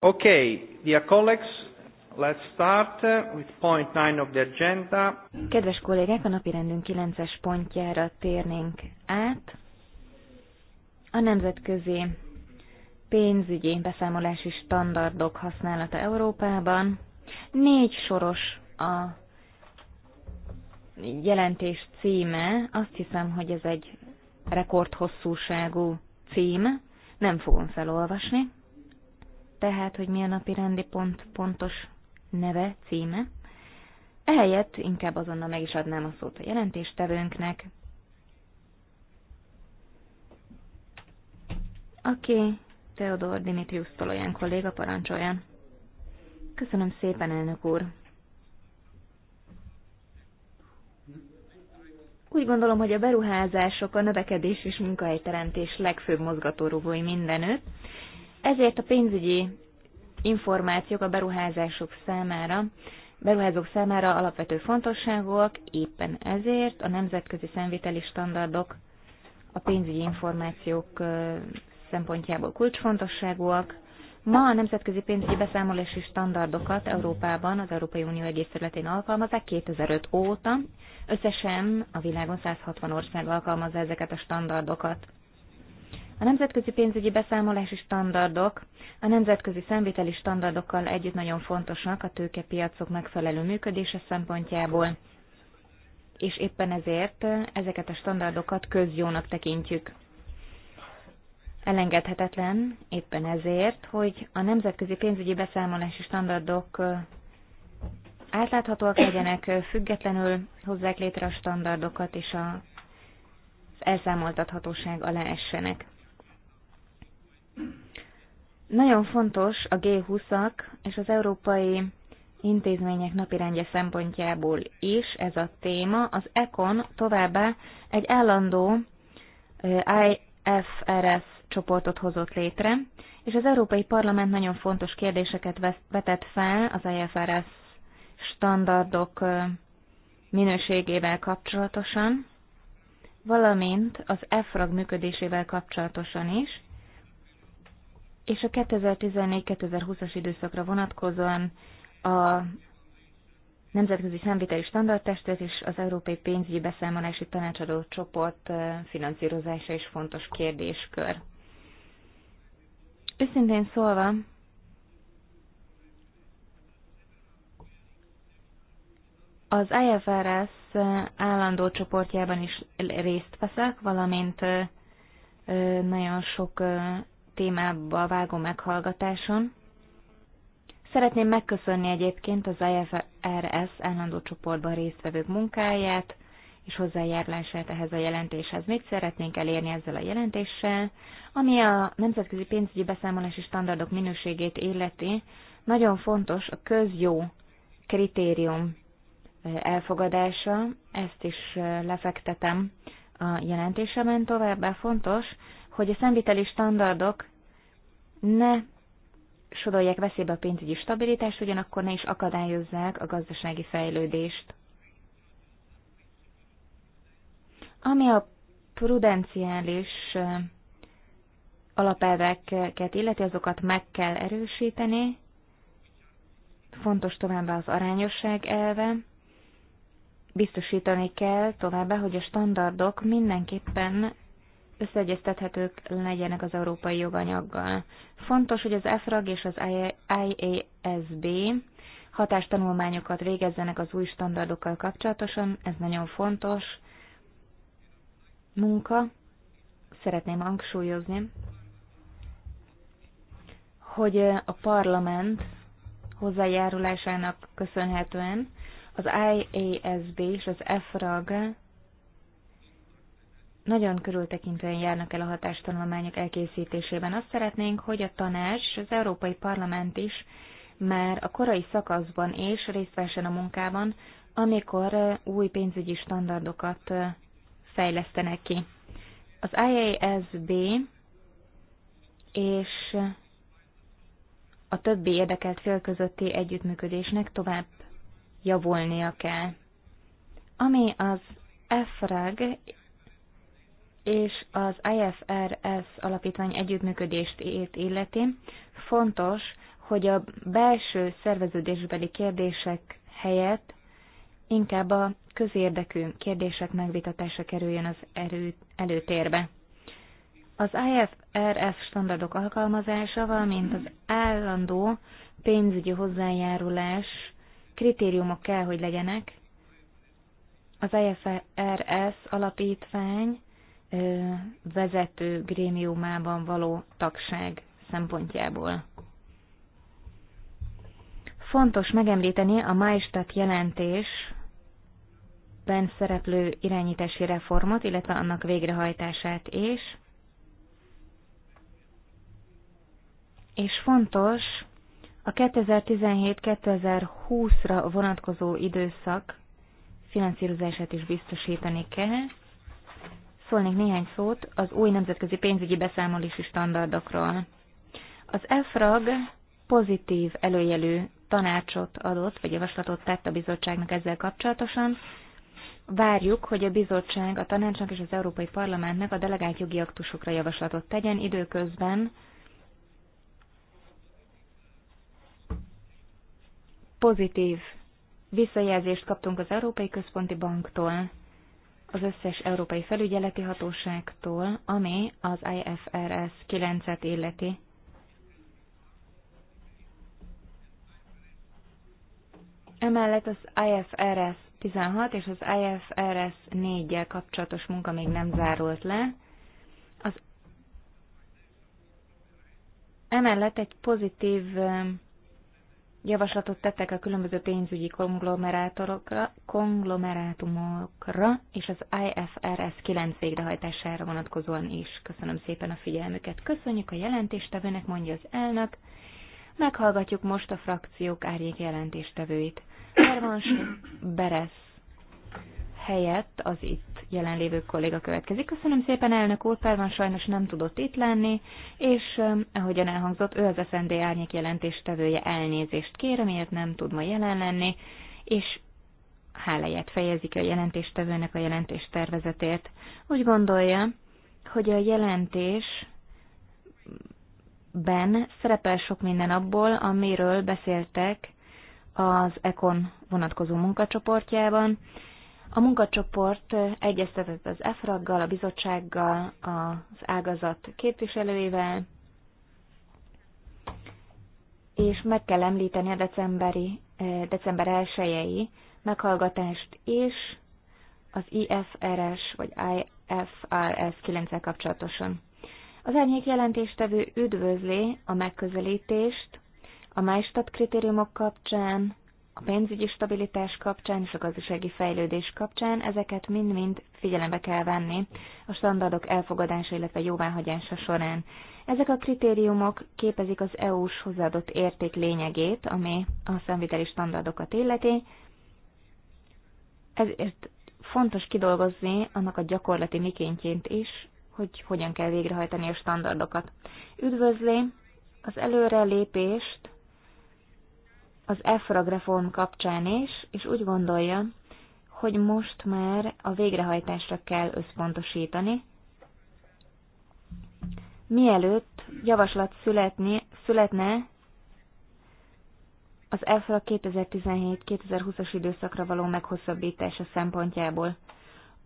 Okay, dear colleagues, let's start uh, with point nine of the agenda. Kedves kollégák, a napi rendünk 9-es pontjára térnénk át. A nemzetközi pénzügyi beszámolási standardok használata Európában. Négy soros a jelentés címe. Azt hiszem, hogy ez egy rekordhosszúságú cím. Nem fogom felolvasni tehát, hogy milyen a napi rendi pont pontos neve, címe. Ehelyett inkább azonnal meg is adnám a szót a jelentéstevőnknek, aki Teodor Dimitrius Tolojan kolléga parancsoljon. Köszönöm szépen, elnök úr! Úgy gondolom, hogy a beruházások, a növekedés és munkahelyteremtés legfőbb mozgatórugói mindenütt, ezért a pénzügyi információk a beruházások számára, beruházók számára alapvető fontosságúak, éppen ezért a nemzetközi szemviteli standardok a pénzügyi információk szempontjából kulcsfontosságúak. Ma a nemzetközi pénzügyi beszámolási standardokat Európában, az Európai Unió egész területén alkalmazzák 2005 óta. Összesen a világon 160 ország alkalmazza ezeket a standardokat. A nemzetközi pénzügyi beszámolási standardok a nemzetközi szemviteli standardokkal együtt nagyon fontosak a tőkepiacok megfelelő működése szempontjából, és éppen ezért ezeket a standardokat közjónak tekintjük. Elengedhetetlen éppen ezért, hogy a nemzetközi pénzügyi beszámolási standardok átláthatóak legyenek, függetlenül hozzák létre a standardokat, és a elszámoltathatóság alá essenek. Nagyon fontos a G20-ak és az európai intézmények napirendje szempontjából is ez a téma. Az ECON továbbá egy állandó IFRS csoportot hozott létre, és az Európai Parlament nagyon fontos kérdéseket vetett fel az IFRS standardok minőségével kapcsolatosan, valamint az EFRAG működésével kapcsolatosan is, és a 2014-2020-as időszakra vonatkozóan a Nemzetközi Számviteli Standardtestület és az Európai Pénzügyi Beszámolási Tanácsadó Csoport finanszírozása is fontos kérdéskör. Őszintén szólva, az IFRS állandó csoportjában is részt veszek, valamint nagyon sok témába vágó meghallgatáson. Szeretném megköszönni egyébként az IFRS állandó csoportban résztvevők munkáját és hozzájárulását ehhez a jelentéshez. Mit szeretnénk elérni ezzel a jelentéssel? Ami a nemzetközi pénzügyi beszámolási standardok minőségét illeti, nagyon fontos a közjó kritérium eh, elfogadása, ezt is eh, lefektetem a jelentésemben. Továbbá fontos, hogy a szemviteli standardok ne sodolják veszélybe a pénzügyi stabilitást, ugyanakkor ne is akadályozzák a gazdasági fejlődést. Ami a prudenciális alapelveket illeti, azokat meg kell erősíteni. Fontos továbbá az arányosság elve. Biztosítani kell továbbá, hogy a standardok mindenképpen összeegyeztethetők legyenek az európai joganyaggal. Fontos, hogy az EFRAG és az IASB hatástanulmányokat végezzenek az új standardokkal kapcsolatosan, ez nagyon fontos munka. Szeretném hangsúlyozni, hogy a parlament hozzájárulásának köszönhetően az IASB és az EFRAG nagyon körültekintően járnak el a hatástanulmányok elkészítésében. Azt szeretnénk, hogy a tanács és az Európai Parlament is már a korai szakaszban és részt vessen a munkában, amikor új pénzügyi standardokat fejlesztenek ki. Az IASB és a többi érdekelt fél közötti együttműködésnek tovább javulnia kell. Ami az EFRAG és az IFRS alapítvány együttműködést ért illeti, fontos, hogy a belső szerveződésbeli kérdések helyett inkább a közérdekű kérdések megvitatása kerüljön az erő, előtérbe. Az IFRS standardok alkalmazása, valamint az állandó pénzügyi hozzájárulás kritériumok kell, hogy legyenek. Az IFRS alapítvány vezető grémiumában való tagság szempontjából. Fontos megemlíteni a Maistat jelentésben szereplő irányítási reformot, illetve annak végrehajtását is. És fontos a 2017-2020-ra vonatkozó időszak finanszírozását is biztosítani kell, szólnék néhány szót az új nemzetközi pénzügyi beszámolási standardokról. Az EFRAG pozitív előjelű tanácsot adott, vagy javaslatot tett a bizottságnak ezzel kapcsolatosan. Várjuk, hogy a bizottság a tanácsnak és az Európai Parlamentnek a delegált jogi aktusokra javaslatot tegyen időközben. Pozitív visszajelzést kaptunk az Európai Központi Banktól az összes európai felügyeleti hatóságtól, ami az IFRS 9-et illeti. Emellett az IFRS 16 és az IFRS 4-jel kapcsolatos munka még nem zárult le. Az emellett egy pozitív um, javaslatot tettek a különböző pénzügyi konglomerátumokra és az IFRS 9 végrehajtására vonatkozóan is. Köszönöm szépen a figyelmüket. Köszönjük a jelentéstevőnek, mondja az elnök. Meghallgatjuk most a frakciók árnyék jelentéstevőit. Hermans Beres helyett az itt jelenlévő kolléga következik. Köszönöm szépen, elnök úr, Pervan sajnos nem tudott itt lenni, és ahogyan elhangzott, ő az SND árnyék jelentéstevője elnézést kér, miért nem tud ma jelen lenni, és háláját fejezik a jelentéstevőnek a jelentés tervezetért. Úgy gondolja, hogy a jelentés ben szerepel sok minden abból, amiről beszéltek az ECON vonatkozó munkacsoportjában, a munkacsoport egyeztetett az EFRAG-gal, a bizottsággal, az ágazat képviselőivel, és meg kell említeni a decemberi, december 1 meghallgatást is az IFRS vagy IFRS 9 el kapcsolatosan. Az árnyék jelentéstevő üdvözli a megközelítést a májstat kritériumok kapcsán, a pénzügyi stabilitás kapcsán és a gazdasági fejlődés kapcsán ezeket mind-mind figyelembe kell venni a standardok elfogadása, illetve jóváhagyása során. Ezek a kritériumok képezik az EU-s hozzáadott érték lényegét, ami a szemviteli standardokat illeti, ezért fontos kidolgozni annak a gyakorlati mikéntjént is, hogy hogyan kell végrehajtani a standardokat. Üdvözli az előrelépést, az EFRAG reform kapcsán is, és úgy gondolja, hogy most már a végrehajtásra kell összpontosítani, mielőtt javaslat születni, születne az EFRA 2017-2020-as időszakra való meghosszabbítása szempontjából.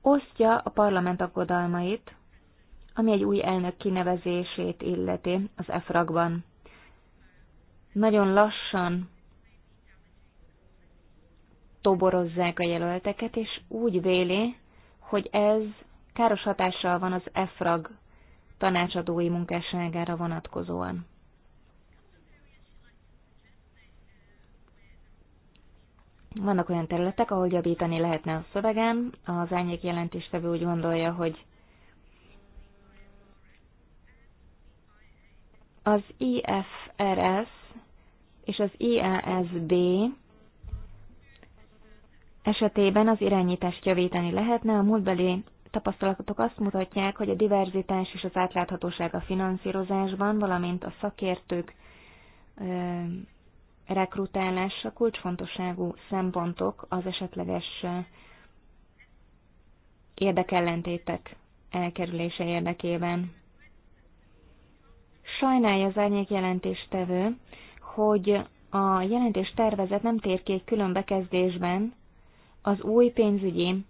Osztja a parlament aggodalmait, ami egy új elnök kinevezését illeti az EFRAG-ban. Nagyon lassan toborozzák a jelölteket, és úgy véli, hogy ez káros hatással van az EFRAG tanácsadói munkásságára vonatkozóan. Vannak olyan területek, ahol javítani lehetne a szövegen. Az ányék jelentéstevő úgy gondolja, hogy az IFRS és az IASB esetében az irányítást javítani lehetne. A múltbeli tapasztalatok azt mutatják, hogy a diverzitás és az átláthatóság a finanszírozásban, valamint a szakértők rekrutálása kulcsfontosságú szempontok az esetleges érdekellentétek elkerülése érdekében. Sajnálja az árnyék jelentéstevő, hogy a jelentés tervezet nem tér ki egy külön bekezdésben az új pénzügyi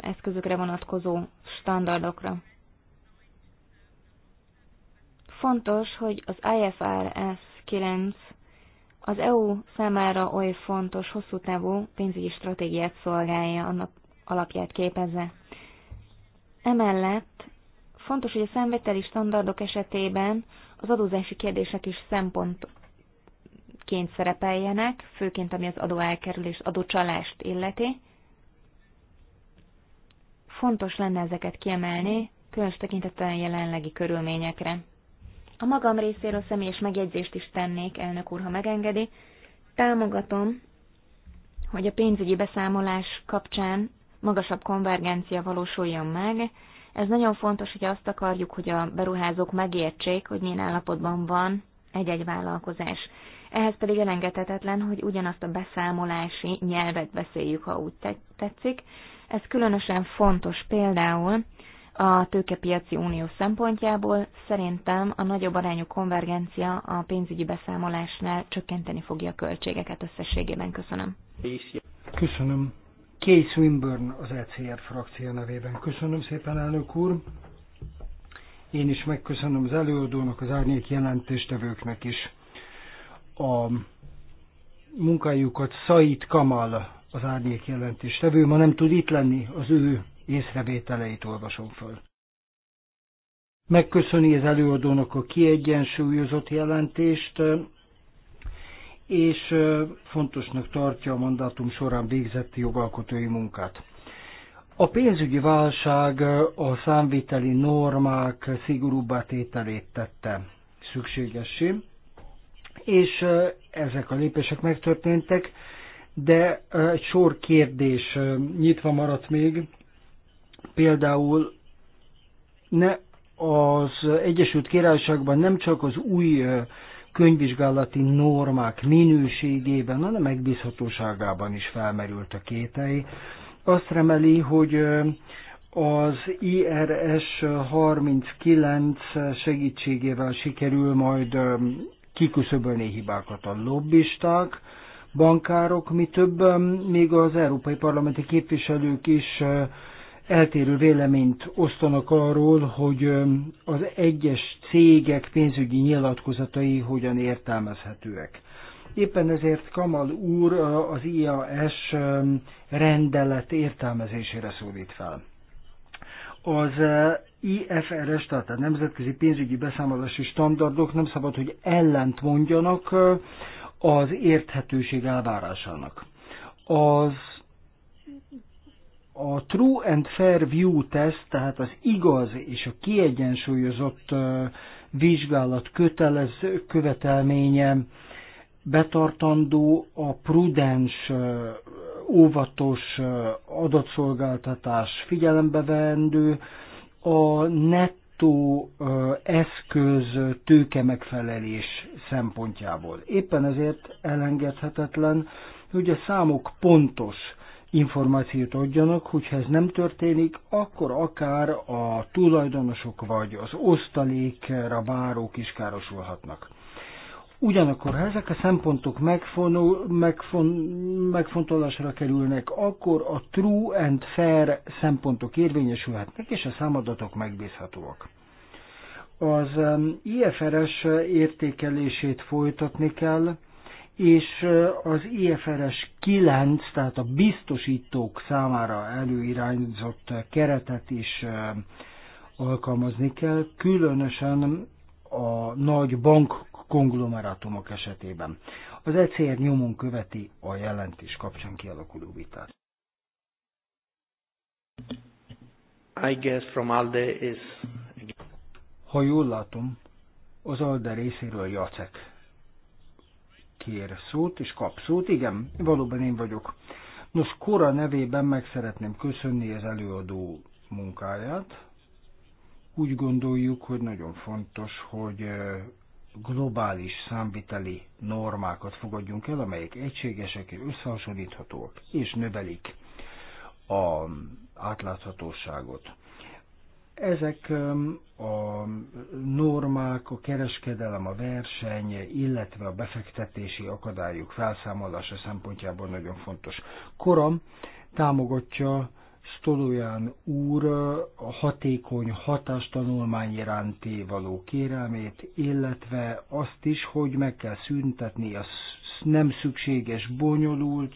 eszközökre vonatkozó standardokra. Fontos, hogy az IFRS 9 az EU számára oly fontos, hosszú távú pénzügyi stratégiát szolgálja, annak alapját képezze. Emellett fontos, hogy a számveteli standardok esetében az adózási kérdések is szempont ként szerepeljenek, főként ami az adóelkerülés, adócsalást illeti. Fontos lenne ezeket kiemelni, különös tekintettel jelenlegi körülményekre. A magam részéről személyes megjegyzést is tennék, elnök úr, ha megengedi. Támogatom, hogy a pénzügyi beszámolás kapcsán magasabb konvergencia valósuljon meg. Ez nagyon fontos, hogy azt akarjuk, hogy a beruházók megértsék, hogy milyen állapotban van egy-egy vállalkozás. Ehhez pedig elengedhetetlen, hogy ugyanazt a beszámolási nyelvet beszéljük, ha úgy tetszik. Ez különösen fontos például a tőkepiaci unió szempontjából. Szerintem a nagyobb arányú konvergencia a pénzügyi beszámolásnál csökkenteni fogja a költségeket összességében. Köszönöm. Köszönöm. Kay Swinburne az ECR frakció nevében. Köszönöm szépen, elnök úr. Én is megköszönöm az előadónak, az árnyék jelentéstevőknek is a munkájukat Said Kamal, az árnyék jelentéstevő, ma nem tud itt lenni, az ő észrevételeit olvasom föl. Megköszöni az előadónak a kiegyensúlyozott jelentést, és fontosnak tartja a mandátum során végzett jogalkotói munkát. A pénzügyi válság a számviteli normák szigorúbbá tételét tette szükségessé, és ezek a lépések megtörténtek, de egy sor kérdés nyitva maradt még, például ne az Egyesült Királyságban nem csak az új könyvvizsgálati normák minőségében, hanem megbízhatóságában is felmerült a kétei. Azt remeli, hogy az IRS 39 segítségével sikerül majd kiküszöbölni hibákat a lobbisták, bankárok, mi több, um, még az európai parlamenti képviselők is uh, eltérő véleményt osztanak arról, hogy um, az egyes cégek pénzügyi nyilatkozatai hogyan értelmezhetőek. Éppen ezért Kamal úr uh, az IAS um, rendelet értelmezésére szólít fel. Az uh, IFRS, tehát a Nemzetközi Pénzügyi Beszámolási Standardok nem szabad, hogy ellent mondjanak az érthetőség elvárásának. Az a True and Fair View Test, tehát az igaz és a kiegyensúlyozott vizsgálat kötelez követelménye betartandó a prudens, óvatos adatszolgáltatás figyelembe vendő, a nettó eszköz tőke megfelelés szempontjából. Éppen ezért elengedhetetlen, hogy a számok pontos információt adjanak, hogyha ez nem történik, akkor akár a tulajdonosok vagy az osztalékra várók is károsulhatnak. Ugyanakkor, ha ezek a szempontok megfonul, megfon, megfontolásra kerülnek, akkor a true and fair szempontok érvényesülhetnek, és a számadatok megbízhatóak. Az um, IFRS értékelését folytatni kell, és uh, az IFRS 9, tehát a biztosítók számára előirányzott keretet is uh, alkalmazni kell, különösen a nagy bank konglomerátumok esetében. Az ECR nyomon követi a jelentés kapcsán kialakuló vitát. I guess from Alde is... Ha jól látom, az Alde részéről Jacek kér szót, és kap szót. Igen, valóban én vagyok. Nos, Kora nevében meg szeretném köszönni az előadó munkáját. Úgy gondoljuk, hogy nagyon fontos, hogy globális számviteli normákat fogadjunk el, amelyek egységesek és összehasonlíthatóak, és növelik a átláthatóságot. Ezek a normák, a kereskedelem, a verseny, illetve a befektetési akadályok felszámolása szempontjából nagyon fontos. Koram támogatja Stolóján úr a hatékony hatástanulmány iránti való kérelmét, illetve azt is, hogy meg kell szüntetni a nem szükséges bonyolult,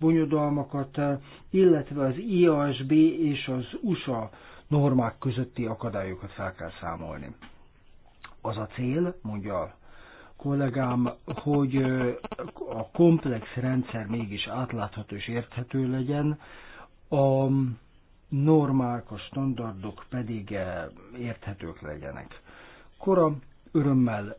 bonyodalmakat, illetve az IASB és az USA normák közötti akadályokat fel kell számolni. Az a cél, mondja kollégám, hogy a komplex rendszer mégis átlátható és érthető legyen, a normák, a standardok pedig eh, érthetők legyenek. Kora örömmel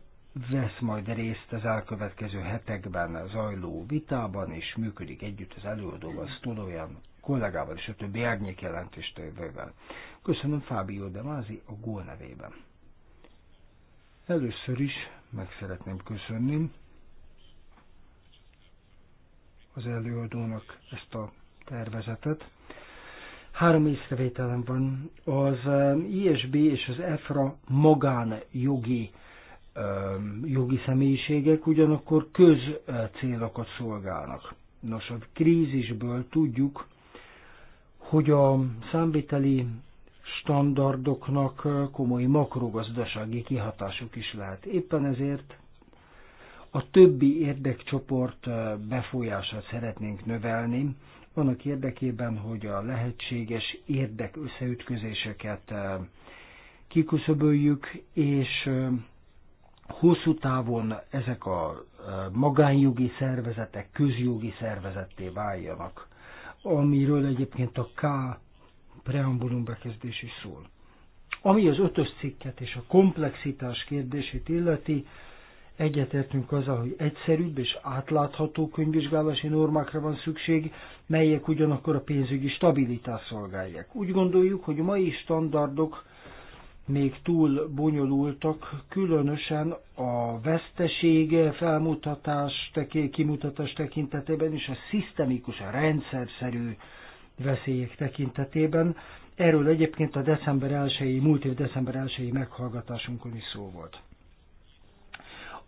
vesz majd részt az elkövetkező hetekben zajló vitában, és működik együtt az előadóval, Stolojan kollégával és a többi árnyék jelentéstevővel. Köszönöm Fábio de Mázi a GOL nevében. Először is meg szeretném köszönni az előadónak ezt a tervezetet. Három észrevételem van. Az um, ISB és az EFRA magán jogi um, jogi személyiségek ugyanakkor célokat szolgálnak. Nos, a krízisből tudjuk, hogy a számviteli standardoknak komoly makrogazdasági kihatásuk is lehet. Éppen ezért a többi érdekcsoport uh, befolyását szeretnénk növelni, annak érdekében, hogy a lehetséges érdek összeütközéseket eh, kiküszöböljük, és eh, hosszú távon ezek a eh, magánjogi szervezetek közjogi szervezetté váljanak, amiről egyébként a K preambulum bekezdés is szól. Ami az ötös cikket és a komplexitás kérdését illeti, Egyetértünk azzal, hogy egyszerűbb és átlátható könyvvizsgálási normákra van szükség, melyek ugyanakkor a pénzügyi stabilitást szolgálják. Úgy gondoljuk, hogy a mai standardok még túl bonyolultak, különösen a vesztesége felmutatás, teké, kimutatás tekintetében és a szisztemikus, a rendszerszerű veszélyek tekintetében. Erről egyébként a december 1 múlt év december 1 meghallgatásunkon is szó volt.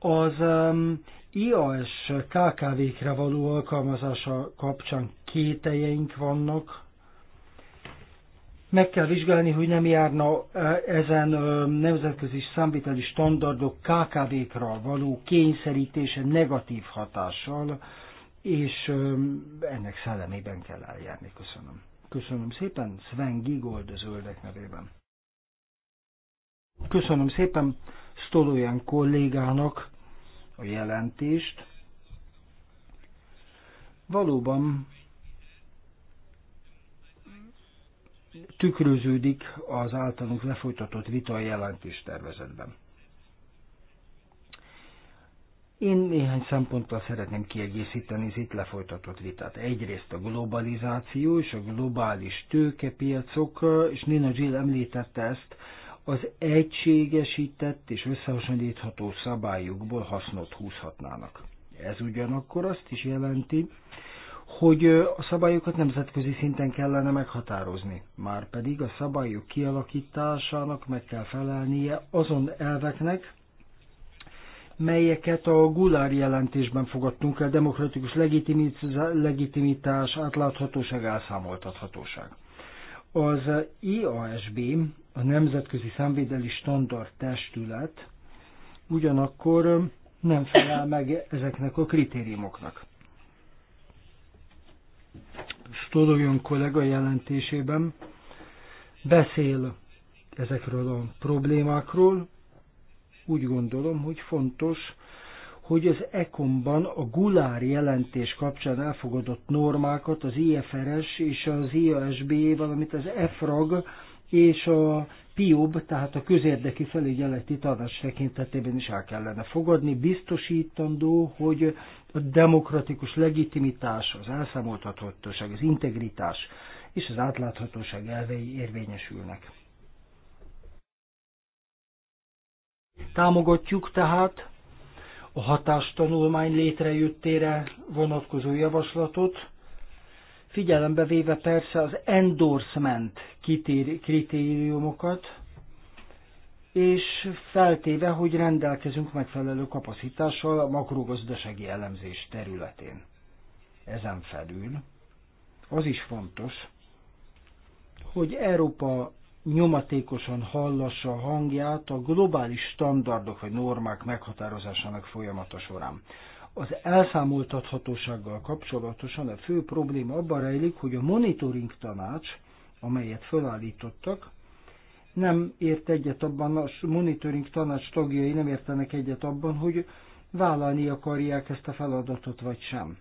Az um, IAS KKV-kre való alkalmazása kapcsán kételjeink vannak. Meg kell vizsgálni, hogy nem járna e, ezen nemzetközi számviteli standardok KKV-kra való kényszerítése negatív hatással, és ennek szellemében kell eljárni. Köszönöm. Köszönöm szépen, Sven Gigold a zöldek nevében. Köszönöm szépen Stolóján kollégának a jelentést. Valóban tükröződik az általunk lefolytatott vita a jelentés tervezetben. Én néhány szemponttal szeretném kiegészíteni az itt lefolytatott vitát. Egyrészt a globalizáció és a globális tőkepiacok, és Nina Jill említette ezt, az egységesített és összehasonlítható szabályokból hasznot húzhatnának. Ez ugyanakkor azt is jelenti, hogy a szabályokat nemzetközi szinten kellene meghatározni, márpedig a szabályok kialakításának meg kell felelnie azon elveknek, melyeket a Gulár jelentésben fogadtunk el, demokratikus legitimitás, átláthatóság, elszámoltathatóság. Az IASB, a Nemzetközi Számvédeli Standard Testület ugyanakkor nem felel meg ezeknek a kritériumoknak. Stodoljon kollega jelentésében beszél ezekről a problémákról. Úgy gondolom, hogy fontos, hogy az ECOM-ban a Gulár jelentés kapcsán elfogadott normákat az IFRS és az IASB, e, valamint az EFRAG és a PIOB, tehát a közérdeki felügyeleti tanács tekintetében is el kellene fogadni, biztosítandó, hogy a demokratikus legitimitás, az elszámoltathatóság, az integritás és az átláthatóság elvei érvényesülnek. Támogatjuk tehát a hatástanulmány létrejöttére vonatkozó javaslatot, figyelembe véve persze az endorsement kritériumokat, és feltéve, hogy rendelkezünk megfelelő kapacitással a makrogazdasági elemzés területén. Ezen felül az is fontos, hogy Európa nyomatékosan hallassa a hangját a globális standardok vagy normák meghatározásának folyamata során. Az elszámoltathatósággal kapcsolatosan a fő probléma abban rejlik, hogy a monitoring tanács, amelyet felállítottak, nem ért egyet abban, a monitoring tanács tagjai nem értenek egyet abban, hogy vállalni akarják ezt a feladatot vagy sem.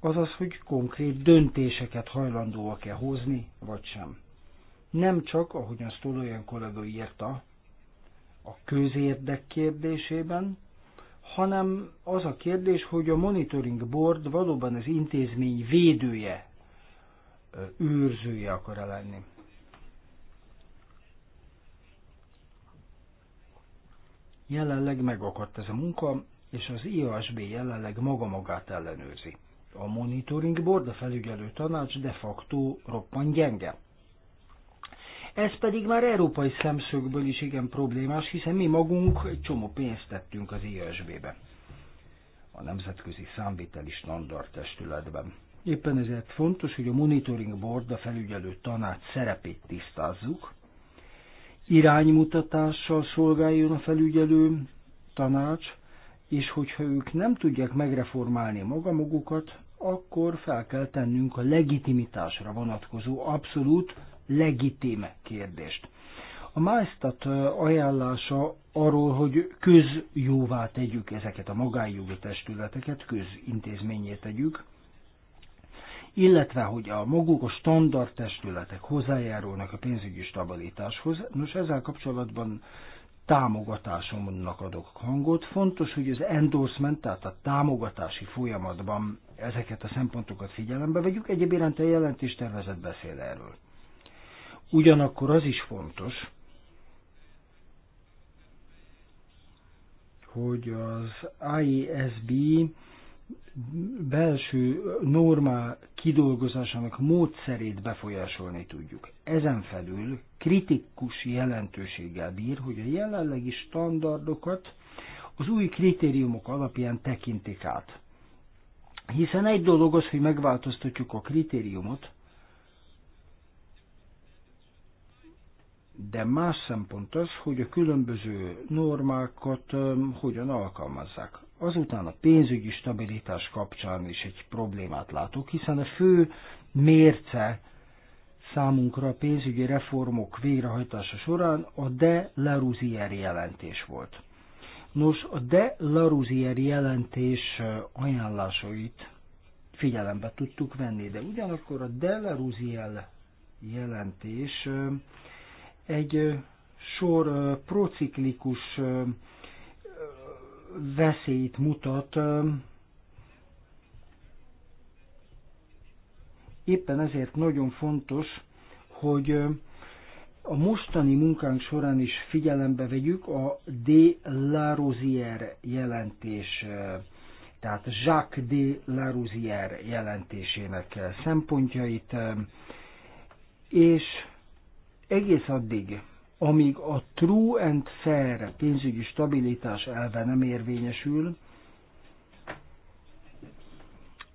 Azaz, hogy konkrét döntéseket hajlandóak-e hozni, vagy sem nem csak, ahogy ahogyan olyan korábban írta, a közérdek kérdésében, hanem az a kérdés, hogy a monitoring board valóban az intézmény védője, őrzője akar -e lenni. Jelenleg megakadt ez a munka, és az IASB jelenleg maga magát ellenőrzi. A monitoring board, a felügyelő tanács de facto roppant gyenge. Ez pedig már európai szemszögből is igen problémás, hiszen mi magunk egy csomó pénzt tettünk az ISB-be, a Nemzetközi Számviteli Standard Testületben. Éppen ezért fontos, hogy a Monitoring Board, a felügyelő tanács szerepét tisztázzuk, iránymutatással szolgáljon a felügyelő tanács, és hogyha ők nem tudják megreformálni maga magukat, akkor fel kell tennünk a legitimitásra vonatkozó abszolút legitime kérdést. A Maestat ajánlása arról, hogy közjóvá tegyük ezeket a magánjogi testületeket, közintézményé tegyük, illetve hogy a maguk a standard testületek hozzájárulnak a pénzügyi stabilitáshoz. Nos, ezzel kapcsolatban támogatásomnak adok hangot. Fontos, hogy az endorsement, tehát a támogatási folyamatban ezeket a szempontokat figyelembe vegyük. Egyéb iránt a jelentéstervezet beszél erről. Ugyanakkor az is fontos, hogy az IESB belső normál kidolgozásának módszerét befolyásolni tudjuk. Ezen felül kritikus jelentőséggel bír, hogy a jelenlegi standardokat az új kritériumok alapján tekintik át. Hiszen egy dolog az, hogy megváltoztatjuk a kritériumot, de más szempont az, hogy a különböző normákat hogyan alkalmazzák. Azután a pénzügyi stabilitás kapcsán is egy problémát látok, hiszen a fő mérce számunkra a pénzügyi reformok végrehajtása során a de Larousier jelentés volt. Nos, a de Larousier jelentés ajánlásait figyelembe tudtuk venni, de ugyanakkor a de Larousier jelentés egy sor prociklikus veszélyt mutat. Éppen ezért nagyon fontos, hogy a mostani munkánk során is figyelembe vegyük a D. Rosière jelentés, tehát Jacques D. Rosière jelentésének szempontjait, és egész addig, amíg a true and fair pénzügyi stabilitás elve nem érvényesül,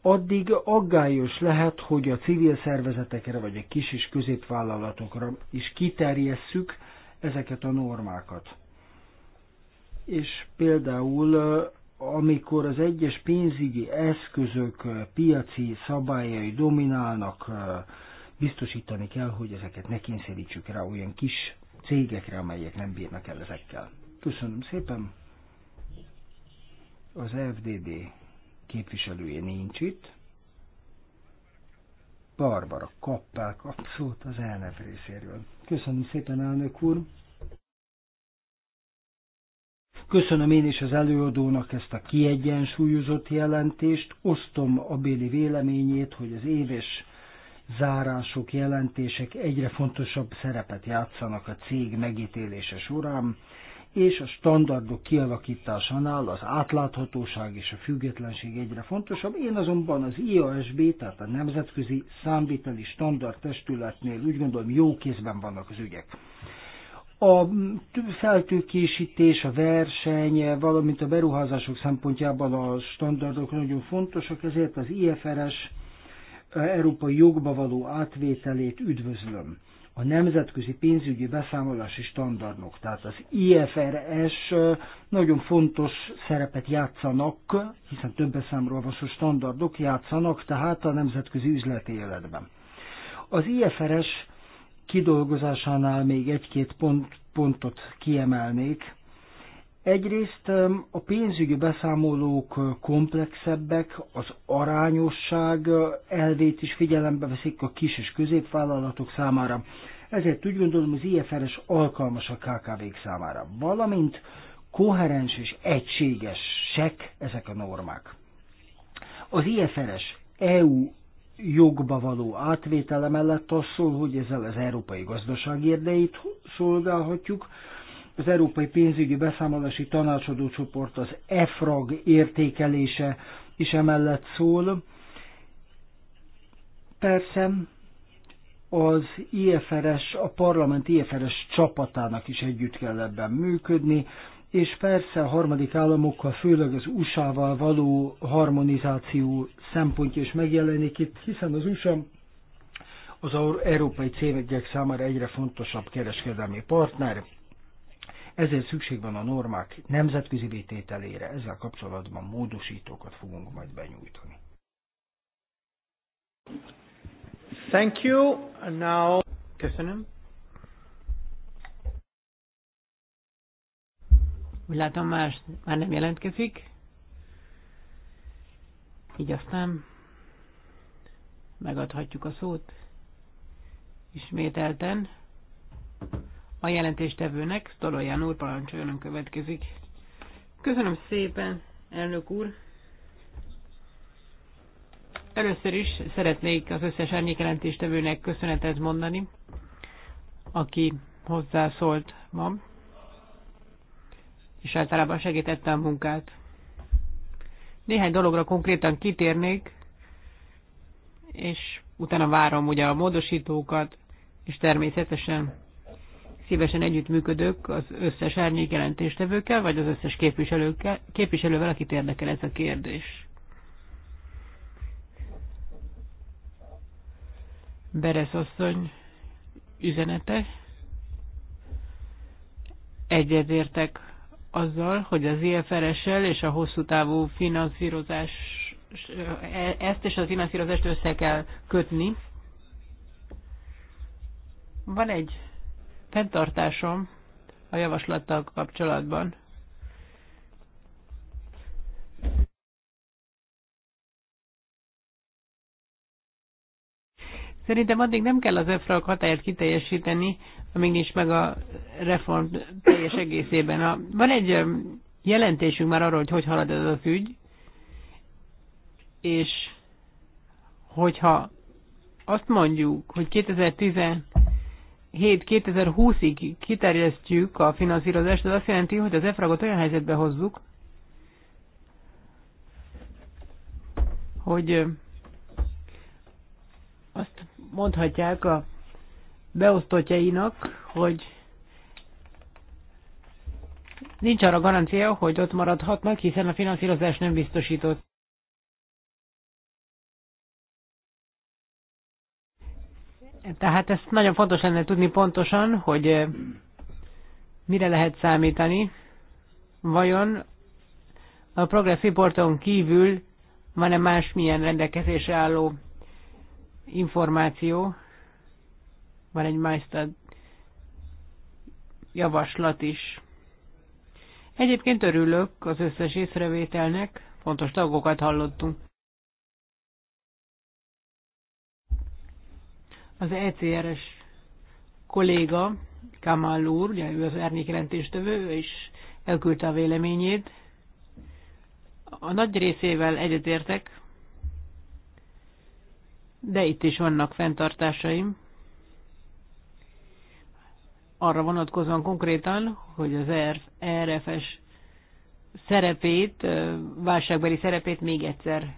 addig aggályos lehet, hogy a civil szervezetekre vagy a kis és középvállalatokra is kiterjesszük ezeket a normákat. És például amikor az egyes pénzügyi eszközök piaci szabályai dominálnak biztosítani kell, hogy ezeket ne kényszerítsük rá olyan kis cégekre, amelyek nem bírnak el ezekkel. Köszönöm szépen! Az FDD képviselője nincs itt. Barbara Kappel kap szót az elnök részéről. Köszönöm szépen, elnök úr! Köszönöm én is az előadónak ezt a kiegyensúlyozott jelentést, osztom a Béli véleményét, hogy az éves zárások, jelentések egyre fontosabb szerepet játszanak a cég megítélése során, és a standardok kialakításánál az átláthatóság és a függetlenség egyre fontosabb. Én azonban az IASB, tehát a Nemzetközi Számviteli Standard Testületnél úgy gondolom jó kézben vannak az ügyek. A feltőkésítés, a verseny, valamint a beruházások szempontjában a standardok nagyon fontosak, ezért az IFRS európai jogba való átvételét üdvözlöm. A nemzetközi pénzügyi beszámolási standardok, tehát az IFRS nagyon fontos szerepet játszanak, hiszen több beszámról van szó, standardok játszanak, tehát a nemzetközi üzleti életben. Az IFRS kidolgozásánál még egy-két pont, pontot kiemelnék, Egyrészt a pénzügyi beszámolók komplexebbek, az arányosság elvét is figyelembe veszik a kis és középvállalatok számára, ezért úgy gondolom az IFRS alkalmas a KKV-k számára, valamint koherens és egységesek ezek a normák. Az IFRS EU jogba való átvétele mellett az szól, hogy ezzel az európai gazdaság érdeit szolgálhatjuk, az Európai Pénzügyi Beszámolási Tanácsadócsoport Csoport, az EFRAG értékelése is emellett szól. Persze az IFRS, a parlament IFRS csapatának is együtt kell ebben működni, és persze a harmadik államokkal, főleg az USA-val való harmonizáció szempontja is megjelenik itt, hiszen az USA az európai cégek számára egyre fontosabb kereskedelmi partner, ezért szükség van a normák nemzetközi vétételére, ezzel kapcsolatban módosítókat fogunk majd benyújtani. Thank you. And now... Köszönöm. Úgy látom, más már nem jelentkezik. Így aztán megadhatjuk a szót ismételten a jelentéstevőnek. Tolóján úr parancsoljon következik. Köszönöm szépen, elnök úr. Először is szeretnék az összes árnyékjelentéstevőnek köszönetet mondani, aki hozzászólt ma, és általában segítette a munkát. Néhány dologra konkrétan kitérnék, és utána várom ugye a módosítókat, és természetesen szívesen együttműködök az összes árnyék jelentéstevőkkel, vagy az összes képviselőkkel, képviselővel, akit érdekel ez a kérdés. Beres asszony üzenete. Egyezértek azzal, hogy az IFRS-sel és a hosszú távú finanszírozás ezt és a finanszírozást össze kell kötni. Van egy fenntartásom a javaslattal kapcsolatban. Szerintem addig nem kell az EFRAG hatáját kiteljesíteni, amíg nincs meg a reform teljes egészében. A, van egy jelentésünk már arról, hogy hogy halad ez az ügy, és hogyha azt mondjuk, hogy 2010 2007-2020-ig kiterjesztjük a finanszírozást, az azt jelenti, hogy az EFRAGot olyan helyzetbe hozzuk, hogy azt mondhatják a beosztottjainak, hogy nincs arra garancia, hogy ott maradhatnak, hiszen a finanszírozás nem biztosított. Tehát ezt nagyon fontos lenne tudni pontosan, hogy eh, mire lehet számítani. Vajon a Progress Reporton kívül van-e másmilyen rendelkezésre álló információ? Van egy Maestad javaslat is. Egyébként örülök az összes észrevételnek, fontos tagokat hallottunk. Az ECRS kolléga, Kamal úr, ugye ő az árnyék ő és elküldte a véleményét. A nagy részével egyetértek, de itt is vannak fenntartásaim. Arra vonatkozóan konkrétan, hogy az ERF-es szerepét, válságbeli szerepét még egyszer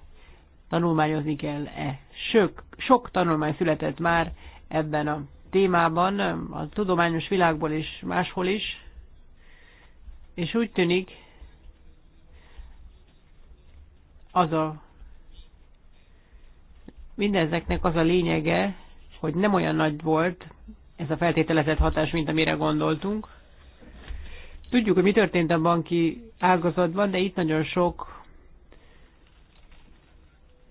tanulmányozni kell-e. Sok, sok tanulmány született már ebben a témában, a tudományos világból és máshol is, és úgy tűnik, az a mindezeknek az a lényege, hogy nem olyan nagy volt ez a feltételezett hatás, mint amire gondoltunk. Tudjuk, hogy mi történt a banki ágazatban, de itt nagyon sok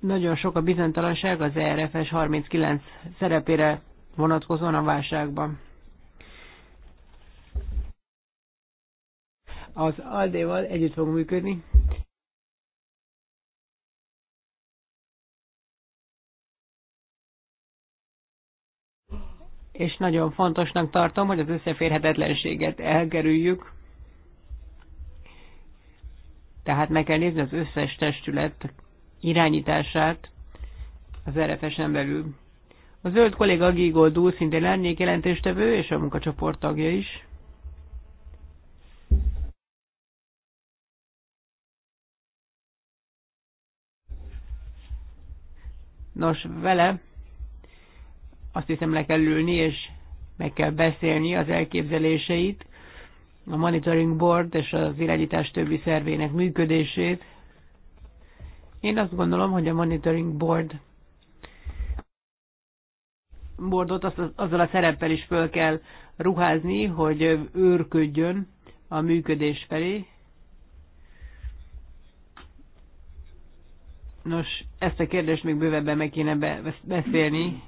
nagyon sok a bizonytalanság az ERFS 39 szerepére vonatkozóan a válságban. Az Aldéval együtt fog működni. és nagyon fontosnak tartom, hogy az összeférhetetlenséget elkerüljük. Tehát meg kell nézni az összes testület irányítását az RFS-en belül. A zöld kolléga Gigold szintén lennék jelentéstevő, és a munkacsoport tagja is. Nos, vele azt hiszem le kell ülni, és meg kell beszélni az elképzeléseit, a Monitoring Board és az irányítás többi szervének működését, én azt gondolom, hogy a Monitoring Board boardot azt, azzal a szereppel is föl kell ruházni, hogy őrködjön a működés felé. Nos, ezt a kérdést még bővebben meg kéne beszélni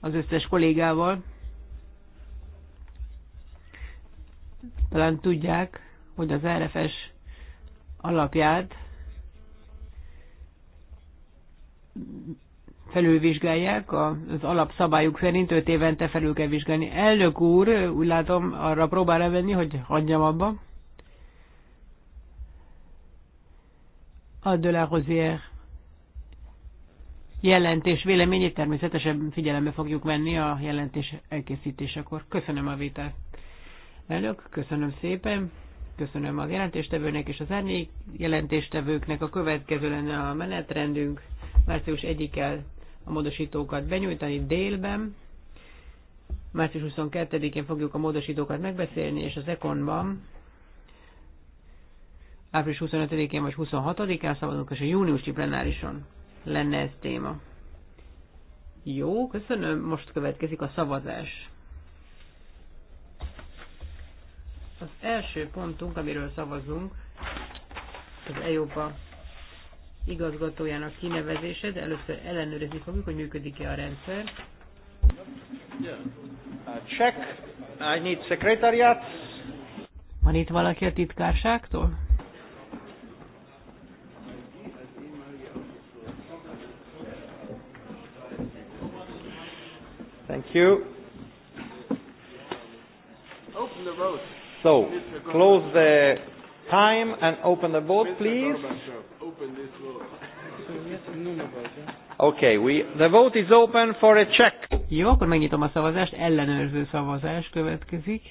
az összes kollégával. Talán tudják, hogy az RFS alapját felülvizsgálják, az alapszabályuk szerint 5 évente felül kell vizsgálni. Elnök úr, úgy látom, arra próbál elvenni, hogy hagyjam abba. A de la Rosière jelentés véleményét természetesen figyelembe fogjuk venni a jelentés elkészítésekor. Köszönöm a vitát. Elnök, köszönöm szépen. Köszönöm a jelentéstevőnek és az árnyék jelentéstevőknek. A következő lenne a menetrendünk március 1 kell a módosítókat benyújtani délben. Március 22-én fogjuk a módosítókat megbeszélni, és az Ekonban április 25-én vagy 26-án szavazunk, és a júniusi plenárison lenne ez téma. Jó, köszönöm. Most következik a szavazás. Az első pontunk, amiről szavazunk, az EIOPA igazgatójának kinevezése, de először ellenőrizni fogjuk, hogy működik-e a rendszer. Check. I need secretariat. Van itt valaki a titkárságtól? Thank you. Open the road. So, close the time and open the vote, please. Okay, we, the vote is open for a check. Jó, akkor megnyitom a szavazást, ellenőrző szavazás következik.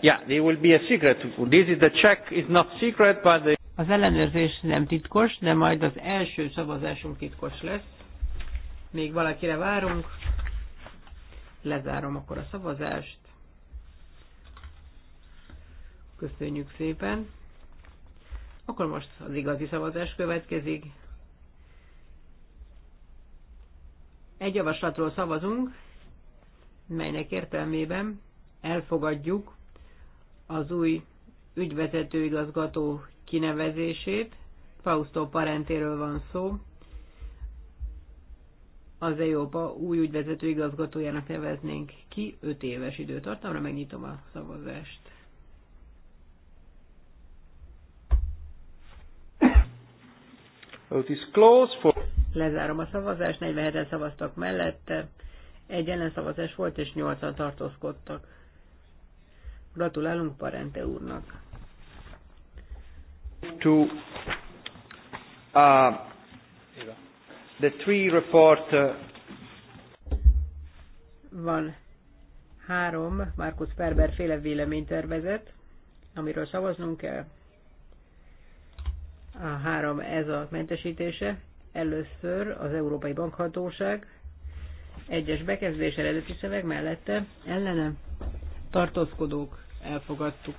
Yeah, there will be a secret. This is the check is not secret, but the... Az ellenőrzés nem titkos, de majd az első szavazásunk titkos lesz. Még valakire várunk. Lezárom akkor a szavazást. Köszönjük szépen. Akkor most az igazi szavazás következik. Egy javaslatról szavazunk, melynek értelmében elfogadjuk az új ügyvezetőigazgató kinevezését. Fausto Parentéről van szó. Az EOPA új ügyvezetőigazgatójának neveznénk ki 5 éves időtartamra. Megnyitom a szavazást. Vote is closed for... Lezárom a szavazást, 47-en szavaztak mellette, egy ellenszavazás volt, és 8-an tartózkodtak. Gratulálunk Parente úrnak. To uh, the three report uh... van három Markus Ferber féle véleménytervezet, amiről szavaznunk kell a három ez a mentesítése. Először az Európai Bankhatóság egyes bekezdés eredeti szöveg mellette ellene tartózkodók elfogadtuk.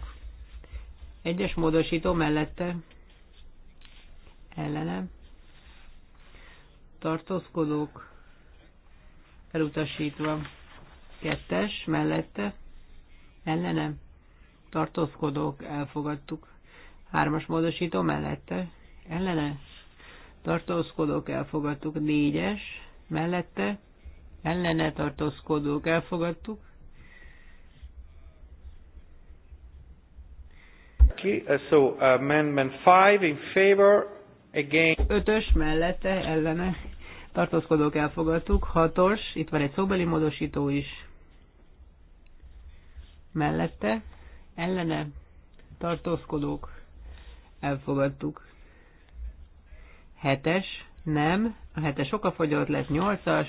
Egyes módosító mellette ellene tartózkodók elutasítva. Kettes mellette ellene tartózkodók elfogadtuk Hármas módosító mellette, ellene, tartózkodók elfogadtuk. Négyes mellette, ellene tartózkodók elfogadtuk. Okay, uh, so amendment five in favor, again. Ötös mellette, ellene tartózkodók elfogadtuk. Hatos, itt van egy szóbeli módosító is. Mellette, ellene tartózkodók elfogadtuk. Hetes, nem, a hetes okafogyott lett, nyolcas,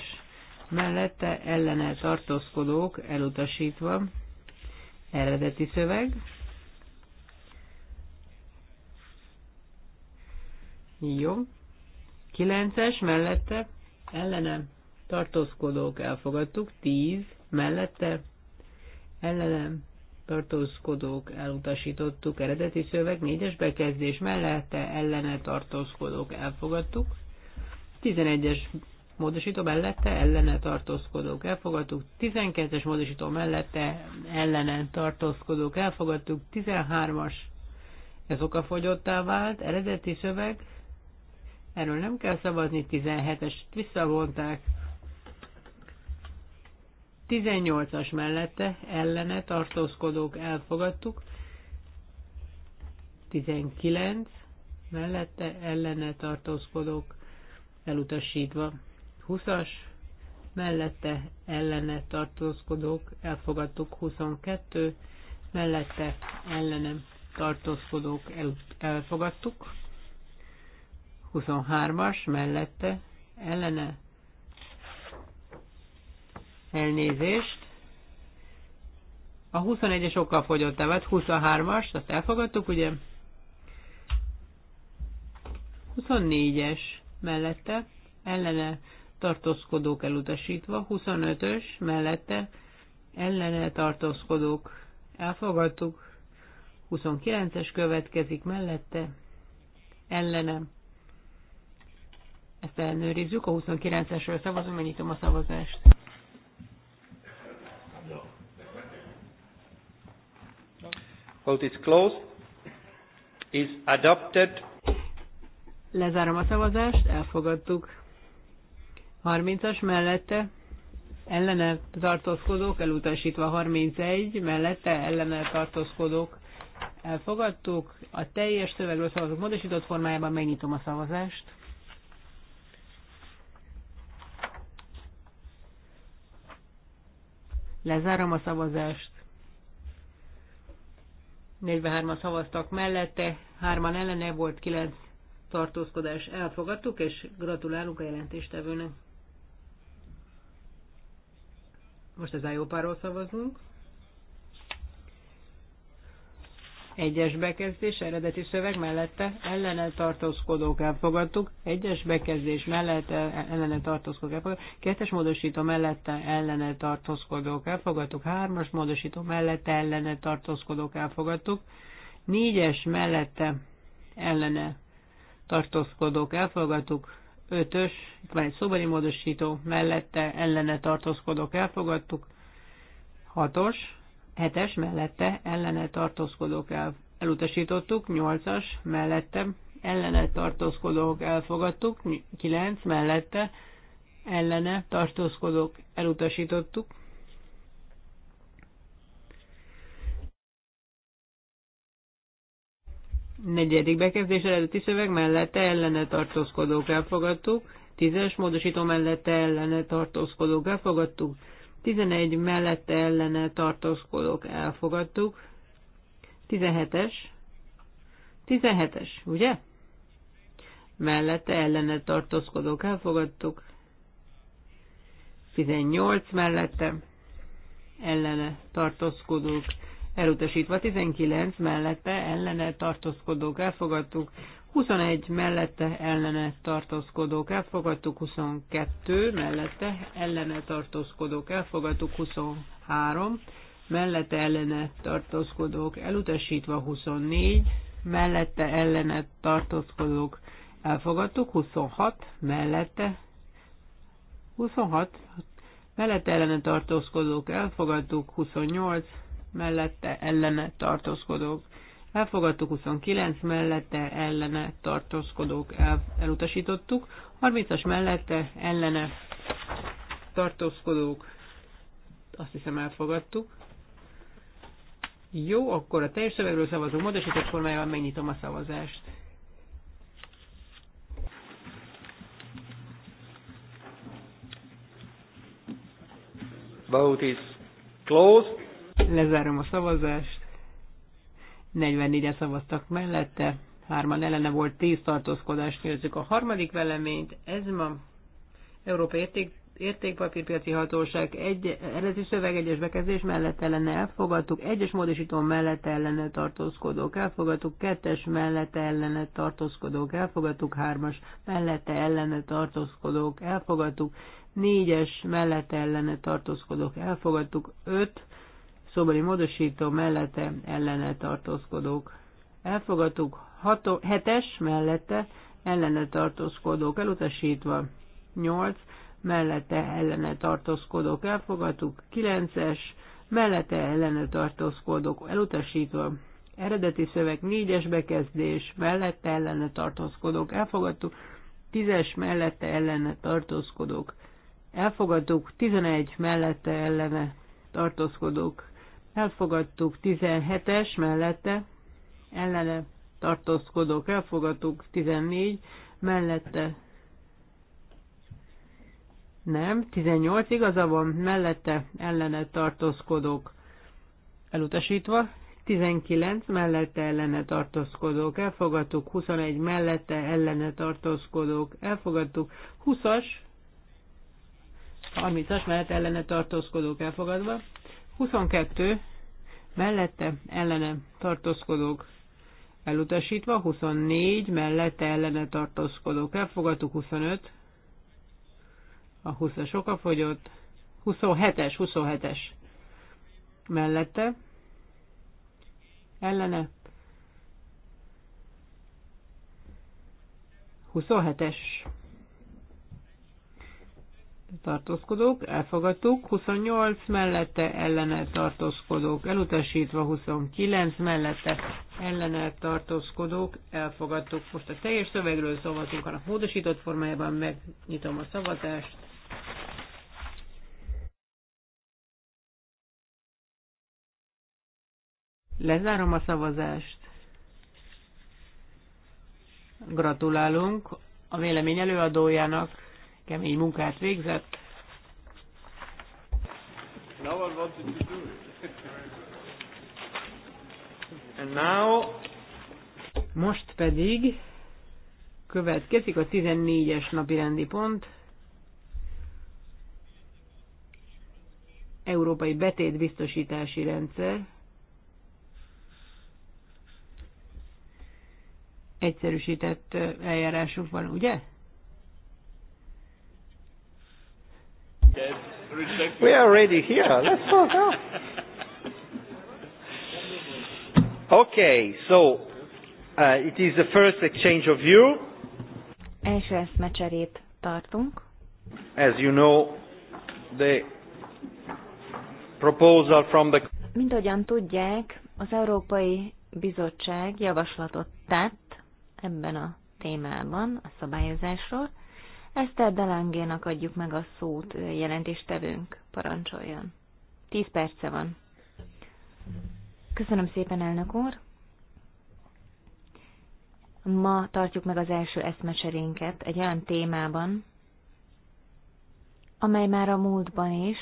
mellette ellene tartózkodók elutasítva, eredeti szöveg. Jó. Kilences mellette ellene tartózkodók elfogadtuk, tíz mellette ellenem tartózkodók elutasítottuk, eredeti szöveg négyes bekezdés mellette ellene tartózkodók elfogadtuk, 11-es módosító mellette ellene tartózkodók elfogadtuk, 12-es módosító mellette ellene tartózkodók elfogadtuk, 13-as ez okafogyottá vált, eredeti szöveg, erről nem kell szavazni, 17-est visszavonták, 18-as mellette ellene tartózkodók elfogadtuk, 19 mellette ellene tartózkodók elutasítva, 20-as mellette ellene tartózkodók elfogadtuk, 22 mellette ellenem tartózkodók elfogadtuk, 23-as mellette ellene Elnézést. A 21-es okkal fogyott el, 23-as, azt elfogadtuk, ugye? 24-es mellette, ellene tartózkodók elutasítva, 25-ös mellette, ellene tartózkodók elfogadtuk, 29-es következik mellette, ellene. Ezt ellenőrizzük, a 29-esről szavazunk, megnyitom a szavazást. Vote is closed. Is adopted. Lezárom a szavazást, elfogadtuk. 30-as mellette ellene tartózkodók, elutasítva 31, mellette ellene tartózkodók elfogadtuk. A teljes szövegről szavazok módosított formájában megnyitom a szavazást. Lezárom a szavazást. 43-an szavaztak mellette, 3-an ellene volt 9 tartózkodás. Elfogadtuk, és gratulálunk a jelentéstevőnek. Most az IOPA-ról szavazunk. Egyes bekezdés, eredeti szöveg mellette ellene tartózkodók elfogadtuk. Egyes bekezdés mellette ellene tartózkodók elfogadtuk. Kettes módosító mellette ellene tartózkodók elfogadtuk. Hármas módosító mellette ellene tartózkodók elfogadtuk. Négyes mellette ellene tartózkodók elfogadtuk. Ötös, itt van egy szobani módosító, mellette ellene tartózkodók elfogadtuk. Hatos, 7-es mellette ellene tartózkodók el, elutasítottuk, 8-as mellette ellene tartózkodók elfogadtuk, 9 mellette ellene tartózkodók elutasítottuk, Negyedik bekezdés eredeti szöveg mellette ellene tartózkodók elfogadtuk, tízes módosító mellette ellene tartózkodók elfogadtuk, 11 mellette ellene tartózkodók elfogadtuk. 17-es. 17-es, ugye? Mellette ellene tartózkodók elfogadtuk. 18 mellette ellene tartózkodók elutasítva. 19 mellette ellene tartózkodók elfogadtuk. 21 mellette ellene tartózkodók elfogadtuk, 22 mellette ellene tartózkodók elfogadtuk, 23 mellette ellene tartózkodók elutasítva, 24 mellette ellene tartózkodók elfogadtuk, 26 mellette 26 mellette ellene tartózkodók elfogadtuk, 28 mellette ellene tartózkodók elfogadtuk, elfogadtuk, 29 mellette ellene tartózkodók el, elutasítottuk, 30-as mellette ellene tartózkodók azt hiszem elfogadtuk. Jó, akkor a teljes szövegről szavazunk módosított formájában megnyitom a szavazást. Vote is closed. Lezárom a szavazást. 44-en szavaztak mellette, hárman ellene volt, 10 tartózkodás. Nézzük a harmadik veleményt, ez ma Európai Érték, Értékpapírpiaci Hatóság egy eredeti szöveg egyes bekezdés mellett ellene elfogadtuk, egyes módosító mellett ellene tartózkodók elfogadtuk, kettes mellett ellene tartózkodók elfogadtuk, hármas mellette ellene tartózkodók elfogadtuk, négyes mellett ellene tartózkodók elfogadtuk, öt szobori módosító mellette ellene tartózkodók. Elfogadtuk hato, hetes mellette ellene tartózkodók elutasítva, 8 mellette ellene tartózkodók elfogadtuk, 9-es mellette ellene tartózkodók elutasítva, eredeti szöveg 4-es bekezdés mellette ellene tartózkodók elfogadtuk, 10-es mellette ellene tartózkodók elfogadtuk, 11 mellette ellene tartózkodók elfogadtuk 17-es mellette, ellene tartózkodók, elfogadtuk 14 mellette, nem, 18 igaza van, mellette ellene tartózkodók elutasítva, 19 mellette ellene tartózkodók elfogadtuk, 21 mellette ellene tartózkodók elfogadtuk, 20-as, 30-as mellette ellene tartózkodók elfogadva, 22 mellette ellene tartózkodók elutasítva, 24 mellette ellene tartózkodók elfogadtuk, 25 a 20-as fogyott, 27-es, 27-es mellette ellene 27-es tartózkodók, elfogadtuk, 28 mellette ellene tartózkodók, elutasítva 29 mellette ellene tartózkodók, elfogadtuk. Most a teljes szövegről szavazunk, a módosított formájában megnyitom a szavazást. Lezárom a szavazást. Gratulálunk a vélemény előadójának kemény munkát végzett. No to do it. And now... Most pedig következik a 14-es napi rendi pont. Európai Betétbiztosítási Rendszer. Egyszerűsített eljárásuk van, ugye? We are already here. Let's talk now. Okay, so uh, it is the first exchange of view. Első eszmecserét tartunk. As you know, the proposal from the... Mint ahogyan tudják, az Európai Bizottság javaslatot tett ebben a témában, a szabályozásról, Eszter Delangénak adjuk meg a szót, jelentéstevőnk, parancsoljon. Tíz perce van. Köszönöm szépen, elnök úr. Ma tartjuk meg az első eszmecserénket egy olyan témában, amely már a múltban is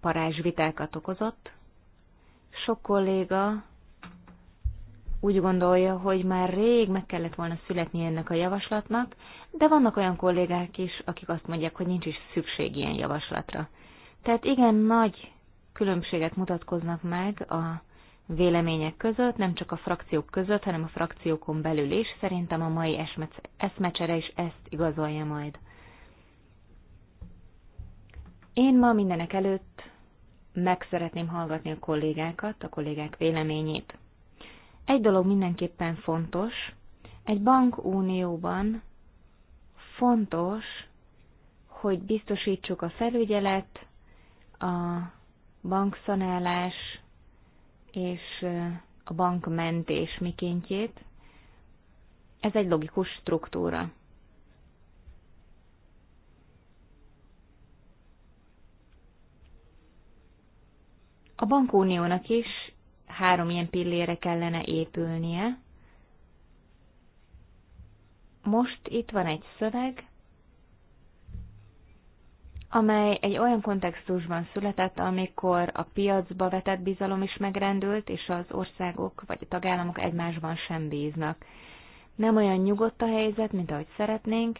parázsvitákat okozott. Sok kolléga úgy gondolja, hogy már rég meg kellett volna születni ennek a javaslatnak, de vannak olyan kollégák is, akik azt mondják, hogy nincs is szükség ilyen javaslatra. Tehát igen, nagy különbséget mutatkoznak meg a vélemények között, nem csak a frakciók között, hanem a frakciókon belül is. Szerintem a mai eszmecsere is ezt igazolja majd. Én ma mindenek előtt meg szeretném hallgatni a kollégákat, a kollégák véleményét. Egy dolog mindenképpen fontos, egy bankunióban fontos, hogy biztosítsuk a felügyelet, a bankszanálás és a bankmentés mikéntjét. Ez egy logikus struktúra. A bankuniónak is három ilyen pillére kellene épülnie. Most itt van egy szöveg, amely egy olyan kontextusban született, amikor a piacba vetett bizalom is megrendült, és az országok vagy a tagállamok egymásban sem bíznak. Nem olyan nyugodt a helyzet, mint ahogy szeretnénk,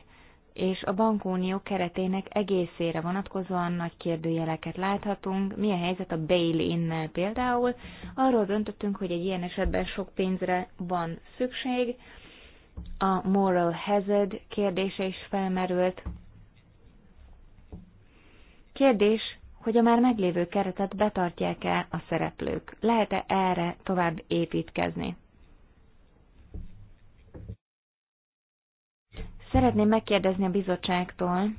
és a bankunió keretének egészére vonatkozóan nagy kérdőjeleket láthatunk. Mi a helyzet a bail in például? Arról döntöttünk, hogy egy ilyen esetben sok pénzre van szükség. A moral hazard kérdése is felmerült. Kérdés, hogy a már meglévő keretet betartják-e a szereplők? Lehet-e erre tovább építkezni? Szeretném megkérdezni a bizottságtól,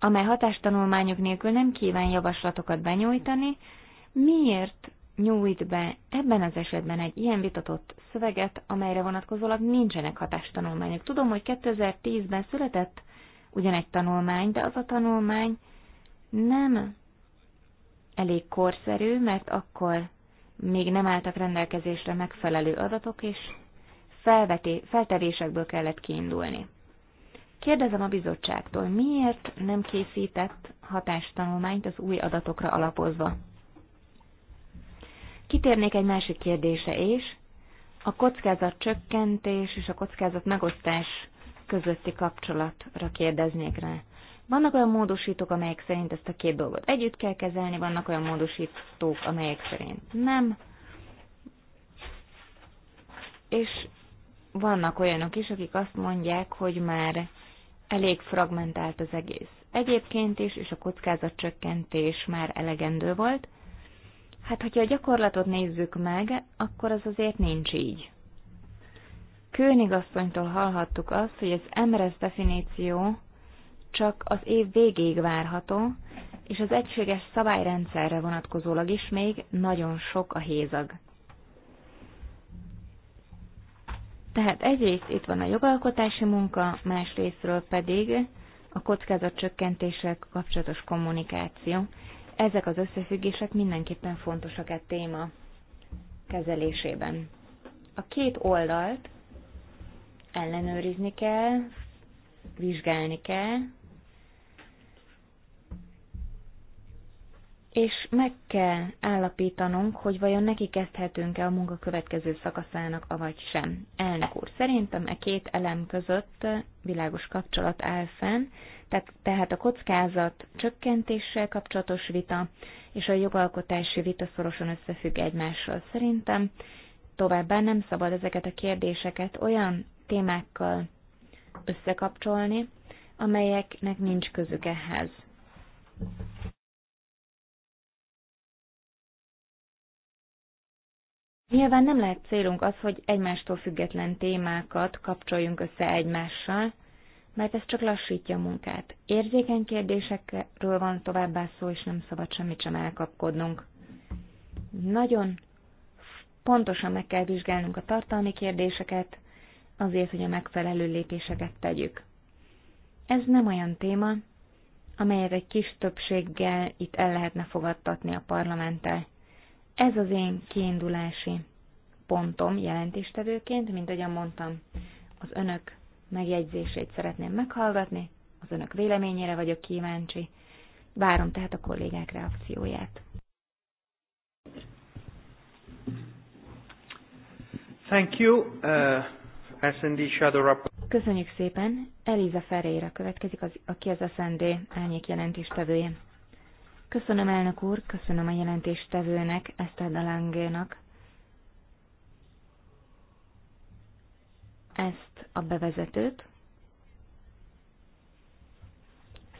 amely hatástanulmányok nélkül nem kíván javaslatokat benyújtani, miért nyújt be ebben az esetben egy ilyen vitatott szöveget, amelyre vonatkozólag nincsenek hatástanulmányok. Tudom, hogy 2010-ben született ugyan egy tanulmány, de az a tanulmány nem elég korszerű, mert akkor még nem álltak rendelkezésre megfelelő adatok, és felveté, feltevésekből kellett kiindulni. Kérdezem a bizottságtól, miért nem készített hatástanulmányt az új adatokra alapozva? Kitérnék egy másik kérdése is, a kockázat csökkentés és a kockázat megosztás közötti kapcsolatra kérdeznék rá. Vannak olyan módosítók, amelyek szerint ezt a két dolgot együtt kell kezelni, vannak olyan módosítók, amelyek szerint nem. És vannak olyanok is, akik azt mondják, hogy már elég fragmentált az egész. Egyébként is, és a kockázatcsökkentés már elegendő volt. Hát, hogyha a gyakorlatot nézzük meg, akkor az azért nincs így. Kőnigasszonytól hallhattuk azt, hogy az MRS definíció csak az év végéig várható, és az egységes szabályrendszerre vonatkozólag is még nagyon sok a hézag. Tehát egyrészt itt van a jogalkotási munka, másrésztről pedig a kockázatcsökkentéssel kapcsolatos kommunikáció. Ezek az összefüggések mindenképpen fontosak egy téma kezelésében. A két oldalt ellenőrizni kell, vizsgálni kell, és meg kell állapítanunk, hogy vajon neki kezdhetünk-e a munka következő szakaszának, avagy sem. Elnök úr, szerintem e két elem között világos kapcsolat áll fenn, tehát a kockázat csökkentéssel kapcsolatos vita és a jogalkotási vita szorosan összefügg egymással. Szerintem továbbá nem szabad ezeket a kérdéseket olyan témákkal összekapcsolni, amelyeknek nincs közük ehhez. Nyilván nem lehet célunk az, hogy egymástól független témákat kapcsoljunk össze egymással, mert ez csak lassítja a munkát. Érzékeny kérdésekről van továbbá szó, és nem szabad semmit sem elkapkodnunk. Nagyon pontosan meg kell vizsgálnunk a tartalmi kérdéseket, azért, hogy a megfelelő lépéseket tegyük. Ez nem olyan téma, amelyet egy kis többséggel itt el lehetne fogadtatni a parlamenttel. Ez az én kiindulási pontom jelentéstevőként, mint ahogyan mondtam, az önök megjegyzését szeretném meghallgatni, az önök véleményére vagyok kíváncsi, várom tehát a kollégák reakcióját. Thank you, uh, SND Shadow Rapport. Köszönjük szépen. Eliza Ferreira következik, az, aki az SND elnyék jelentéstevője. Köszönöm elnök úr, köszönöm a jelentéstevőnek, Eszter Dalángénak ezt a bevezetőt.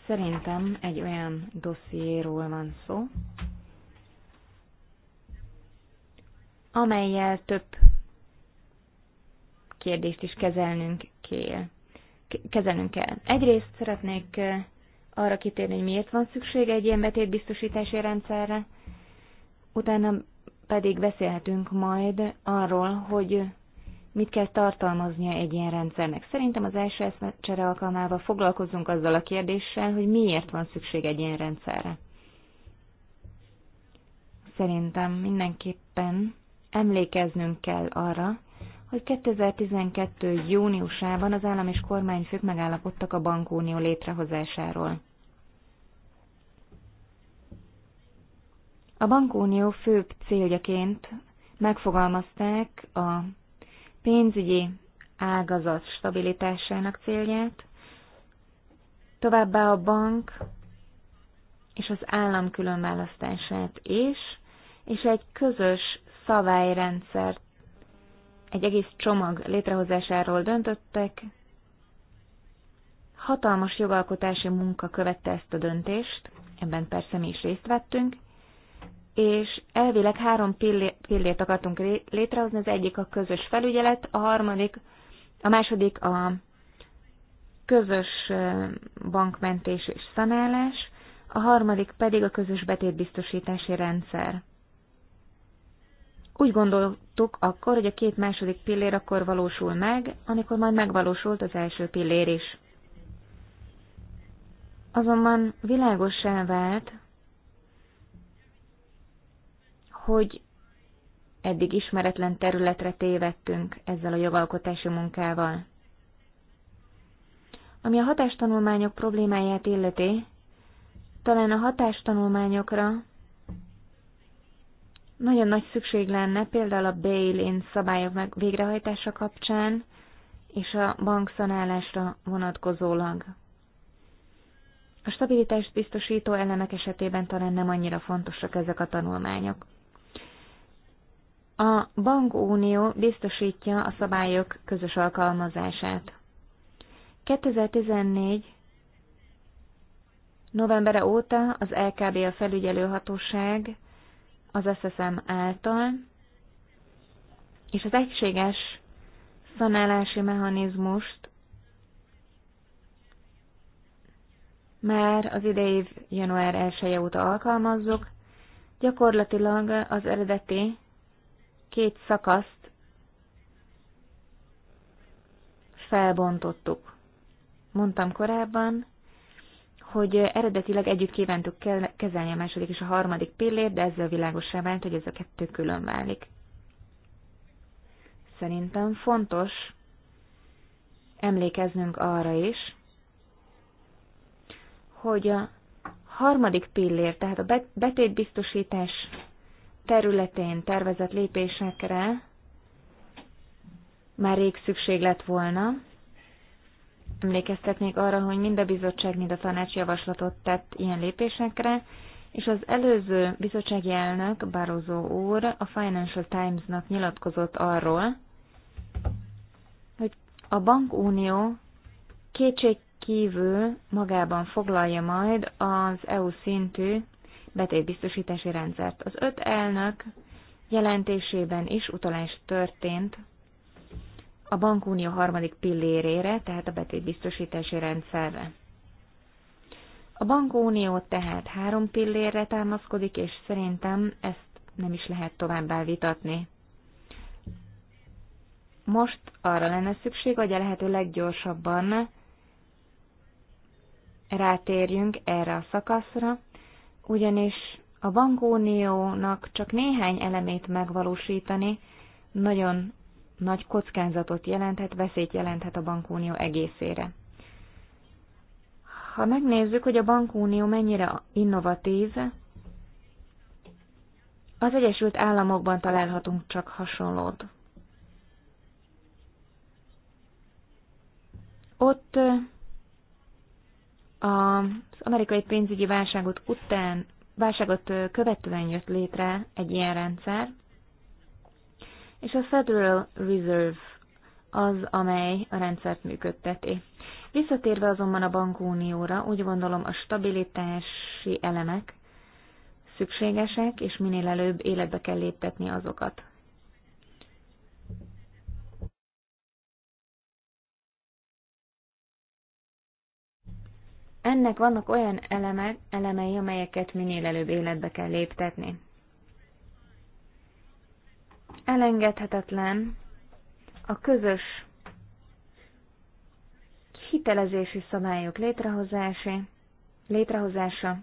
Szerintem egy olyan dossziéról van szó, amelyel több kérdést is kezelnünk kell. Kezelnünk kell. Egyrészt szeretnék eh, arra kitérni, hogy miért van szükség egy ilyen betétbiztosítási rendszerre, utána pedig beszélhetünk majd arról, hogy mit kell tartalmaznia egy ilyen rendszernek. Szerintem az első eszmecsere alkalmával foglalkozunk azzal a kérdéssel, hogy miért van szükség egy ilyen rendszerre. Szerintem mindenképpen emlékeznünk kell arra, hogy 2012. júniusában az állam és kormányfők megállapodtak a bankunió létrehozásáról. A bankunió főbb céljaként megfogalmazták a pénzügyi ágazat stabilitásának célját, továbbá a bank és az állam különválasztását is, és egy közös szabályrendszer, egy egész csomag létrehozásáról döntöttek. Hatalmas jogalkotási munka követte ezt a döntést, ebben persze mi is részt vettünk, és elvileg három pillért akartunk létrehozni, az egyik a közös felügyelet, a harmadik, a második a közös bankmentés és szanálás, a harmadik pedig a közös betétbiztosítási rendszer. Úgy gondoltuk akkor, hogy a két második pillér akkor valósul meg, amikor majd megvalósult az első pillér is. Azonban világosá vált, hogy eddig ismeretlen területre tévedtünk ezzel a jogalkotási munkával. Ami a hatástanulmányok problémáját illeti, talán a hatástanulmányokra nagyon nagy szükség lenne például a bail-in szabályok meg végrehajtása kapcsán és a bankszanálásra vonatkozólag. A stabilitást biztosító elemek esetében talán nem annyira fontosak ezek a tanulmányok. A bankunió biztosítja a szabályok közös alkalmazását. 2014 novembere óta az LKB a felügyelőhatóság az SSM által, és az egységes szanálási mechanizmust már az idei január 1 -e óta alkalmazzuk, gyakorlatilag az eredeti két szakaszt felbontottuk. Mondtam korábban, hogy eredetileg együtt kívántuk kezelni a második és a harmadik pillért, de ezzel világosá vált, hogy ez a kettő külön válik. Szerintem fontos emlékeznünk arra is, hogy a harmadik pillér, tehát a betétbiztosítás területén tervezett lépésekre már rég szükség lett volna. Emlékeztetnék arra, hogy mind a bizottság, mind a tanács javaslatot tett ilyen lépésekre, és az előző bizottsági elnök, Barroso úr, a Financial Times-nak nyilatkozott arról, hogy a bankunió kétség kívül magában foglalja majd az EU szintű betétbiztosítási rendszert. Az öt elnök jelentésében is utalás történt a bankunió harmadik pillérére, tehát a betétbiztosítási rendszerre. A bankunió tehát három pillérre támaszkodik, és szerintem ezt nem is lehet továbbá vitatni. Most arra lenne szükség, hogy a lehető leggyorsabban rátérjünk erre a szakaszra, ugyanis a bankuniónak csak néhány elemét megvalósítani nagyon nagy kockázatot jelenthet, veszélyt jelenthet a bankunió egészére. Ha megnézzük, hogy a bankunió mennyire innovatív, az Egyesült Államokban találhatunk csak hasonlót. Ott a amerikai pénzügyi válságot után, válságot követően jött létre egy ilyen rendszer, és a Federal Reserve az, amely a rendszert működteti. Visszatérve azonban a bankunióra, úgy gondolom a stabilitási elemek szükségesek, és minél előbb életbe kell léptetni azokat. Ennek vannak olyan eleme, elemei, amelyeket minél előbb életbe kell léptetni. Elengedhetetlen a közös hitelezési szabályok létrehozási, létrehozása,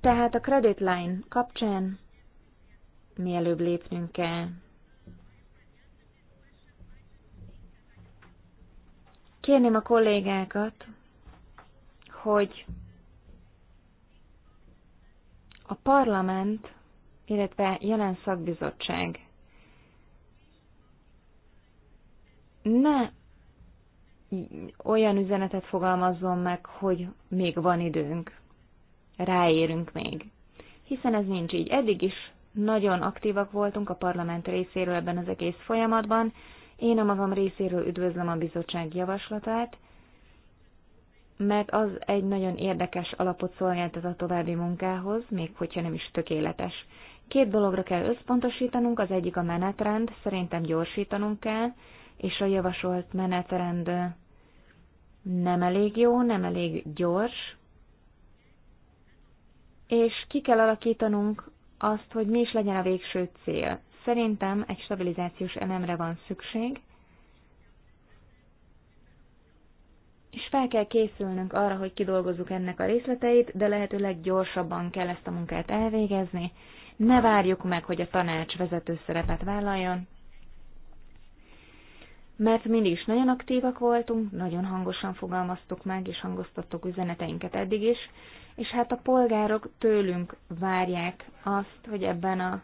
Tehát a credit line kapcsán mielőbb lépnünk kell. Kérném a kollégákat, hogy a parlament, illetve jelen szakbizottság ne olyan üzenetet fogalmazzon meg, hogy még van időnk, ráérünk még. Hiszen ez nincs így. Eddig is nagyon aktívak voltunk a parlament részéről ebben az egész folyamatban, én a magam részéről üdvözlöm a bizottság javaslatát, mert az egy nagyon érdekes alapot szolgáltat a további munkához, még hogyha nem is tökéletes. Két dologra kell összpontosítanunk, az egyik a menetrend, szerintem gyorsítanunk kell, és a javasolt menetrend nem elég jó, nem elég gyors, és ki kell alakítanunk azt, hogy mi is legyen a végső cél. Szerintem egy stabilizációs elemre van szükség, és fel kell készülnünk arra, hogy kidolgozzuk ennek a részleteit, de lehetőleg gyorsabban kell ezt a munkát elvégezni. Ne várjuk meg, hogy a tanács vezető szerepet vállaljon, mert mindig is nagyon aktívak voltunk, nagyon hangosan fogalmaztuk meg és hangoztattuk üzeneteinket eddig is, és hát a polgárok tőlünk várják azt, hogy ebben a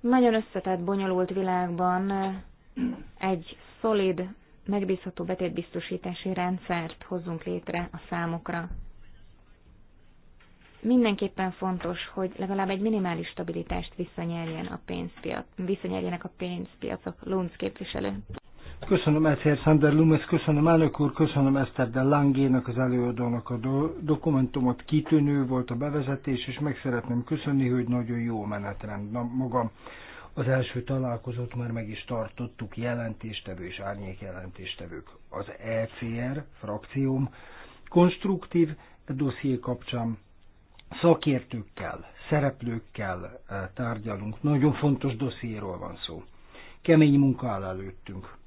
nagyon összetett, bonyolult világban egy szolid, megbízható betétbiztosítási rendszert hozzunk létre a számokra. Mindenképpen fontos, hogy legalább egy minimális stabilitást visszanyerjen a pénzpiac, visszanyerjenek a pénzpiacok, Lunc képviselő. Köszönöm Eszér Sander Lumes, köszönöm elnök úr, köszönöm Eszter de Langénak, az előadónak a do- dokumentumot. Kitűnő volt a bevezetés, és meg szeretném köszönni, hogy nagyon jó menetrend. Na, magam az első találkozót már meg is tartottuk jelentéstevő és árnyék jelentéstevők. Az ECR frakcióm konstruktív dosszié kapcsán szakértőkkel, szereplőkkel eh, tárgyalunk. Nagyon fontos dossziéról van szó. Kemény munka áll előttünk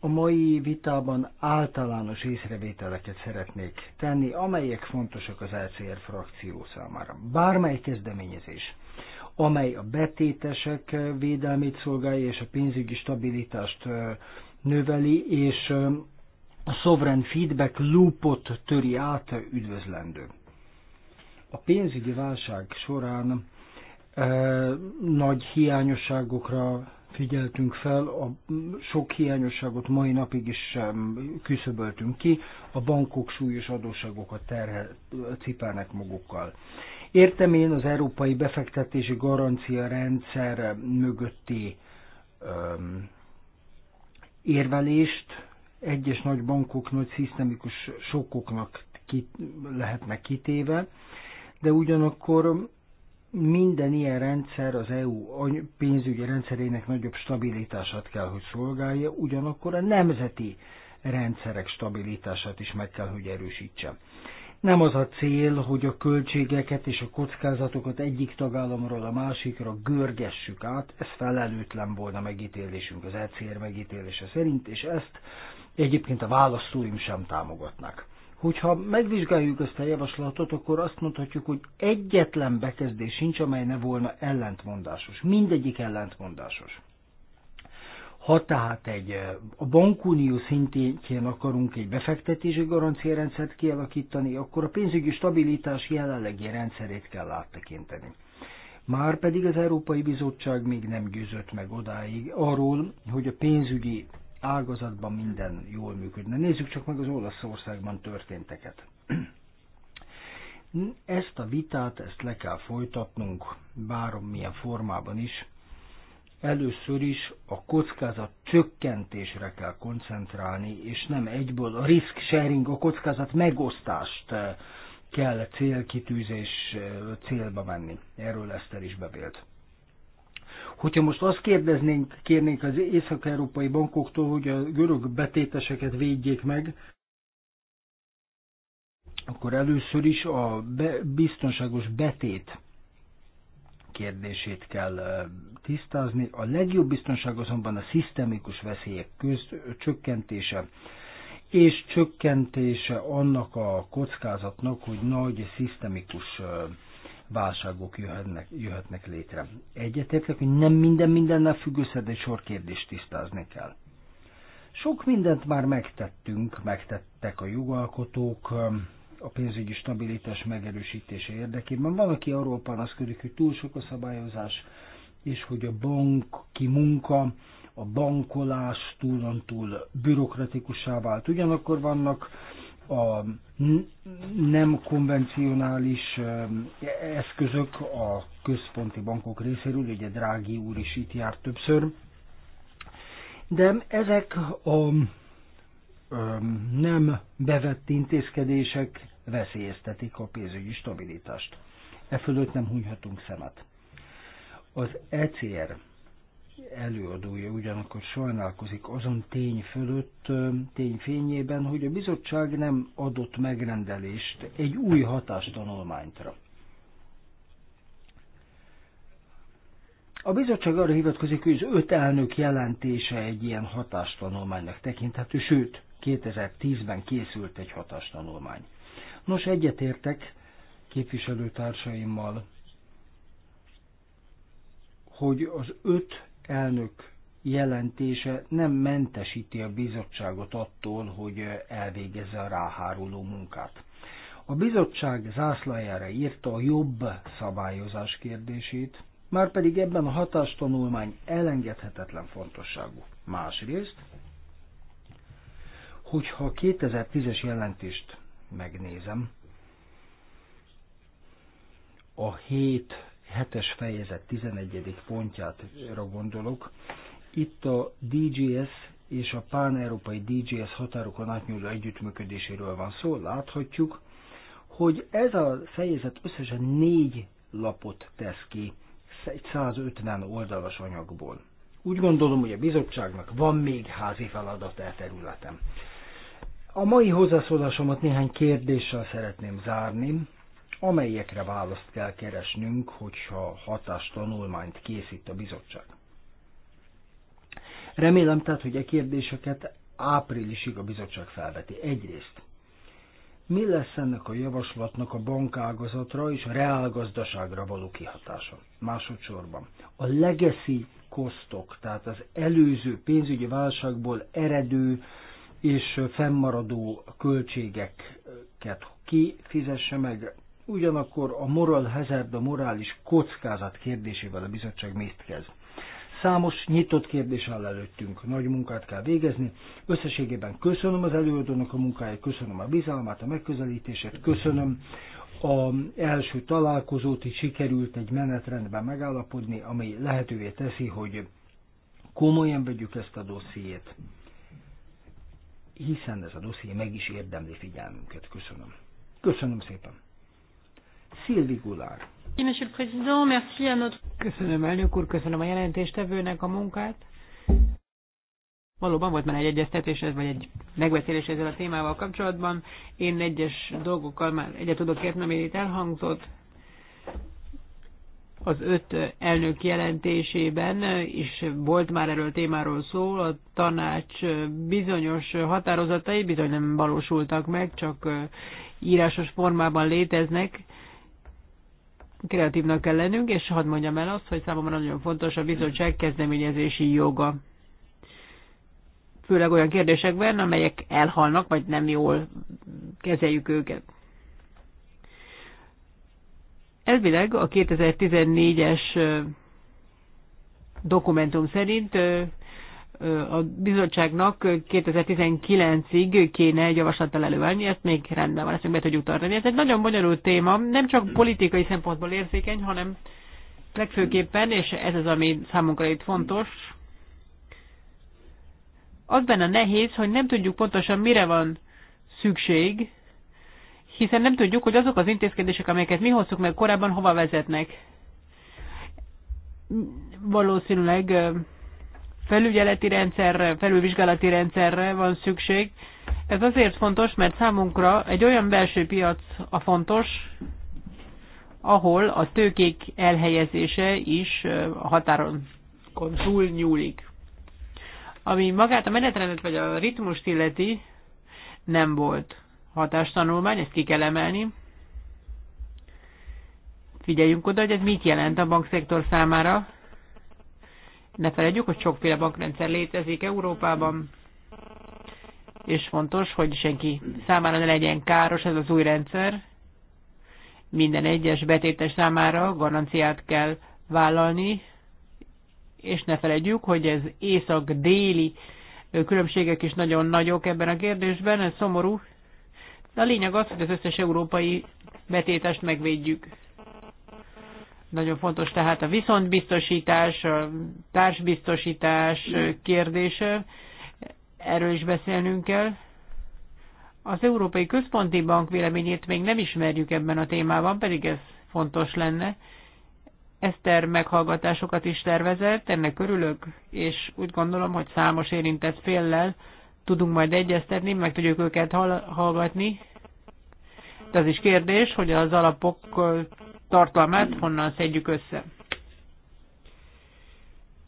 a mai vitában általános észrevételeket szeretnék tenni, amelyek fontosak az LCR e frakció számára. Bármely kezdeményezés, amely a betétesek védelmét szolgálja és a pénzügyi stabilitást növeli, és a sovereign feedback loopot töri át, üdvözlendő. A pénzügyi válság során nagy hiányosságokra figyeltünk fel, a sok hiányosságot mai napig is küszöböltünk ki, a bankok súlyos adósságokat terhel, cipelnek magukkal. Értem én az Európai Befektetési Garancia Rendszer mögötti öm, érvelést, egyes nagy bankok nagy szisztemikus sokoknak ki, lehetnek kitéve, de ugyanakkor minden ilyen rendszer az EU pénzügyi rendszerének nagyobb stabilitását kell, hogy szolgálja, ugyanakkor a nemzeti rendszerek stabilitását is meg kell, hogy erősítse. Nem az a cél, hogy a költségeket és a kockázatokat egyik tagállamról a másikra görgessük át, ez felelőtlen volna megítélésünk, az ECR megítélése szerint, és ezt egyébként a választóim sem támogatnak. Hogyha megvizsgáljuk ezt a javaslatot, akkor azt mondhatjuk, hogy egyetlen bekezdés sincs, amely ne volna ellentmondásos. Mindegyik ellentmondásos. Ha tehát egy, eh, a bankunió szintjén akarunk egy befektetési garanciarendszert kialakítani, akkor a pénzügyi stabilitás jelenlegi rendszerét kell áttekinteni. Már pedig az Európai Bizottság még nem győzött meg odáig arról, hogy a pénzügyi ágazatban minden jól működne. Nézzük csak meg az Olaszországban történteket. Ezt a vitát, ezt le kell folytatnunk, bármilyen formában is. Először is a kockázat csökkentésre kell koncentrálni, és nem egyből a risk sharing, a kockázat megosztást eh, kell célkitűzés eh, célba menni. Erről Eszter is bevélt. Hogyha most azt kérdeznénk, kérnénk az észak-európai bankoktól, hogy a görög betéteseket védjék meg, akkor először is a be, biztonságos betét kérdését kell tisztázni. A legjobb biztonság azonban a szisztemikus veszélyek köz, csökkentése, és csökkentése annak a kockázatnak, hogy nagy szisztemikus válságok jöhetnek, jöhetnek létre. Egyetértek, hogy nem minden mindennel függ össze, de sor kérdést tisztázni kell. Sok mindent már megtettünk, megtettek a jogalkotók, a pénzügyi stabilitás megerősítése érdekében. Van, aki arról panaszkodik, hogy túl sok a szabályozás, és hogy a banki munka, a bankolás túlontúl bürokratikussá vált. Ugyanakkor vannak a nem konvencionális eszközök a központi bankok részéről, ugye Drági úr is itt járt többször, de ezek a nem bevett intézkedések veszélyeztetik a pénzügyi stabilitást. E fölött nem hunyhatunk szemet. Az ECR előadója ugyanakkor sajnálkozik azon tény fölött, tényfényében, hogy a bizottság nem adott megrendelést egy új hatástanulmányra. A bizottság arra hivatkozik, hogy az öt elnök jelentése egy ilyen hatástanulmánynak tekinthető, sőt, 2010-ben készült egy hatástanulmány. Nos, egyetértek képviselőtársaimmal, hogy az öt elnök jelentése nem mentesíti a bizottságot attól, hogy elvégezze a ráháruló munkát. A bizottság zászlajára írta a jobb szabályozás kérdését, már pedig ebben a hatástanulmány elengedhetetlen fontosságú. Másrészt, hogyha a 2010-es jelentést megnézem, a hét hetes fejezet 11. pontjára gondolok. Itt a DGS és a pán-európai DGS határokon átnyúló együttműködéséről van szó. Láthatjuk, hogy ez a fejezet összesen négy lapot tesz ki egy 150 oldalas anyagból. Úgy gondolom, hogy a bizottságnak van még házi feladat e területen. A mai hozzászólásomat néhány kérdéssel szeretném zárni, amelyekre választ kell keresnünk, hogyha tanulmányt készít a bizottság. Remélem tehát, hogy a e kérdéseket áprilisig a bizottság felveti. Egyrészt, mi lesz ennek a javaslatnak a bankágazatra és a reálgazdaságra való kihatása? Másodszorban, a legacy kosztok, tehát az előző pénzügyi válságból eredő és fennmaradó költségeket ki fizesse meg, ugyanakkor a moral hazard, a morális kockázat kérdésével a bizottság mit kezd. Számos nyitott kérdés áll előttünk, nagy munkát kell végezni. Összességében köszönöm az előadónak a munkáját, köszönöm a bizalmát, a megközelítését, köszönöm a első találkozót is sikerült egy menetrendben megállapodni, ami lehetővé teszi, hogy komolyan vegyük ezt a dossziét, hiszen ez a dosszié meg is érdemli figyelmünket. Köszönöm. Köszönöm szépen. Sylvie Goulard. Köszönöm elnök úr, köszönöm a jelentéstevőnek a munkát. Valóban volt már egy egyeztetés, vagy egy megbeszélés ezzel a témával kapcsolatban. Én egyes dolgokkal már egyet tudok érteni, amit itt elhangzott. Az öt elnök jelentésében is volt már erről témáról szó, a tanács bizonyos határozatai bizony nem valósultak meg, csak írásos formában léteznek kreatívnak kell lennünk, és hadd mondjam el azt, hogy számomra nagyon fontos a bizottság kezdeményezési joga. Főleg olyan kérdésekben, amelyek elhalnak, vagy nem jól kezeljük őket. Elvileg a 2014-es dokumentum szerint a bizottságnak 2019-ig kéne egy javaslattal előállni, ezt még rendben van, ezt még be tudjuk tartani. Ez egy nagyon bonyolult téma, nem csak politikai szempontból érzékeny, hanem legfőképpen, és ez az, ami számunkra itt fontos, az benne nehéz, hogy nem tudjuk pontosan mire van szükség, hiszen nem tudjuk, hogy azok az intézkedések, amelyeket mi hoztuk meg korábban, hova vezetnek. Valószínűleg felügyeleti rendszerre, felülvizsgálati rendszerre van szükség. Ez azért fontos, mert számunkra egy olyan belső piac a fontos, ahol a tőkék elhelyezése is a határon túl nyúlik. Ami magát a menetrendet vagy a ritmust illeti, nem volt hatástanulmány, ezt ki kell emelni. Figyeljünk oda, hogy ez mit jelent a bankszektor számára, ne felejtjük, hogy sokféle bankrendszer létezik Európában, és fontos, hogy senki számára ne legyen káros ez az új rendszer. Minden egyes betétes számára garanciát kell vállalni, és ne felejtjük, hogy ez észak-déli különbségek is nagyon nagyok ebben a kérdésben, ez szomorú. De a lényeg az, hogy az összes európai betétest megvédjük. Nagyon fontos tehát a viszontbiztosítás, a társbiztosítás kérdése, erről is beszélnünk kell. Az Európai Központi Bank véleményét még nem ismerjük ebben a témában, pedig ez fontos lenne. Eszter meghallgatásokat is tervezett, ennek örülök, és úgy gondolom, hogy számos érintett féllel tudunk majd egyeztetni, meg tudjuk őket hallgatni. De az is kérdés, hogy az alapok tartalmát honnan szedjük össze.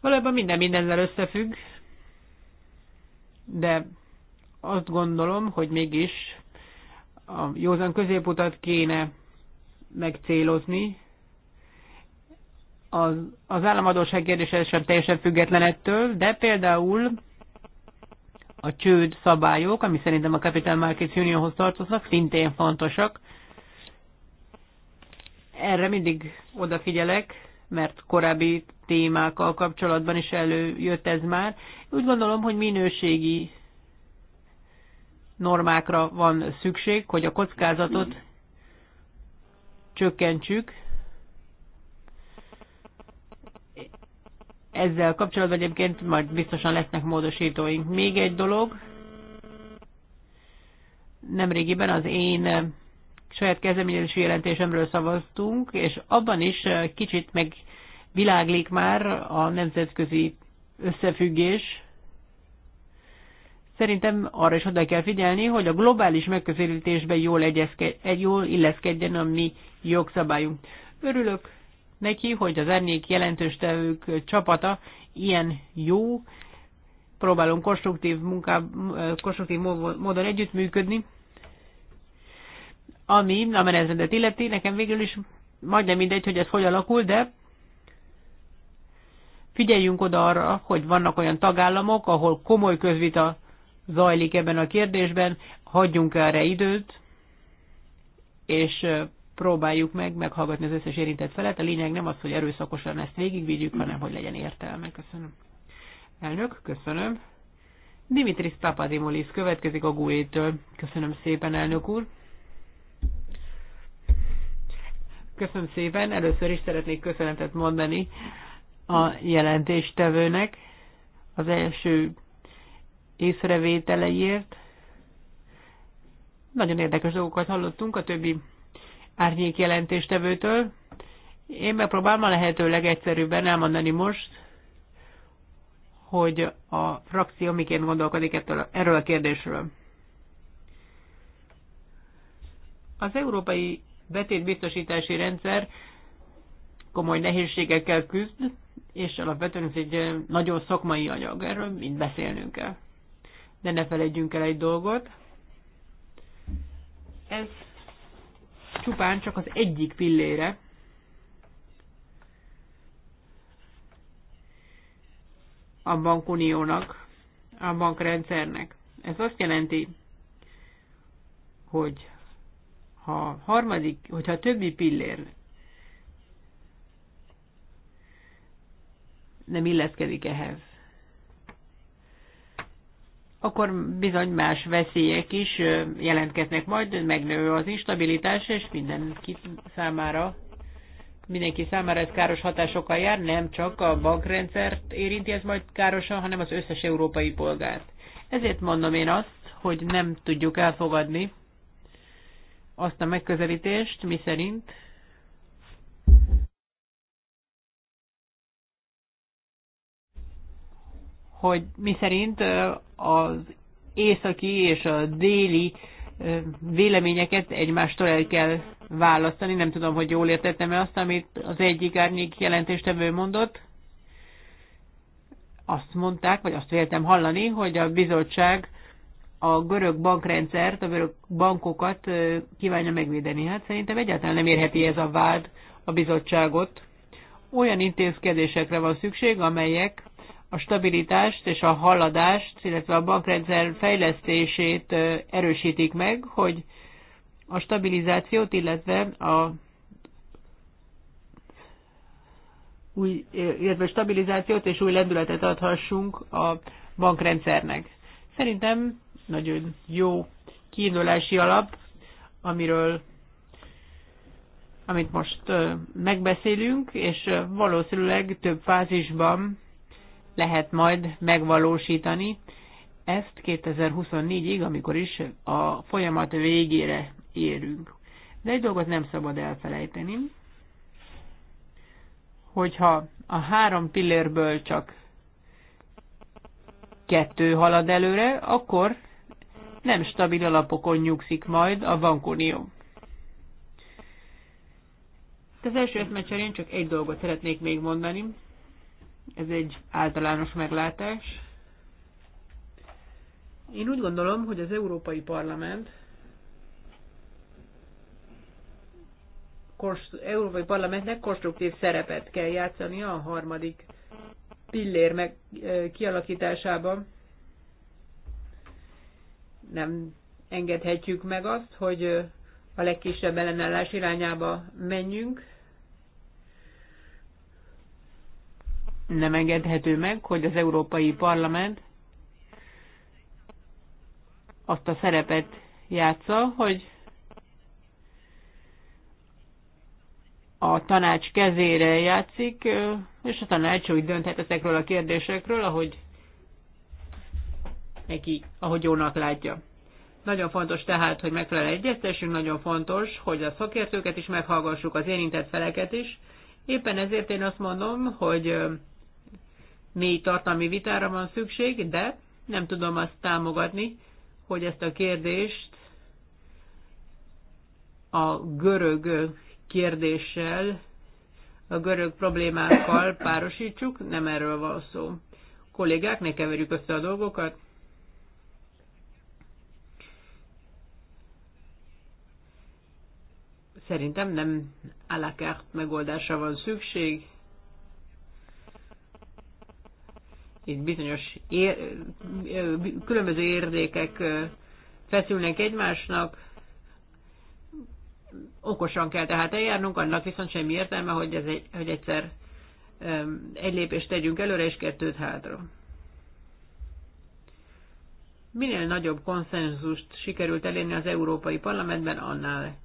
Valójában minden mindennel összefügg, de azt gondolom, hogy mégis a józan középutat kéne megcélozni. Az, az államadóság kérdése sem teljesen független ettől, de például a csőd szabályok, ami szerintem a Capital Markets Unionhoz tartoznak, szintén fontosak. Erre mindig odafigyelek, mert korábbi témákkal kapcsolatban is előjött ez már. Úgy gondolom, hogy minőségi normákra van szükség, hogy a kockázatot csökkentsük. Ezzel kapcsolatban egyébként majd biztosan lesznek módosítóink. Még egy dolog, nemrégiben az én saját kezdeményezési jelentésemről szavaztunk, és abban is kicsit megviláglik már a nemzetközi összefüggés. Szerintem arra is oda kell figyelni, hogy a globális megközelítésben jól, egyezke, jól illeszkedjen a mi jogszabályunk. Örülök neki, hogy az Ernék jelentős tevők csapata ilyen jó, próbálunk konstruktív, munká, konstruktív módon együttműködni. Ami a menetrendet illeti, nekem végül is majdnem mindegy, hogy ez hogy alakul, de figyeljünk oda arra, hogy vannak olyan tagállamok, ahol komoly közvita zajlik ebben a kérdésben, hagyjunk erre időt, és próbáljuk meg meghallgatni az összes érintett felet. A lényeg nem az, hogy erőszakosan ezt végigvigyük, hanem hogy legyen értelme. Köszönöm. Elnök, köszönöm. Dimitris Papadimolis következik a gue Köszönöm szépen, elnök úr. Köszönöm szépen. Először is szeretnék köszönetet mondani a jelentéstevőnek az első észrevételeiért. Nagyon érdekes dolgokat hallottunk a többi árnyék jelentéstevőtől. Én megpróbálom a lehető legegyszerűbben elmondani most, hogy a frakció miként gondolkodik ettől, erről a kérdésről. Az Európai betétbiztosítási rendszer komoly nehézségekkel küzd, és alapvetően ez egy nagyon szakmai anyag, erről mind beszélnünk kell. De ne felejtjünk el egy dolgot, ez csupán csak az egyik pillére a bankuniónak, a bankrendszernek. Ez azt jelenti, hogy ha harmadik, hogyha többi pillér nem illeszkedik ehhez, akkor bizony más veszélyek is jelentkeznek majd, megnő az instabilitás, és mindenki számára, mindenki számára ez káros hatásokkal jár, nem csak a bankrendszert érinti ez majd károsan, hanem az összes európai polgárt. Ezért mondom én azt, hogy nem tudjuk elfogadni azt a megközelítést, mi szerint hogy mi szerint az északi és a déli véleményeket egymástól el kell választani. Nem tudom, hogy jól értettem-e azt, amit az egyik árnyék jelentéstevő mondott. Azt mondták, vagy azt véltem hallani, hogy a bizottság a görög bankrendszert, a görög bankokat kívánja megvédeni. Hát szerintem egyáltalán nem érheti ez a vád a bizottságot. Olyan intézkedésekre van szükség, amelyek a stabilitást és a haladást, illetve a bankrendszer fejlesztését erősítik meg, hogy a stabilizációt, illetve a új, illetve stabilizációt és új lendületet adhassunk a bankrendszernek. Szerintem nagyon jó kiindulási alap, amiről amit most megbeszélünk, és valószínűleg több fázisban lehet majd megvalósítani ezt 2024-ig, amikor is a folyamat végére érünk. De egy dolgot nem szabad elfelejteni, hogyha a három pillérből csak kettő halad előre, akkor nem stabil alapokon nyugszik majd a bankunió. Az első eszmecserén csak egy dolgot szeretnék még mondani. Ez egy általános meglátás. Én úgy gondolom, hogy az Európai Parlament Európai Parlamentnek konstruktív szerepet kell játszania a harmadik pillér meg eh, kialakításában nem engedhetjük meg azt, hogy a legkisebb ellenállás irányába menjünk. Nem engedhető meg, hogy az Európai Parlament azt a szerepet játsza, hogy a tanács kezére játszik, és a tanács úgy dönthet ezekről a kérdésekről, ahogy neki, ahogy jónak látja. Nagyon fontos tehát, hogy megfelelően egyeztessünk, nagyon fontos, hogy a szakértőket is meghallgassuk, az érintett feleket is. Éppen ezért én azt mondom, hogy mély tartalmi vitára van szükség, de nem tudom azt támogatni, hogy ezt a kérdést a görög kérdéssel, a görög problémákkal párosítsuk, nem erről van szó. Kollégák, ne keverjük össze a dolgokat. Szerintem nem alakárt megoldásra van szükség. Itt bizonyos ér, különböző érdékek feszülnek egymásnak, okosan kell tehát eljárnunk, annak viszont semmi értelme, hogy, ez egy, hogy egyszer egy lépést tegyünk előre, és kettőt hátra. Minél nagyobb konszenzust sikerült elérni az Európai Parlamentben, annál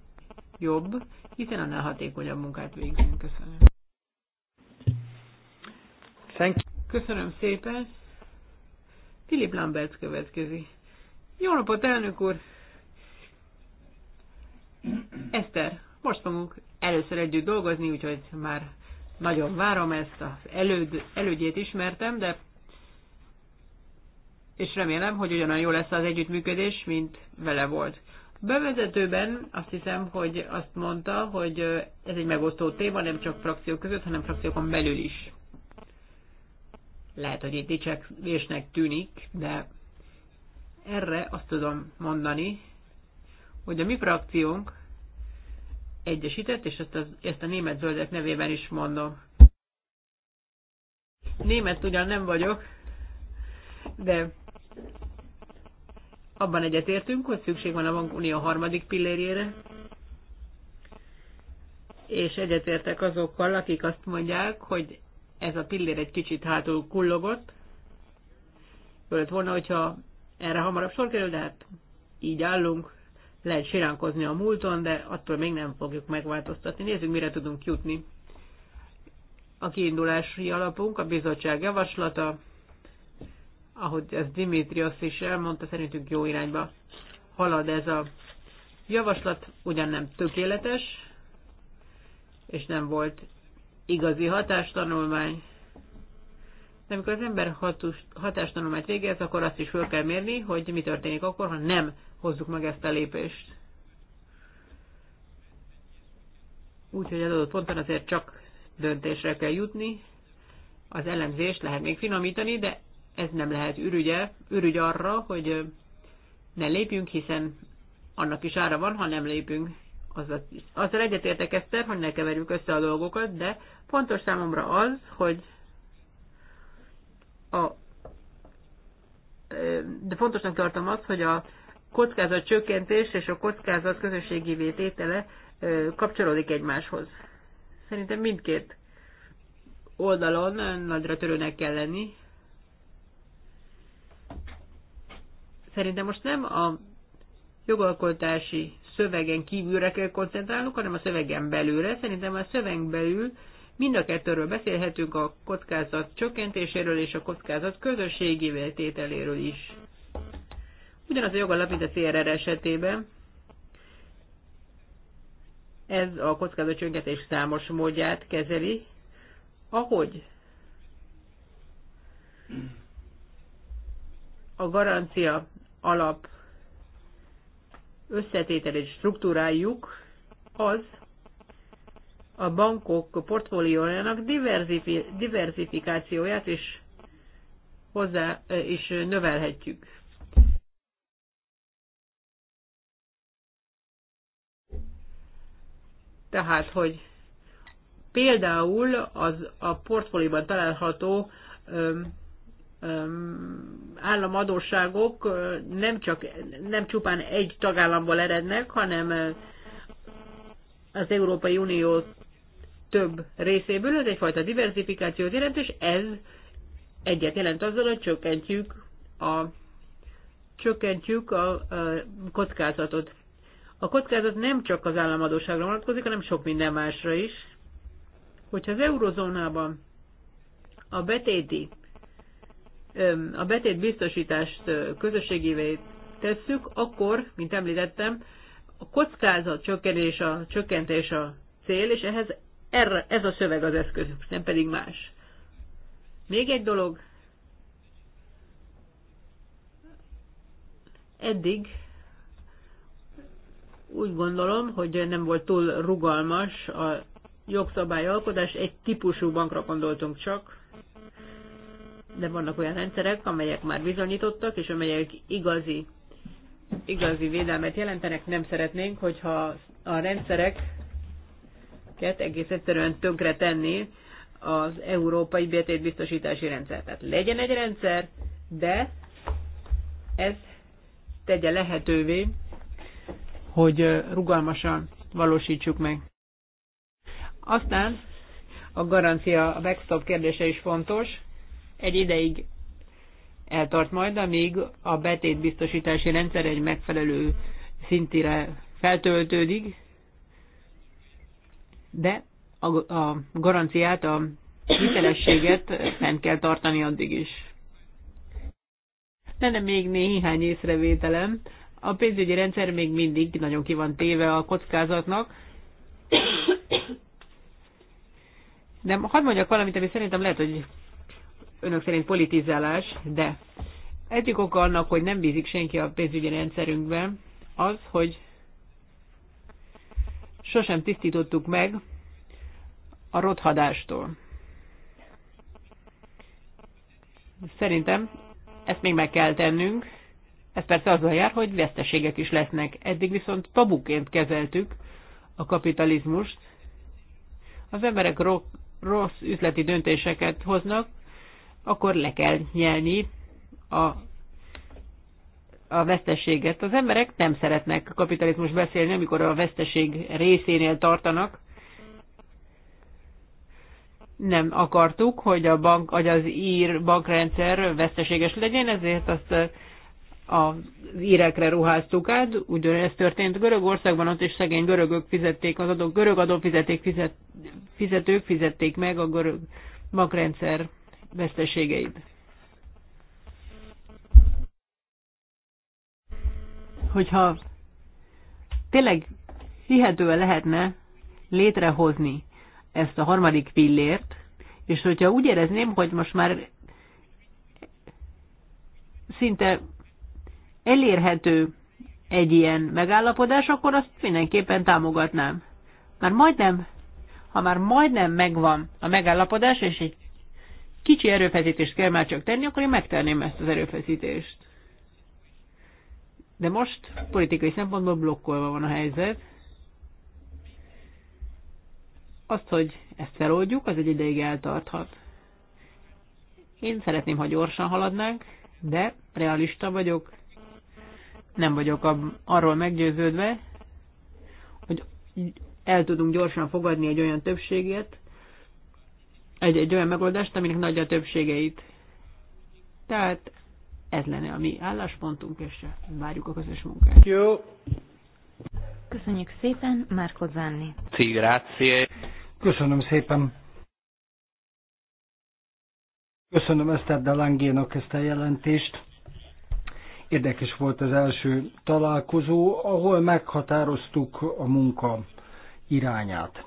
jobb, hiszen annál hatékonyabb munkát végzünk. Köszönöm. Thank you. Köszönöm szépen. Filip Lambert következik. Jó napot, elnök úr! Eszter, most fogunk először együtt dolgozni, úgyhogy már nagyon várom ezt, az előd, elődjét ismertem, de és remélem, hogy ugyanolyan jó lesz az együttműködés, mint vele volt. Bevezetőben azt hiszem, hogy azt mondta, hogy ez egy megosztó téma, nem csak frakciók között, hanem frakciókon belül is. Lehet, hogy egy dicsekvésnek tűnik, de erre azt tudom mondani, hogy a mi frakciónk egyesített, és ezt, az, ezt a német zöldek nevében is mondom. Német ugyan nem vagyok, de abban egyetértünk, hogy szükség van a bankunió harmadik pillérjére, és egyetértek azokkal, akik azt mondják, hogy ez a pillér egy kicsit hátul kullogott. Fölött volna, hogyha erre hamarabb sor kerül, de hát így állunk. Lehet siránkozni a múlton, de attól még nem fogjuk megváltoztatni. Nézzük, mire tudunk jutni. A kiindulási alapunk, a bizottság javaslata, ahogy ez Dimitrios is elmondta, szerintünk jó irányba halad ez a javaslat, ugyan nem tökéletes, és nem volt igazi hatástanulmány. De amikor az ember hatástanulmányt végez, akkor azt is föl kell mérni, hogy mi történik akkor, ha nem hozzuk meg ezt a lépést. Úgyhogy az adott ponton azért csak döntésre kell jutni. Az elemzést lehet még finomítani, de ez nem lehet ürügye, ürügy arra, hogy ne lépjünk, hiszen annak is ára van, ha nem lépünk. Azzal, azzal egyetértek Eszter, hogy ne keverjük össze a dolgokat, de fontos számomra az, hogy a de fontosnak tartom azt, hogy a kockázat csökkentés és a kockázat közösségi vététele kapcsolódik egymáshoz. Szerintem mindkét oldalon nagyra törőnek kell lenni, Szerintem most nem a jogalkotási szövegen kívülre kell koncentrálnunk, hanem a szövegen belülre. Szerintem a szöveg belül mind a kettőről beszélhetünk a kockázat csökkentéséről és a kockázat közösségével tételéről is. Ugyanaz a jogalap, mint a CRR esetében. Ez a kockázat csökkentés számos módját kezeli. Ahogy a garancia alap és struktúrájuk az a bankok portfóliójának diversifikációját is hozzá is növelhetjük. Tehát, hogy például az a portfólióban található államadóságok nem, csak, nem csupán egy tagállamból erednek, hanem az Európai Unió több részéből, ez egyfajta diversifikációt jelent, és ez egyet jelent azzal, hogy csökkentjük a, csökkentjük a, a kockázatot. A kockázat nem csak az államadóságra vonatkozik, hanem sok minden másra is. Hogyha az eurozónában a betéti a betét biztosítást közösségévé tesszük, akkor, mint említettem, a kockázat csökkenés a, csökkentés a cél, és ehhez erre, ez a szöveg az eszköz, nem pedig más. Még egy dolog, eddig úgy gondolom, hogy nem volt túl rugalmas a jogszabályalkotás, egy típusú bankra gondoltunk csak, de vannak olyan rendszerek, amelyek már bizonyítottak, és amelyek igazi, igazi védelmet jelentenek. Nem szeretnénk, hogyha a rendszereket egész egyszerűen tönkre tenni az európai betétbiztosítási rendszer. Tehát legyen egy rendszer, de ez tegye lehetővé, hogy rugalmasan valósítsuk meg. Aztán a garancia, a backstop kérdése is fontos egy ideig eltart majd, amíg a betétbiztosítási rendszer egy megfelelő szintire feltöltődik, de a, a garanciát, a hitelességet nem kell tartani addig is. Lenne még néhány észrevételem. A pénzügyi rendszer még mindig nagyon ki van téve a kockázatnak. De hadd mondjak valamit, ami szerintem lehet, hogy önök szerint politizálás, de egyik oka annak, hogy nem bízik senki a pénzügyi rendszerünkben, az, hogy sosem tisztítottuk meg a rothadástól. Szerintem ezt még meg kell tennünk. Ez persze azzal jár, hogy veszteségek is lesznek. Eddig viszont tabuként kezeltük a kapitalizmust. Az emberek rossz üzleti döntéseket hoznak, akkor le kell nyelni a a veszteséget. Az emberek nem szeretnek kapitalizmus beszélni, amikor a veszteség részénél tartanak. Nem akartuk, hogy a bank, vagy az ír bankrendszer veszteséges legyen, ezért azt eh, az írekre ruháztuk át. Ugyanez történt Görögországban, ott is szegény görögök fizették, az adó, görög fizeték, fizet, fizetők fizették meg a görög bankrendszer veszteségeid. Hogyha tényleg hihetően lehetne létrehozni ezt a harmadik pillért, és hogyha úgy érezném, hogy most már szinte elérhető egy ilyen megállapodás, akkor azt mindenképpen támogatnám. Már majdnem, ha már majdnem megvan a megállapodás, és egy kicsi erőfeszítést kell már csak tenni, akkor én megtenném ezt az erőfeszítést. De most politikai szempontból blokkolva van a helyzet. Azt, hogy ezt feloldjuk, az egy ideig eltarthat. Én szeretném, ha gyorsan haladnánk, de realista vagyok. Nem vagyok arról meggyőződve, hogy el tudunk gyorsan fogadni egy olyan többséget, egy, egy olyan megoldást, aminek nagy a többségeit. Tehát ez lenne a mi álláspontunk, és várjuk a közös munkát. Jó. Köszönjük szépen, Márko Zanni. Cigrácie. Köszönöm szépen. Köszönöm Eszter Delangénak ezt a jelentést. Érdekes volt az első találkozó, ahol meghatároztuk a munka irányát.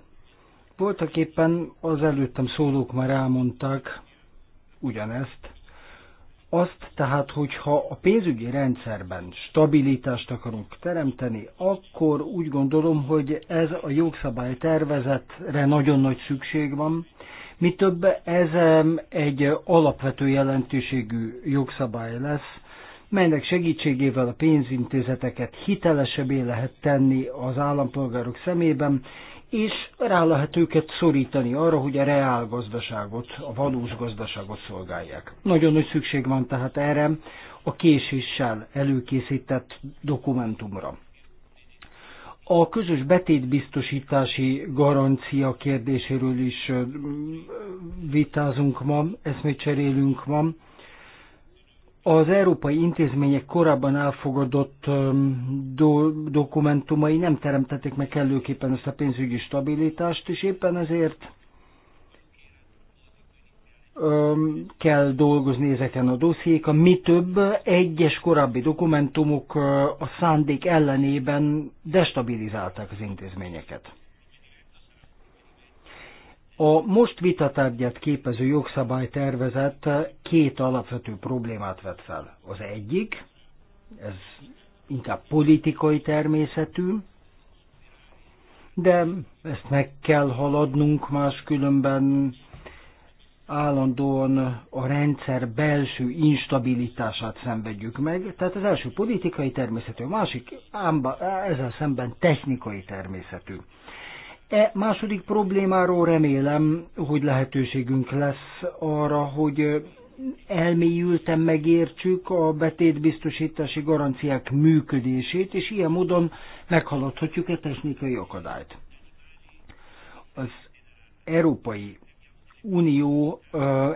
Voltak éppen az előttem szólók már elmondták ugyanezt. Azt tehát, hogyha a pénzügyi rendszerben stabilitást akarunk teremteni, akkor úgy gondolom, hogy ez a jogszabály tervezetre nagyon nagy szükség van. Mi több, ez egy alapvető jelentőségű jogszabály lesz, melynek segítségével a pénzintézeteket hitelesebbé lehet tenni az állampolgárok szemében, és rá lehet őket szorítani arra, hogy a reál gazdaságot, a valós gazdaságot szolgálják. Nagyon nagy szükség van tehát erre a késéssel előkészített dokumentumra. A közös betétbiztosítási garancia kérdéséről is vitázunk ma, eszmét cserélünk ma az európai intézmények korábban elfogadott do- dokumentumai nem teremtették meg kellőképpen ezt a pénzügyi stabilitást, és éppen ezért kell dolgozni ezeken a dossziék. A mi több egyes korábbi dokumentumok a szándék ellenében destabilizálták az intézményeket. A most vitatárgyát képező jogszabálytervezet két alapvető problémát vet fel. Az egyik, ez inkább politikai természetű, de ezt meg kell haladnunk, máskülönben állandóan a rendszer belső instabilitását szenvedjük meg. Tehát az első politikai természetű, a másik ámba, ezzel szemben technikai természetű. E második problémáról remélem, hogy lehetőségünk lesz arra, hogy elmélyülten megértsük a betétbiztosítási garanciák működését, és ilyen módon meghaladhatjuk a technikai akadályt. Az Európai Unió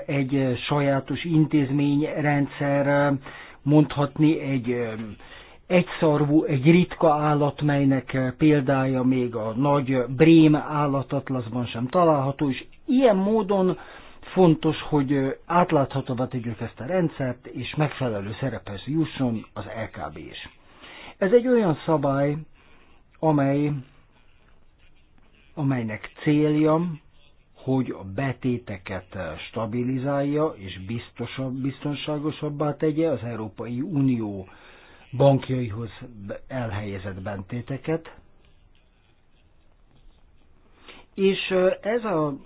egy sajátos intézményrendszer, mondhatni egy egyszarvú, egy ritka állat, melynek eh, példája még a nagy brém állatatlaszban sem található, és ilyen módon fontos, hogy eh, átláthatóvá tegyük ezt a rendszert, és megfelelő szerephez jusson az LKB is. Ez egy olyan szabály, amely, amelynek célja, hogy a betéteket eh, stabilizálja és biztosabb, biztonságosabbá tegye az Európai Unió bankjaihoz elhelyezett bentéteket. És ez a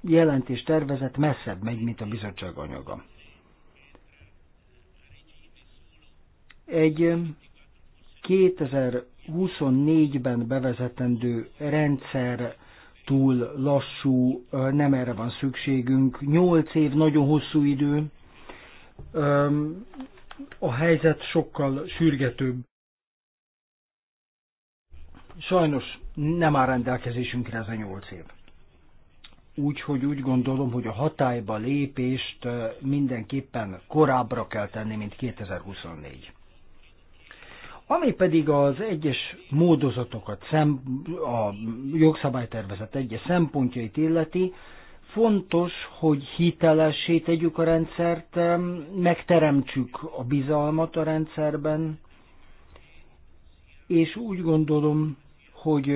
jelentés tervezet messzebb megy, mint a bizottság anyaga. Egy 2024-ben bevezetendő rendszer túl lassú, nem erre van szükségünk. Nyolc év nagyon hosszú idő a helyzet sokkal sürgetőbb. Sajnos nem áll rendelkezésünkre ez a nyolc év. Úgyhogy úgy gondolom, hogy a hatályba lépést mindenképpen korábbra kell tenni, mint 2024. Ami pedig az egyes módozatokat, a jogszabálytervezet egyes szempontjait illeti, Fontos, hogy hitelessé tegyük a rendszert, megteremtsük a bizalmat a rendszerben, és úgy gondolom, hogy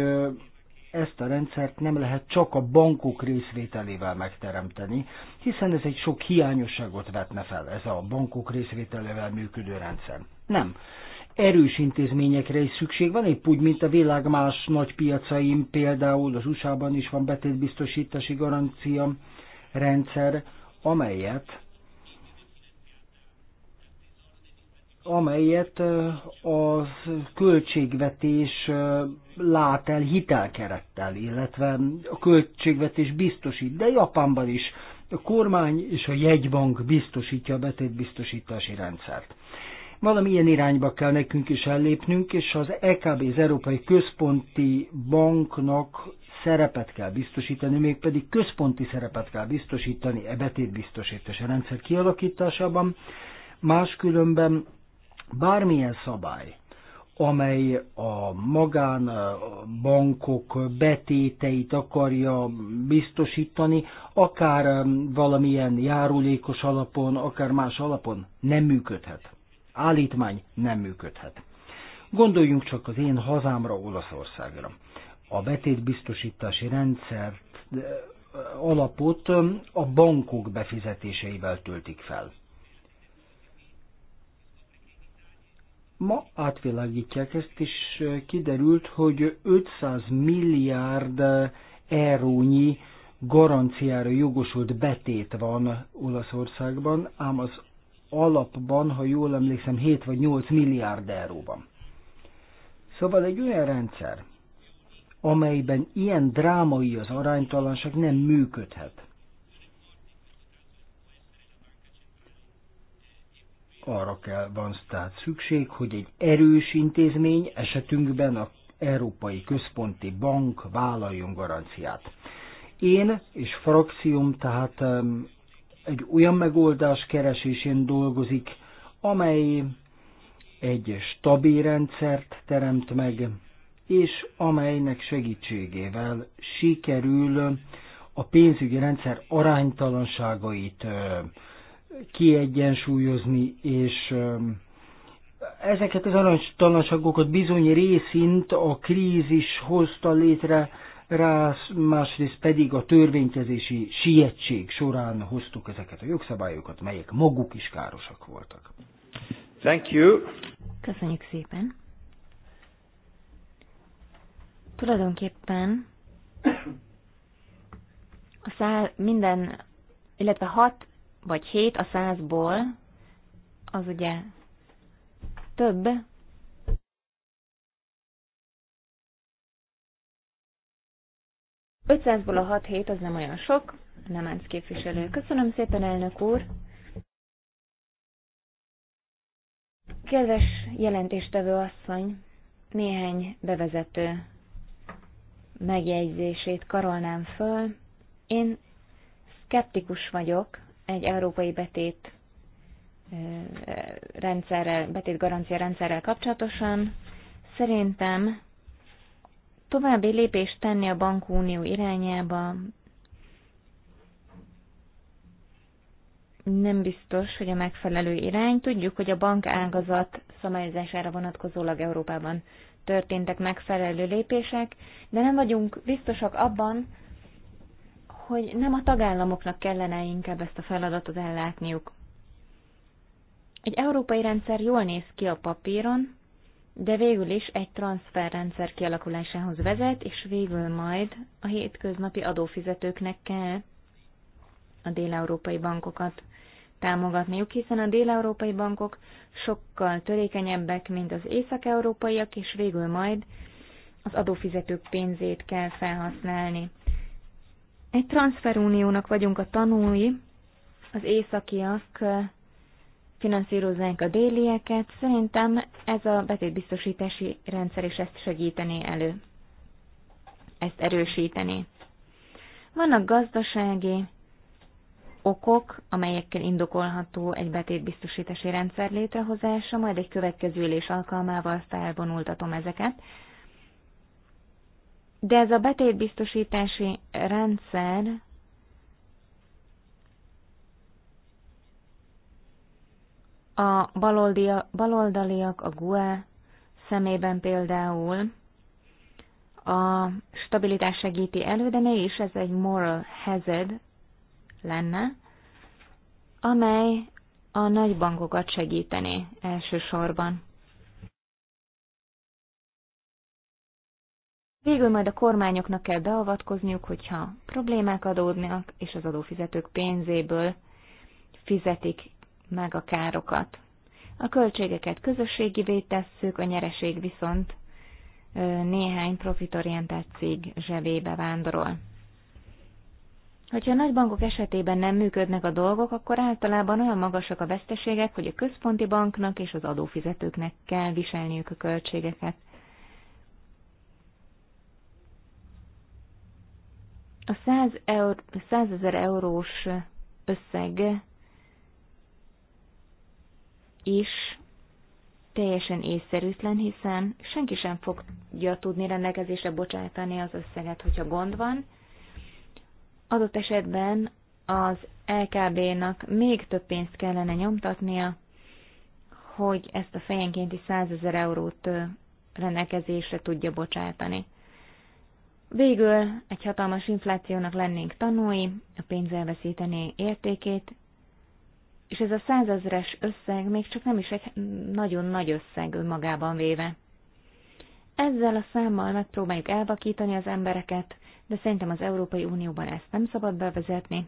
ezt a rendszert nem lehet csak a bankok részvételével megteremteni, hiszen ez egy sok hiányosságot vetne fel, ez a bankok részvételével működő rendszer. Nem erős intézményekre is szükség van, épp úgy, mint a világ más nagy piacaim, például az USA-ban is van betétbiztosítási garancia rendszer, amelyet amelyet az költségvetés lát el hitelkerettel, illetve a költségvetés biztosít, de Japánban is a kormány és a jegybank biztosítja a betétbiztosítási rendszert. Valami ilyen irányba kell nekünk is ellépnünk, és az EKB, az Európai Központi Banknak szerepet kell biztosítani, mégpedig központi szerepet kell biztosítani e betétbiztosítás rendszer kialakításában. Máskülönben bármilyen szabály, amely a magánbankok betéteit akarja biztosítani, akár um, valamilyen járulékos alapon, akár más alapon nem működhet állítmány nem működhet. Gondoljunk csak az én hazámra, Olaszországra. A betétbiztosítási rendszer alapot a bankok befizetéseivel töltik fel. Ma átvilágítják ezt, és kiderült, hogy 500 milliárd eurónyi garanciára jogosult betét van Olaszországban, ám az alapban, ha jól emlékszem, 7 vagy 8 milliárd euróban. Szóval egy olyan rendszer, amelyben ilyen drámai az aránytalanság nem működhet. Arra kell van tehát szükség, hogy egy erős intézmény, esetünkben a Európai Központi Bank vállaljon garanciát. Én és frakcióm tehát egy olyan megoldás keresésén dolgozik, amely egy stabil rendszert teremt meg, és amelynek segítségével sikerül a pénzügyi rendszer aránytalanságait kiegyensúlyozni, és ezeket az aránytalanságokat bizony részint a krízis hozta létre, rá, másrészt pedig a törvénykezési sietség során hoztuk ezeket a jogszabályokat, melyek maguk is károsak voltak. Thank you. Köszönjük szépen. Tulajdonképpen a száz, minden, illetve hat vagy hét a százból, az ugye több, 500-ból a 6 hét az nem olyan sok, nem ENSZ képviselő. Köszönöm szépen, elnök úr! Kedves jelentéstevő asszony, néhány bevezető megjegyzését karolnám föl. Én szkeptikus vagyok egy európai betét rendszerrel, betét garancia rendszerrel kapcsolatosan. Szerintem további lépést tenni a bankunió irányába, nem biztos, hogy a megfelelő irány. Tudjuk, hogy a bankágazat szabályozására vonatkozólag Európában történtek megfelelő lépések, de nem vagyunk biztosak abban, hogy nem a tagállamoknak kellene inkább ezt a feladatot ellátniuk. Egy európai rendszer jól néz ki a papíron, de végül is egy transferrendszer kialakulásához vezet, és végül majd a hétköznapi adófizetőknek kell a déleurópai bankokat támogatniuk, hiszen a déleurópai bankok sokkal törékenyebbek, mint az észak-európaiak, és végül majd az adófizetők pénzét kell felhasználni. Egy transferuniónak vagyunk a tanúi, az északiak finanszíroznánk a délieket. Szerintem ez a betétbiztosítási rendszer is ezt segítené elő, ezt erősíteni. Vannak gazdasági okok, amelyekkel indokolható egy betétbiztosítási rendszer létrehozása, majd egy következő ülés alkalmával felvonultatom ezeket. De ez a betétbiztosítási rendszer A baloldia, baloldaliak, a GUE szemében például a stabilitás segíti elő, de mégis ez egy moral hazard lenne, amely a nagy bankokat segíteni elsősorban. Végül majd a kormányoknak kell beavatkozniuk, hogyha problémák adódnak, és az adófizetők pénzéből fizetik meg a károkat. A költségeket közösségivé tesszük, a nyereség viszont néhány profitorientált cég zsebébe vándorol. Hogyha a nagybankok esetében nem működnek a dolgok, akkor általában olyan magasak a veszteségek, hogy a központi banknak és az adófizetőknek kell viselniük a költségeket. A 100 ezer eurós összeg is teljesen észszerűtlen, hiszen senki sem fogja tudni rendelkezésre bocsátani az összeget, hogyha gond van. Adott esetben az LKB-nak még több pénzt kellene nyomtatnia, hogy ezt a fejenkénti 100 ezer eurót rendelkezésre tudja bocsátani. Végül egy hatalmas inflációnak lennénk tanúi, a pénz elveszítené értékét, és ez a százezres összeg még csak nem is egy nagyon nagy összeg önmagában véve. Ezzel a számmal megpróbáljuk elvakítani az embereket, de szerintem az Európai Unióban ezt nem szabad bevezetni,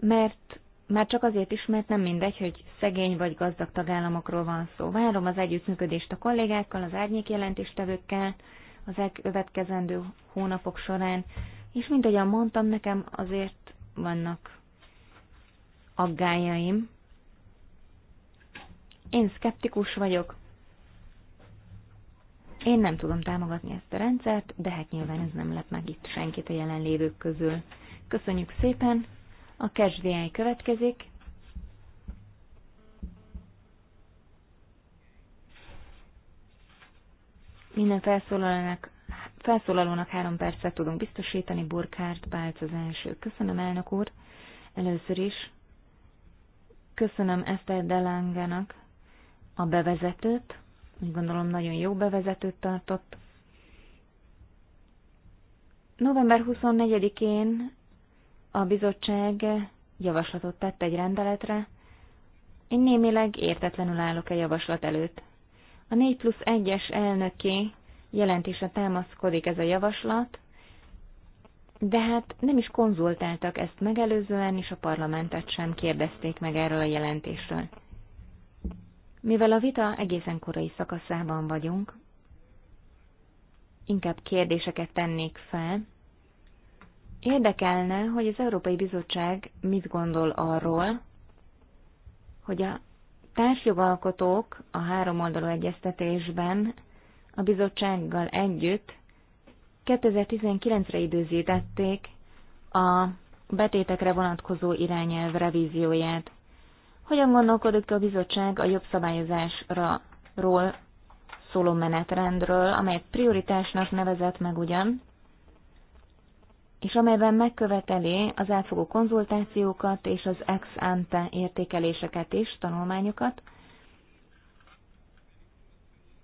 mert már csak azért is, mert nem mindegy, hogy szegény vagy gazdag tagállamokról van szó. Várom az együttműködést a kollégákkal, az árnyék jelentéstevőkkel az elkövetkezendő hónapok során, és mint ahogyan mondtam, nekem azért vannak aggájaim. Én szkeptikus vagyok. Én nem tudom támogatni ezt a rendszert, de hát nyilván ez nem lep meg itt senkit a jelenlévők közül. Köszönjük szépen! A kezdvéjáj következik. Minden felszólalónak, felszólalónak három percet tudunk biztosítani. Burkhardt Bálc az első. Köszönöm, elnök úr! Először is Köszönöm Eszter Delangának a bevezetőt. Úgy gondolom, nagyon jó bevezetőt tartott. November 24-én a bizottság javaslatot tett egy rendeletre. Én némileg értetlenül állok a e javaslat előtt. A 4 plusz 1-es elnöki jelentése támaszkodik ez a javaslat, de hát nem is konzultáltak ezt megelőzően, és a parlamentet sem kérdezték meg erről a jelentésről. Mivel a vita egészen korai szakaszában vagyunk, inkább kérdéseket tennék fel. Érdekelne, hogy az Európai Bizottság mit gondol arról, hogy a társjogalkotók a három oldalú egyeztetésben a bizottsággal együtt 2019-re időzítették a betétekre vonatkozó irányelv revízióját. Hogyan gondolkodik a bizottság a jobb szabályozásra ról szóló menetrendről, amelyet prioritásnak nevezett meg ugyan, és amelyben megköveteli az átfogó konzultációkat és az ex ante értékeléseket és tanulmányokat,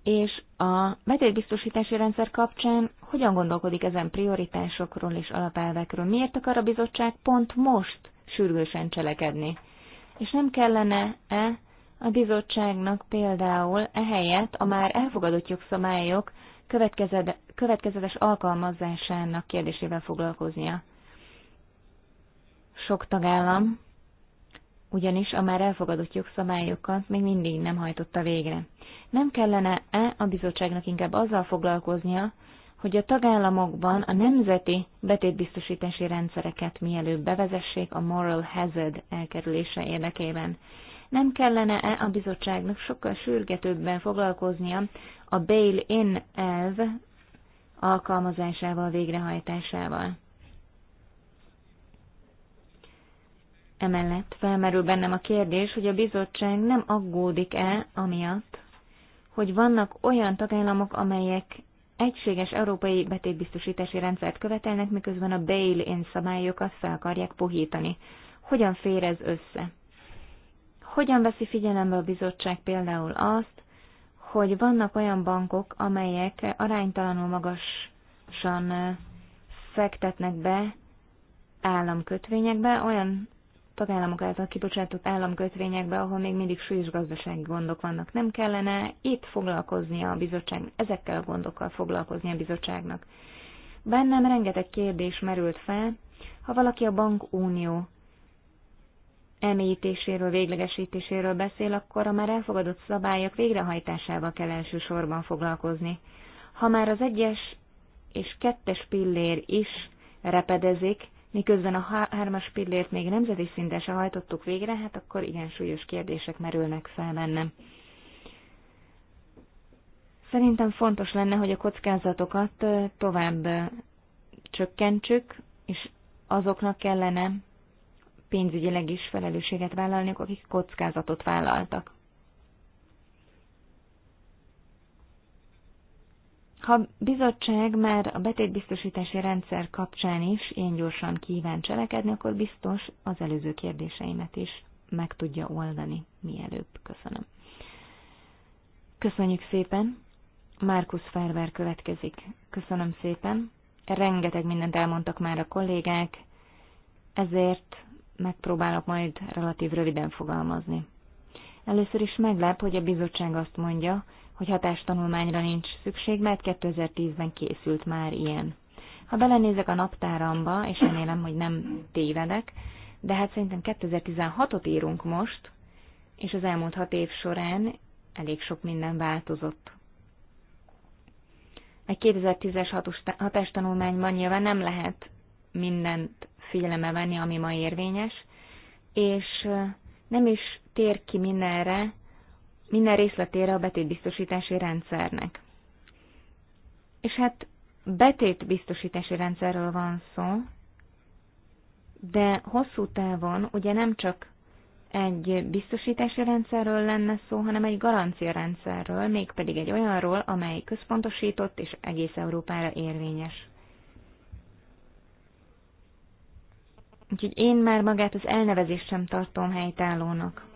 és a betétbiztosítási rendszer kapcsán hogyan gondolkodik ezen prioritásokról és alapelvekről? Miért akar a bizottság pont most sürgősen cselekedni? És nem kellene-e a bizottságnak például ehelyett a már elfogadott jogszabályok következetes alkalmazásának kérdésével foglalkoznia? Sok tagállam ugyanis a már elfogadott jogszabályokat még mindig nem hajtotta végre. Nem kellene-e a bizottságnak inkább azzal foglalkoznia, hogy a tagállamokban a nemzeti betétbiztosítási rendszereket mielőbb bevezessék a moral hazard elkerülése érdekében. Nem kellene-e a bizottságnak sokkal sürgetőbben foglalkoznia a bail-in elv alkalmazásával, végrehajtásával? Emellett felmerül bennem a kérdés, hogy a bizottság nem aggódik-e amiatt, hogy vannak olyan tagállamok, amelyek egységes európai betétbiztosítási rendszert követelnek, miközben a bail-in szabályokat fel akarják puhítani. Hogyan fér ez össze? Hogyan veszi figyelembe a bizottság például azt, hogy vannak olyan bankok, amelyek aránytalanul magasan fektetnek be államkötvényekbe, olyan tagállamok által kibocsátott államkötvényekbe, ahol még mindig súlyos gazdasági gondok vannak. Nem kellene itt foglalkoznia a bizottság, ezekkel a gondokkal foglalkoznia a bizottságnak. Bennem rengeteg kérdés merült fel, ha valaki a bankunió emélyítéséről, véglegesítéséről beszél, akkor a már elfogadott szabályok végrehajtásával kell elsősorban foglalkozni. Ha már az egyes és kettes pillér is repedezik, miközben a hármas pillért még nemzeti szinten se hajtottuk végre, hát akkor igen súlyos kérdések merülnek fel bennem. Szerintem fontos lenne, hogy a kockázatokat tovább csökkentsük, és azoknak kellene pénzügyileg is felelősséget vállalniuk, akik kockázatot vállaltak. Ha bizottság már a betétbiztosítási rendszer kapcsán is én gyorsan kíván cselekedni, akkor biztos az előző kérdéseimet is meg tudja oldani mielőbb. Köszönöm. Köszönjük szépen. Márkus Ferber következik. Köszönöm szépen. Rengeteg mindent elmondtak már a kollégák, ezért megpróbálok majd relatív röviden fogalmazni. Először is meglep, hogy a bizottság azt mondja, hogy hatástanulmányra nincs szükség, mert 2010-ben készült már ilyen. Ha belenézek a naptáramba, és remélem, hogy nem tévedek, de hát szerintem 2016-ot írunk most, és az elmúlt hat év során elég sok minden változott. Egy 2010-es hatástanulmányban nyilván nem lehet mindent figyelembe venni, ami ma érvényes, és nem is tér ki mindenre minden részletére a betétbiztosítási rendszernek. És hát betétbiztosítási rendszerről van szó, de hosszú távon ugye nem csak egy biztosítási rendszerről lenne szó, hanem egy garancia rendszerről, mégpedig egy olyanról, amely központosított és egész Európára érvényes. Úgyhogy én már magát az elnevezést sem tartom helytállónak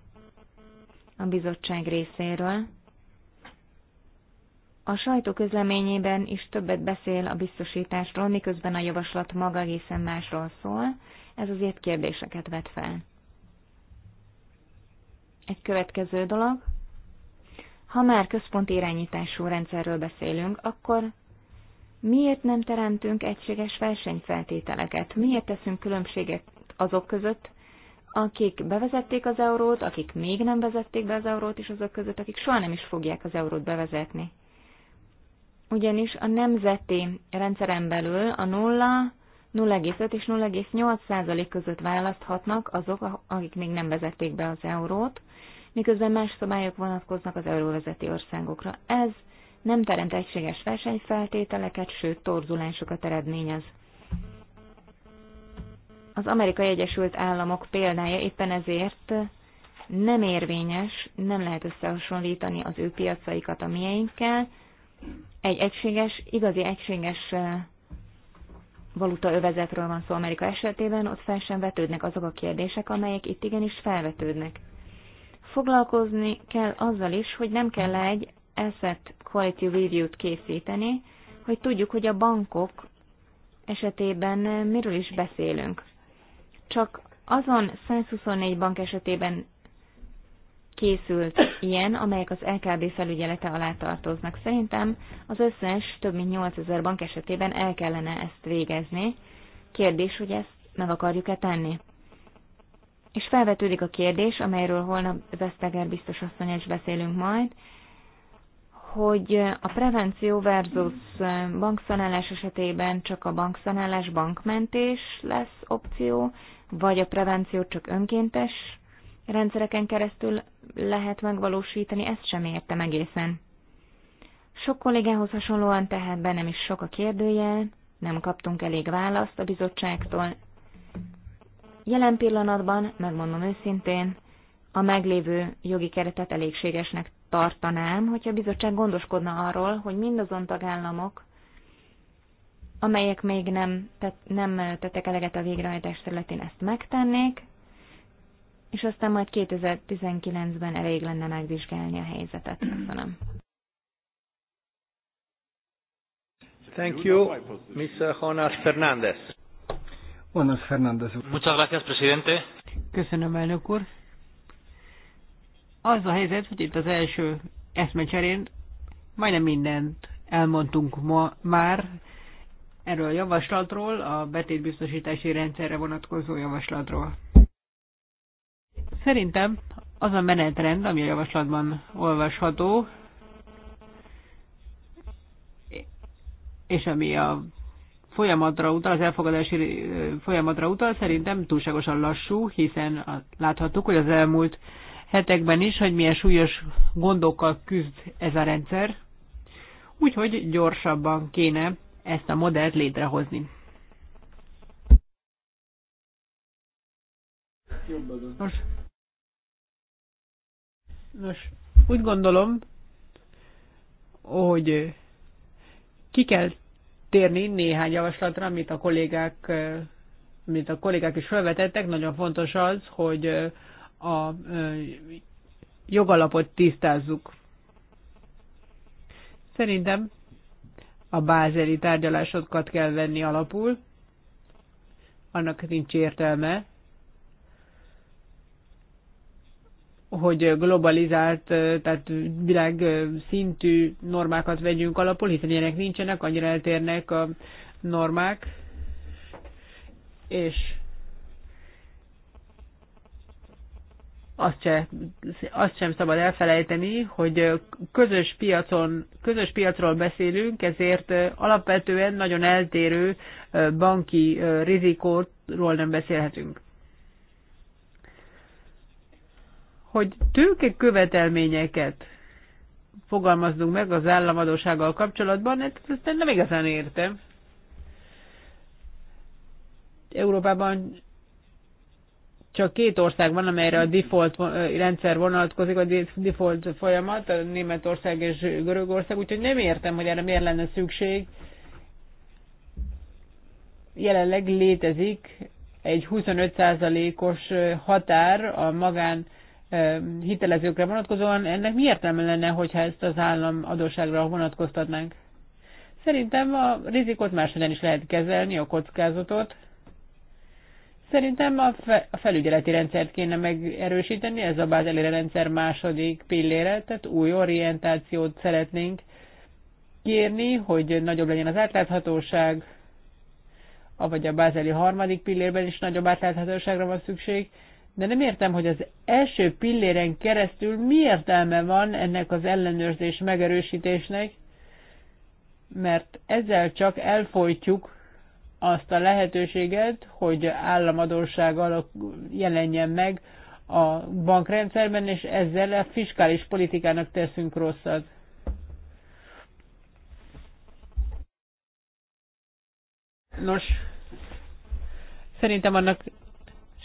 a bizottság részéről. A sajtó közleményében is többet beszél a biztosításról, miközben a javaslat maga egészen másról szól, ez azért kérdéseket vet fel. Egy következő dolog. Ha már központi irányítású rendszerről beszélünk, akkor miért nem teremtünk egységes versenyfeltételeket? Miért teszünk különbséget azok között, akik bevezették az eurót, akik még nem vezették be az eurót, és azok között, akik soha nem is fogják az eurót bevezetni. Ugyanis a nemzeti rendszeren belül a 0, 0,5 és 0,8 százalék között választhatnak azok, akik még nem vezették be az eurót, miközben más szabályok vonatkoznak az euróvezeti országokra. Ez nem teremt egységes versenyfeltételeket, sőt torzulásokat eredményez az Amerikai Egyesült Államok példája éppen ezért nem érvényes, nem lehet összehasonlítani az ő piacaikat a mieinkkel. Egy egységes, igazi egységes eh, valuta övezetről van szó Amerika esetében, ott fel sem vetődnek azok a kérdések, amelyek itt igenis felvetődnek. Foglalkozni kell azzal is, hogy nem kell egy asset quality review-t készíteni, hogy tudjuk, hogy a bankok esetében eh, miről is beszélünk csak azon 124 bank esetében készült ilyen, amelyek az LKB felügyelete alá tartoznak. Szerintem az összes több mint 8000 bank esetében el kellene ezt végezni. Kérdés, hogy ezt meg akarjuk-e tenni. És felvetődik a kérdés, amelyről holnap Veszteger biztos asszony is beszélünk majd, hogy a prevenció versus bankszanálás esetében csak a bankszanálás bankmentés lesz opció, vagy a prevenciót csak önkéntes rendszereken keresztül lehet megvalósítani, ezt sem értem egészen. Sok kollégához hasonlóan tehát bennem is sok a kérdője, nem kaptunk elég választ a bizottságtól. Jelen pillanatban, megmondom őszintén, a meglévő jogi keretet elégségesnek tartanám, hogyha a bizottság gondoskodna arról, hogy mindazon tagállamok, amelyek még nem, tett, nem tettek eleget a végrehajtás területén, ezt megtennék, és aztán majd 2019-ben elég lenne megvizsgálni a helyzetet. Köszönöm. Thank you, Mr. Jonas Fernández. Jonas Fernández Muchas gracias, presidente. Köszönöm, elnök úr. Az a helyzet, hogy itt az első eszmecserén majdnem mindent elmondtunk ma már, erről a javaslatról, a betétbiztosítási rendszerre vonatkozó javaslatról. Szerintem az a menetrend, ami a javaslatban olvasható, és ami a folyamatra utal, az elfogadási folyamatra utal, szerintem túlságosan lassú, hiszen láthattuk, hogy az elmúlt hetekben is, hogy milyen súlyos gondokkal küzd ez a rendszer, úgyhogy gyorsabban kéne ezt a modellt létrehozni. Nos, nos, úgy gondolom, hogy ki kell térni néhány javaslatra, amit a kollégák, amit a kollégák is felvetettek. Nagyon fontos az, hogy a jogalapot tisztázzuk. Szerintem a bázeli tárgyalásokat kell venni alapul, annak nincs értelme, hogy globalizált, tehát világ szintű normákat vegyünk alapul, hiszen ilyenek nincsenek, annyira eltérnek a normák, és azt, se, azt sem szabad elfelejteni, hogy közös, piacon, közös piacról beszélünk, ezért alapvetően nagyon eltérő banki rizikóról nem beszélhetünk. Hogy tőke követelményeket fogalmazzunk meg az államadósággal kapcsolatban, ezt nem igazán értem. Európában csak két ország van, amelyre a default rendszer vonatkozik, a default folyamat, a Németország és Görögország, úgyhogy nem értem, hogy erre miért lenne szükség. Jelenleg létezik egy 25%-os határ a magán hitelezőkre vonatkozóan. Ennek mi értelme lenne, hogyha ezt az állam adósságra vonatkoztatnánk? Szerintem a rizikót máshogyan is lehet kezelni, a kockázatot Szerintem a, fe, a felügyeleti rendszert kéne megerősíteni, ez a bázeli rendszer második pillére, tehát új orientációt szeretnénk kérni, hogy nagyobb legyen az átláthatóság, vagy a bázeli harmadik pillérben is nagyobb átláthatóságra van szükség, de nem értem, hogy az első pilléren keresztül mi értelme van ennek az ellenőrzés megerősítésnek, mert ezzel csak elfolytjuk azt a lehetőséget, hogy államadósággal jelenjen meg a bankrendszerben, és ezzel a fiskális politikának teszünk rosszat. Nos, szerintem annak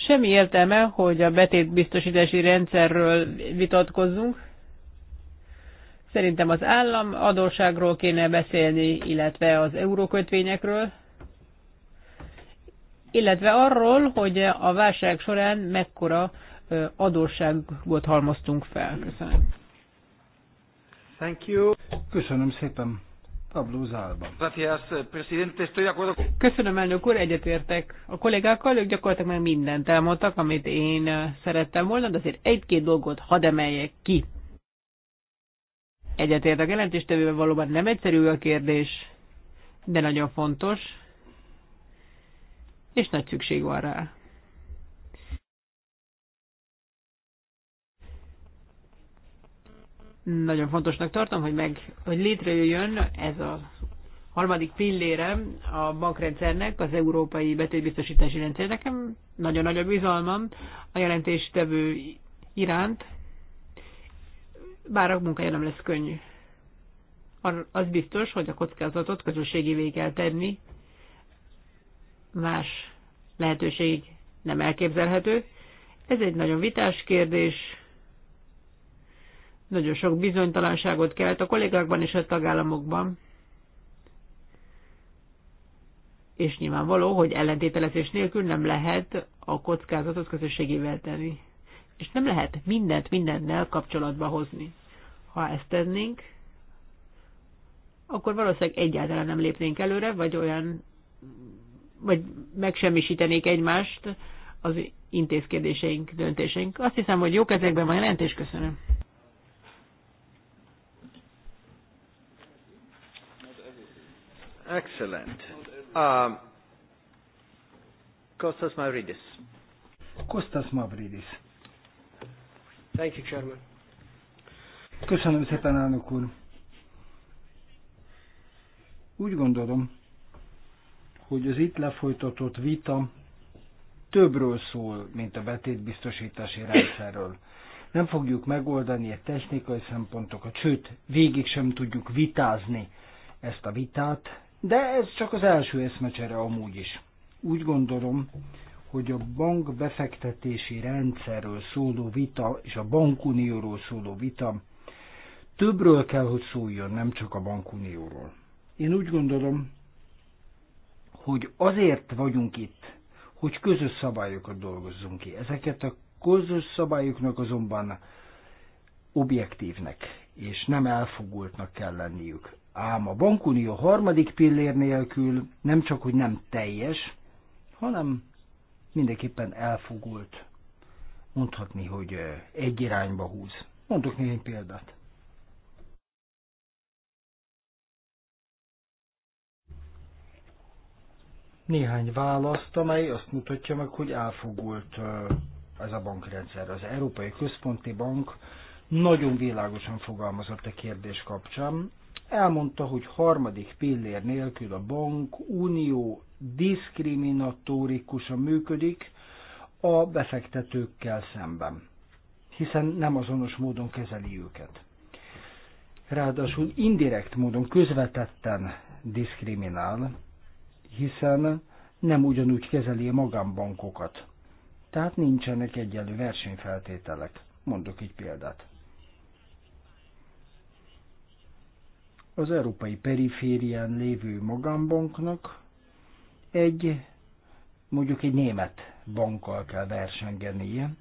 semmi értelme, hogy a betétbiztosítási rendszerről vitatkozzunk. Szerintem az állam adósságról kéne beszélni, illetve az eurókötvényekről illetve arról, hogy a válság során mekkora adósságot halmoztunk fel. Köszönöm. Thank you. Köszönöm szépen. Pablo Zálba. Köszönöm, elnök úr, egyetértek a kollégákkal, ők gyakorlatilag már mindent elmondtak, amit én szerettem volna, de azért egy-két dolgot hadd emeljek ki. Egyetértek jelentéstevővel valóban nem egyszerű a kérdés, de nagyon fontos és nagy szükség van rá. Nagyon fontosnak tartom, hogy, meg, hogy létrejöjjön ez a harmadik pillére a bankrendszernek, az európai betétbiztosítási rendszer. Nekem nagyon nagy a bizalmam a jelentéstevő iránt, bár a munkája nem lesz könnyű. Az biztos, hogy a kockázatot közösségi kell tenni, más lehetőség nem elképzelhető. Ez egy nagyon vitás kérdés, nagyon sok bizonytalanságot kelt a kollégákban és a tagállamokban. És nyilvánvaló, hogy ellentételezés nélkül nem lehet a kockázatot közösségével tenni. És nem lehet mindent mindennel kapcsolatba hozni. Ha ezt tennénk, akkor valószínűleg egyáltalán nem lépnénk előre, vagy olyan vagy megsemmisítenék egymást az intézkedéseink, döntéseink. Azt hiszem, hogy jó kezekben van jelentés, köszönöm. Excellent. Um, Kostas Mavridis. Kostas Mavridis. Thank you, Chairman. Köszönöm szépen, elnök úr. Úgy gondolom, hogy az itt lefolytatott vita többről szól, mint a betétbiztosítási rendszerről. Nem fogjuk megoldani a technikai szempontokat, sőt, végig sem tudjuk vitázni ezt a vitát, de ez csak az első eszmecsere amúgy is. Úgy gondolom, hogy a bank befektetési rendszerről szóló vita és a bankunióról szóló vita többről kell, hogy szóljon, nem csak a bankunióról. Én úgy gondolom, hogy azért vagyunk itt, hogy közös szabályokat dolgozzunk ki. Ezeket a közös szabályoknak azonban objektívnek és nem elfogultnak kell lenniük. Ám a bankunió harmadik pillér nélkül nem csak, hogy nem teljes, hanem mindenképpen elfogult. Mondhatni, hogy egy irányba húz. Mondok néhány példát. néhány választ, amely azt mutatja meg, hogy elfogult ez a bankrendszer. Az Európai Központi Bank nagyon világosan fogalmazott a kérdés kapcsán. Elmondta, hogy harmadik pillér nélkül a bank unió diszkriminatórikusan működik a befektetőkkel szemben, hiszen nem azonos módon kezeli őket. Ráadásul indirekt módon közvetetten diszkriminál, hiszen nem ugyanúgy kezeli a magánbankokat. Tehát nincsenek egyenlő versenyfeltételek. Mondok egy példát. Az európai periférián lévő magánbanknak egy, mondjuk egy német bankkal kell versengenie.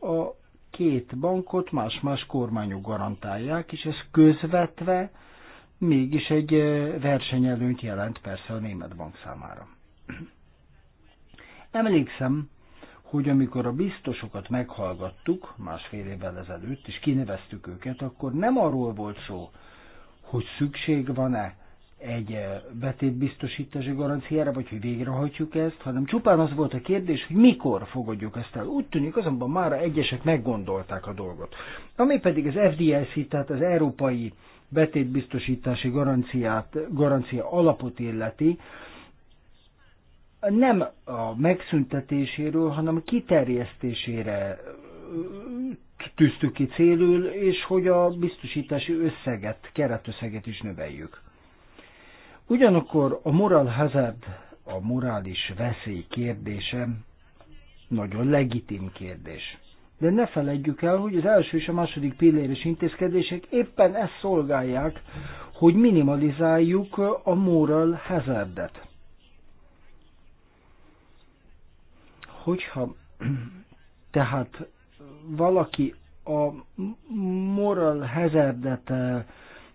A két bankot más-más kormányok garantálják, és ez közvetve mégis egy versenyelőnyt jelent persze a német bank számára. Emlékszem, hogy amikor a biztosokat meghallgattuk másfél évvel ezelőtt, és kineveztük őket, akkor nem arról volt szó, hogy szükség van-e egy betétbiztosítási garanciára, vagy hogy végrehajtjuk ezt, hanem csupán az volt a kérdés, hogy mikor fogadjuk ezt el. Úgy tűnik azonban már egyesek meggondolták a dolgot. Ami pedig az FDIC, tehát az Európai betétbiztosítási garanciát, garancia alapot illeti, nem a megszüntetéséről, hanem a kiterjesztésére tűztük ki célül, és hogy a biztosítási összeget, keretösszeget is növeljük. Ugyanakkor a moral hazard, a morális veszély kérdése nagyon legitim kérdés. De ne felejtjük el, hogy az első és a második pilléres intézkedések éppen ezt szolgálják, hogy minimalizáljuk a moral hazardet. Hogyha tehát valaki a moral hazardet eh,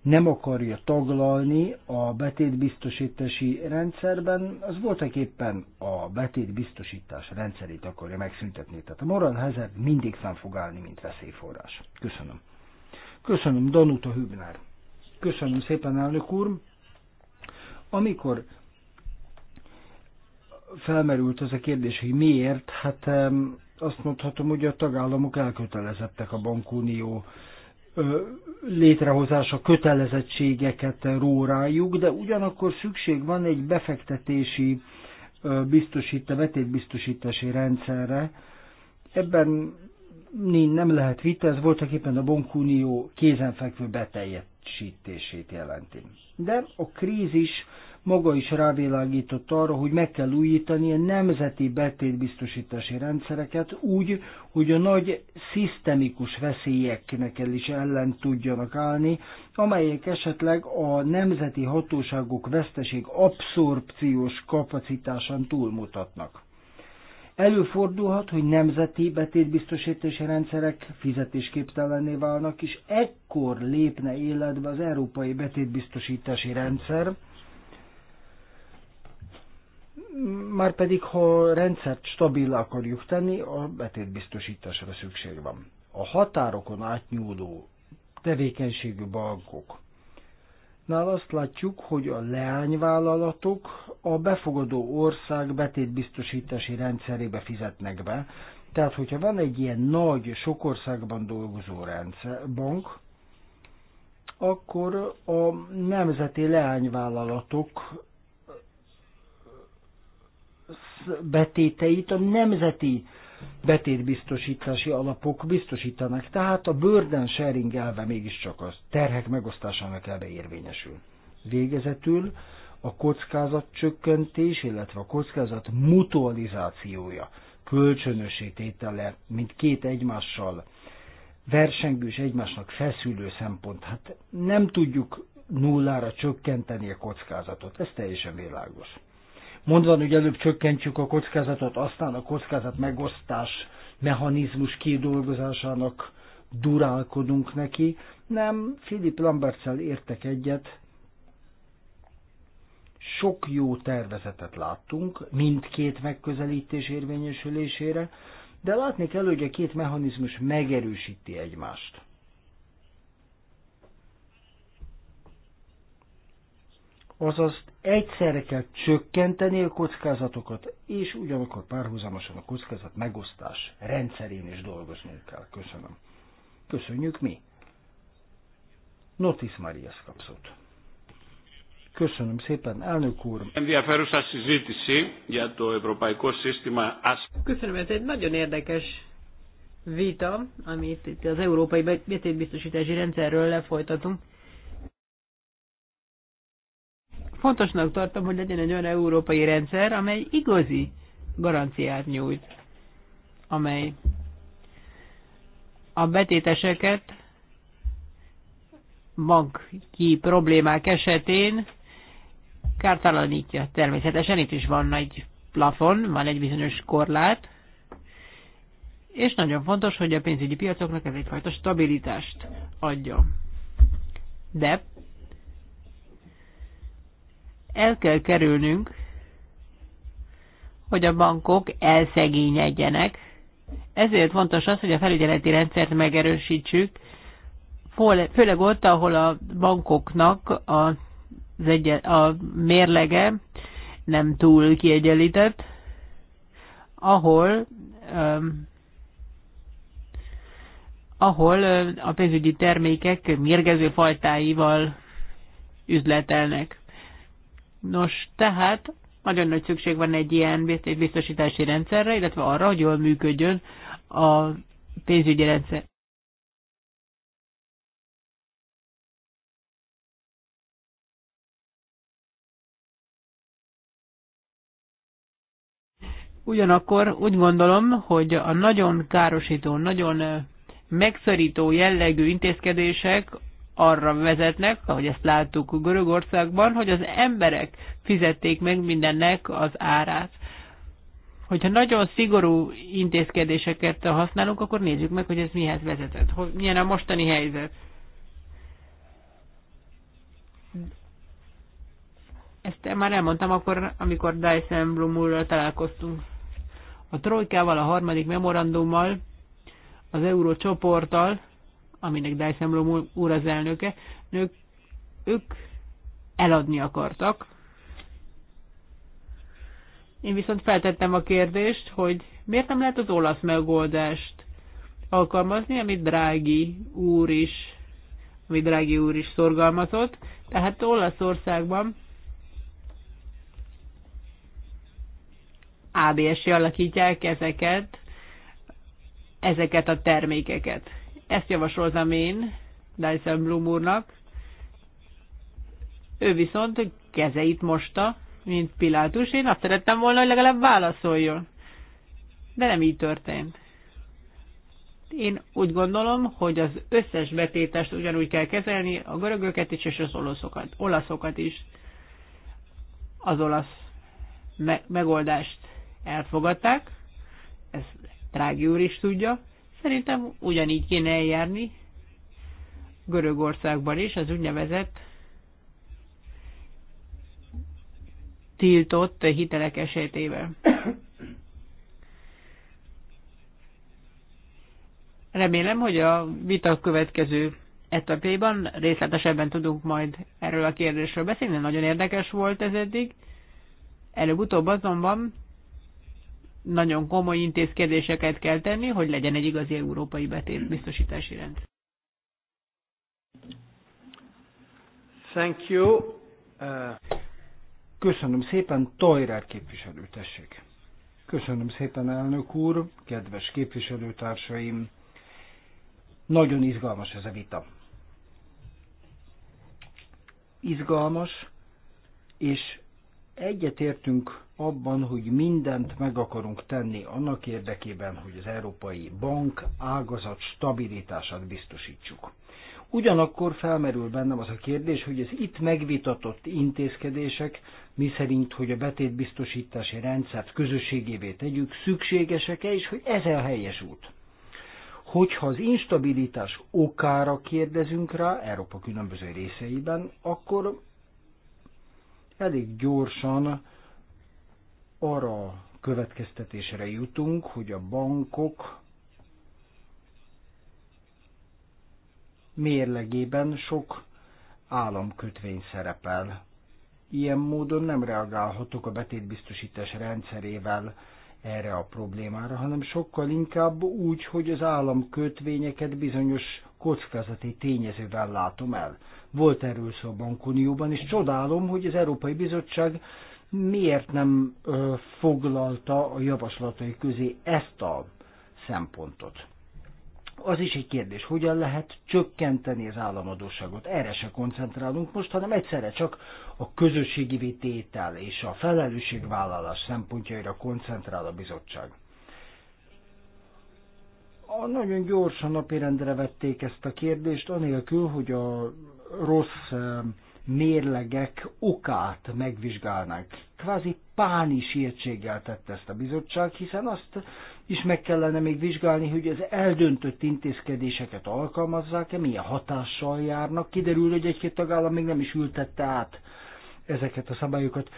nem akarja taglalni a betétbiztosítási rendszerben, az voltak éppen a betétbiztosítás rendszerét akarja megszüntetni. Tehát a moral hazard mindig fenn fog állni, mint veszélyforrás. Köszönöm. Köszönöm, Danuta Hübner. Köszönöm szépen, elnök úr. Amikor felmerült ez a kérdés, hogy miért, hát azt mondhatom, hogy a tagállamok elkötelezettek a bankunió létrehozása kötelezettségeket ró rájuk, de ugyanakkor szükség van egy befektetési biztosít, vetétbiztosítási rendszerre. Ebben nem lehet vita, ez voltak éppen a bankunió kézenfekvő beteljesítését jelenti. De a krízis maga is rávilágított arra, hogy meg kell újítani a nemzeti betétbiztosítási rendszereket úgy, hogy a nagy szisztemikus veszélyeknek el is ellen tudjanak állni, amelyek esetleg a nemzeti hatóságok veszteség abszorpciós kapacitásán túlmutatnak. Előfordulhat, hogy nemzeti betétbiztosítási rendszerek fizetésképtelenné válnak, és ekkor lépne életbe az európai betétbiztosítási rendszer, már pedig, ha a rendszert stabil akarjuk tenni, a betétbiztosításra szükség van. A határokon átnyúló tevékenységű bankok Nál azt látjuk, hogy a leányvállalatok a befogadó ország betétbiztosítási rendszerébe fizetnek be. Tehát, hogyha van egy ilyen nagy, sok országban dolgozó rendszer, bank, akkor a nemzeti leányvállalatok betéteit a nemzeti betétbiztosítási alapok biztosítanak. Tehát a burden sharing elve mégiscsak az terhek megosztásának elve érvényesül. Végezetül a kockázat csökkentés, illetve a kockázat mutualizációja, kölcsönösítétele, mint két egymással versengő és egymásnak feszülő szempont. Hát nem tudjuk nullára csökkenteni a kockázatot, ez teljesen világos mondva, hogy előbb csökkentjük a kockázatot, aztán a kockázat megosztás mechanizmus kidolgozásának durálkodunk neki. Nem, Philip Lambertsel értek egyet, sok jó tervezetet láttunk mindkét megközelítés érvényesülésére, de látni kell, hogy a két mechanizmus megerősíti egymást. Azaz egyszerre kell csökkenteni a kockázatokat, és ugyanakkor párhuzamosan a kockázat megosztás rendszerén is dolgozni kell. Köszönöm. Köszönjük mi. Notis Maria kapszott. Köszönöm szépen, elnök úr. Köszönöm, ez egy nagyon érdekes vita, amit itt az európai betétbiztosítási rendszerről lefolytatunk. Fontosnak tartom, hogy legyen egy olyan európai rendszer, amely igazi garanciát nyújt, amely a betéteseket banki problémák esetén kártalanítja. Természetesen itt is van egy plafon, van egy bizonyos korlát, és nagyon fontos, hogy a pénzügyi piacoknak ez egyfajta stabilitást adja. De el kell kerülnünk, hogy a bankok elszegényedjenek. Ezért fontos az, hogy a felügyeleti rendszert megerősítsük, főleg ott, ahol a bankoknak az a mérlege nem túl kiegyenlített, ahol um, ahol a pénzügyi termékek mérgező fajtáival üzletelnek. Nos, tehát nagyon nagy szükség van egy ilyen biztosítási rendszerre, illetve arra, hogy jól működjön a pénzügyi rendszer. Ugyanakkor úgy gondolom, hogy a nagyon károsító, nagyon megszorító jellegű intézkedések arra vezetnek, ahogy ezt láttuk Görögországban, hogy az emberek fizették meg mindennek az árát. Hogyha nagyon szigorú intézkedéseket használunk, akkor nézzük meg, hogy ez mihez vezetett, hogy milyen a mostani helyzet. Ezt már elmondtam akkor, amikor Dyson Blumurral találkoztunk. A trojkával, a harmadik memorandummal, az eurócsoporttal, aminek Dijsselbloem úr az elnöke, ők, ők eladni akartak. Én viszont feltettem a kérdést, hogy miért nem lehet az olasz megoldást alkalmazni, amit Drági úr is, amit Drági úr is szorgalmazott. Tehát Olaszországban abs i alakítják ezeket, ezeket a termékeket. Ezt javasoltam én Dyson Bloom úrnak. Ő viszont kezeit mosta, mint Pilátus. Én azt szerettem volna, hogy legalább válaszoljon. De nem így történt. Én úgy gondolom, hogy az összes betétest ugyanúgy kell kezelni, a görögöket is, és az olaszokat, olaszokat is. Az olasz me- megoldást elfogadták, ez Trági úr is tudja, Szerintem ugyanígy kéne eljárni Görögországban is, az úgynevezett tiltott hitelek esetében. Remélem, hogy a vita következő etapjában részletesebben tudunk majd erről a kérdésről beszélni. Nagyon érdekes volt ez eddig. Előbb-utóbb azonban nagyon komoly intézkedéseket kell tenni, hogy legyen egy igazi európai betét biztosítási rendszer. Thank you. Uh... Köszönöm szépen, Tojrár képviselő, tessék. Köszönöm szépen, elnök úr, kedves képviselőtársaim. Nagyon izgalmas ez a vita. Izgalmas, és egyetértünk abban, hogy mindent meg akarunk tenni annak érdekében, hogy az Európai Bank ágazat stabilitását biztosítsuk. Ugyanakkor felmerül bennem az a kérdés, hogy az itt megvitatott intézkedések, miszerint, hogy a betétbiztosítási rendszert közösségévé tegyük, szükségesek-e, és hogy ez a helyes út. Hogyha az instabilitás okára kérdezünk rá, Európa különböző részeiben, akkor elég gyorsan arra következtetésre jutunk, hogy a bankok mérlegében sok államkötvény szerepel. Ilyen módon nem reagálhatok a betétbiztosítás rendszerével erre a problémára, hanem sokkal inkább úgy, hogy az állam kötvényeket bizonyos kockázati tényezővel látom el. Volt erről szó a bankunióban, és csodálom, hogy az Európai Bizottság miért nem ö, foglalta a javaslatai közé ezt a szempontot az is egy kérdés, hogyan lehet csökkenteni az államadóságot. Erre se koncentrálunk most, hanem egyszerre csak a közösségi vitétel és a felelősségvállalás szempontjaira koncentrál a bizottság. A nagyon gyorsan napirendre vették ezt a kérdést, anélkül, hogy a rossz eh, mérlegek okát megvizsgálnánk. Kvázi pánis értséggel tette ezt a bizottság, hiszen azt is meg kellene még vizsgálni, hogy az eldöntött intézkedéseket alkalmazzák-e, milyen hatással járnak. Kiderül, hogy egy-két tagállam még nem is ültette át ezeket a szabályokat.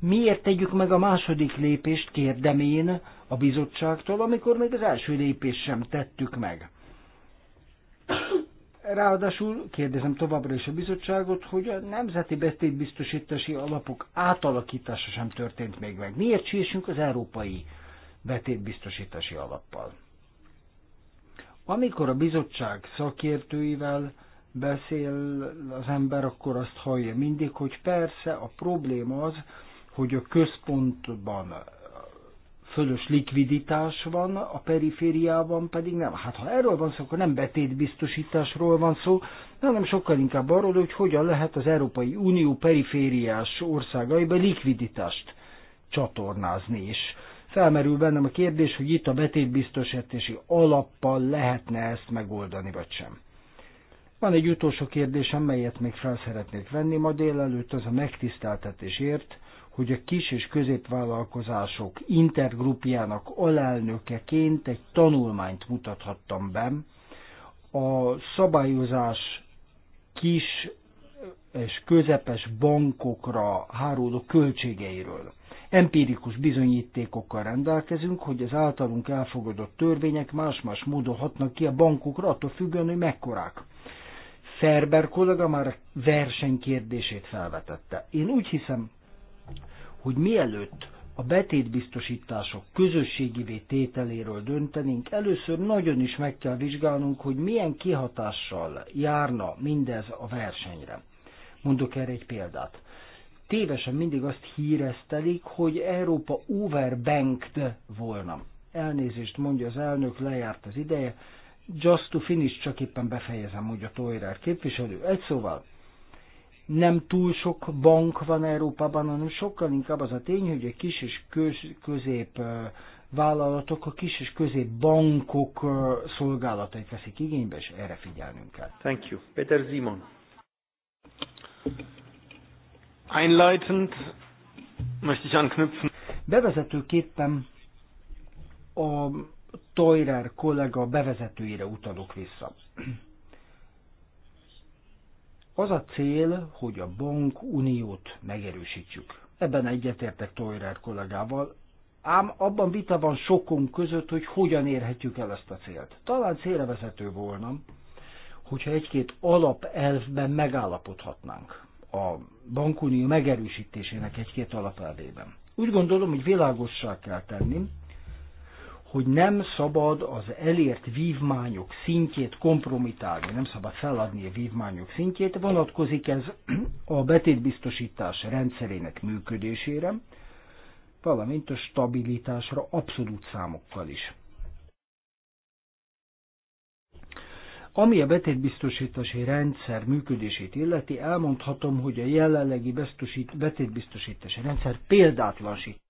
Miért tegyük meg a második lépést, kérdem én a bizottságtól, amikor még az első lépést sem tettük meg? Ráadásul kérdezem továbbra is a bizottságot, hogy a nemzeti betétbiztosítási alapok átalakítása sem történt még meg. Miért csésünk az európai betétbiztosítási alappal. Amikor a bizottság szakértőivel beszél az ember, akkor azt hallja mindig, hogy persze a probléma az, hogy a központban fölös likviditás van, a perifériában pedig nem. Hát ha erről van szó, akkor nem betétbiztosításról van szó, hanem sokkal inkább arról, hogy hogyan lehet az Európai Unió perifériás országaiba likviditást csatornázni is felmerül bennem a kérdés, hogy itt a betétbiztosítási alappal lehetne ezt megoldani, vagy sem. Van egy utolsó kérdésem, melyet még fel szeretnék venni ma délelőtt, az a megtiszteltetésért, hogy a kis és középvállalkozások intergrupjának alelnökeként egy tanulmányt mutathattam be. A szabályozás kis és közepes bankokra háródó költségeiről. Empirikus bizonyítékokkal rendelkezünk, hogy az általunk elfogadott törvények más-más módon hatnak ki a bankokra, attól függően, hogy mekkorák. Ferber kollega már versenykérdését felvetette. Én úgy hiszem, hogy mielőtt a betétbiztosítások közösségivé tételéről döntenénk, először nagyon is meg kell vizsgálnunk, hogy milyen kihatással járna mindez a versenyre. Mondok erre egy példát. Tévesen mindig azt híresztelik, hogy Európa overbanked volna. Elnézést mondja az elnök, lejárt az ideje. Just to finish, csak éppen befejezem, mondja Toirer képviselő. Egy szóval, nem túl sok bank van Európában, hanem sokkal inkább az a tény, hogy a kis és köz, közép vállalatok, a kis és közép bankok szolgálatait veszik igénybe, és erre figyelnünk kell. Thank you. Peter Zimon. Einleitend möchte ich anknüpfen. Bevezetőképpen a Teurer kollega bevezetőjére utalok vissza. Az a cél, hogy a bank uniót megerősítsük. Ebben egyetértek Teurer kollégával, ám abban vita van sokunk között, hogy hogyan érhetjük el ezt a célt. Talán célvezető volna, hogyha egy-két alapelvben megállapodhatnánk a bankunió megerősítésének egy-két alapelvében. Úgy gondolom, hogy világossá kell tenni, hogy nem szabad az elért vívmányok szintjét kompromitálni, nem szabad feladni a vívmányok szintjét, vonatkozik ez a betétbiztosítás rendszerének működésére, valamint a stabilitásra abszolút számokkal is. Ami a betétbiztosítási rendszer működését illeti, elmondhatom, hogy a jelenlegi biztosít, betétbiztosítási rendszer példátlansít.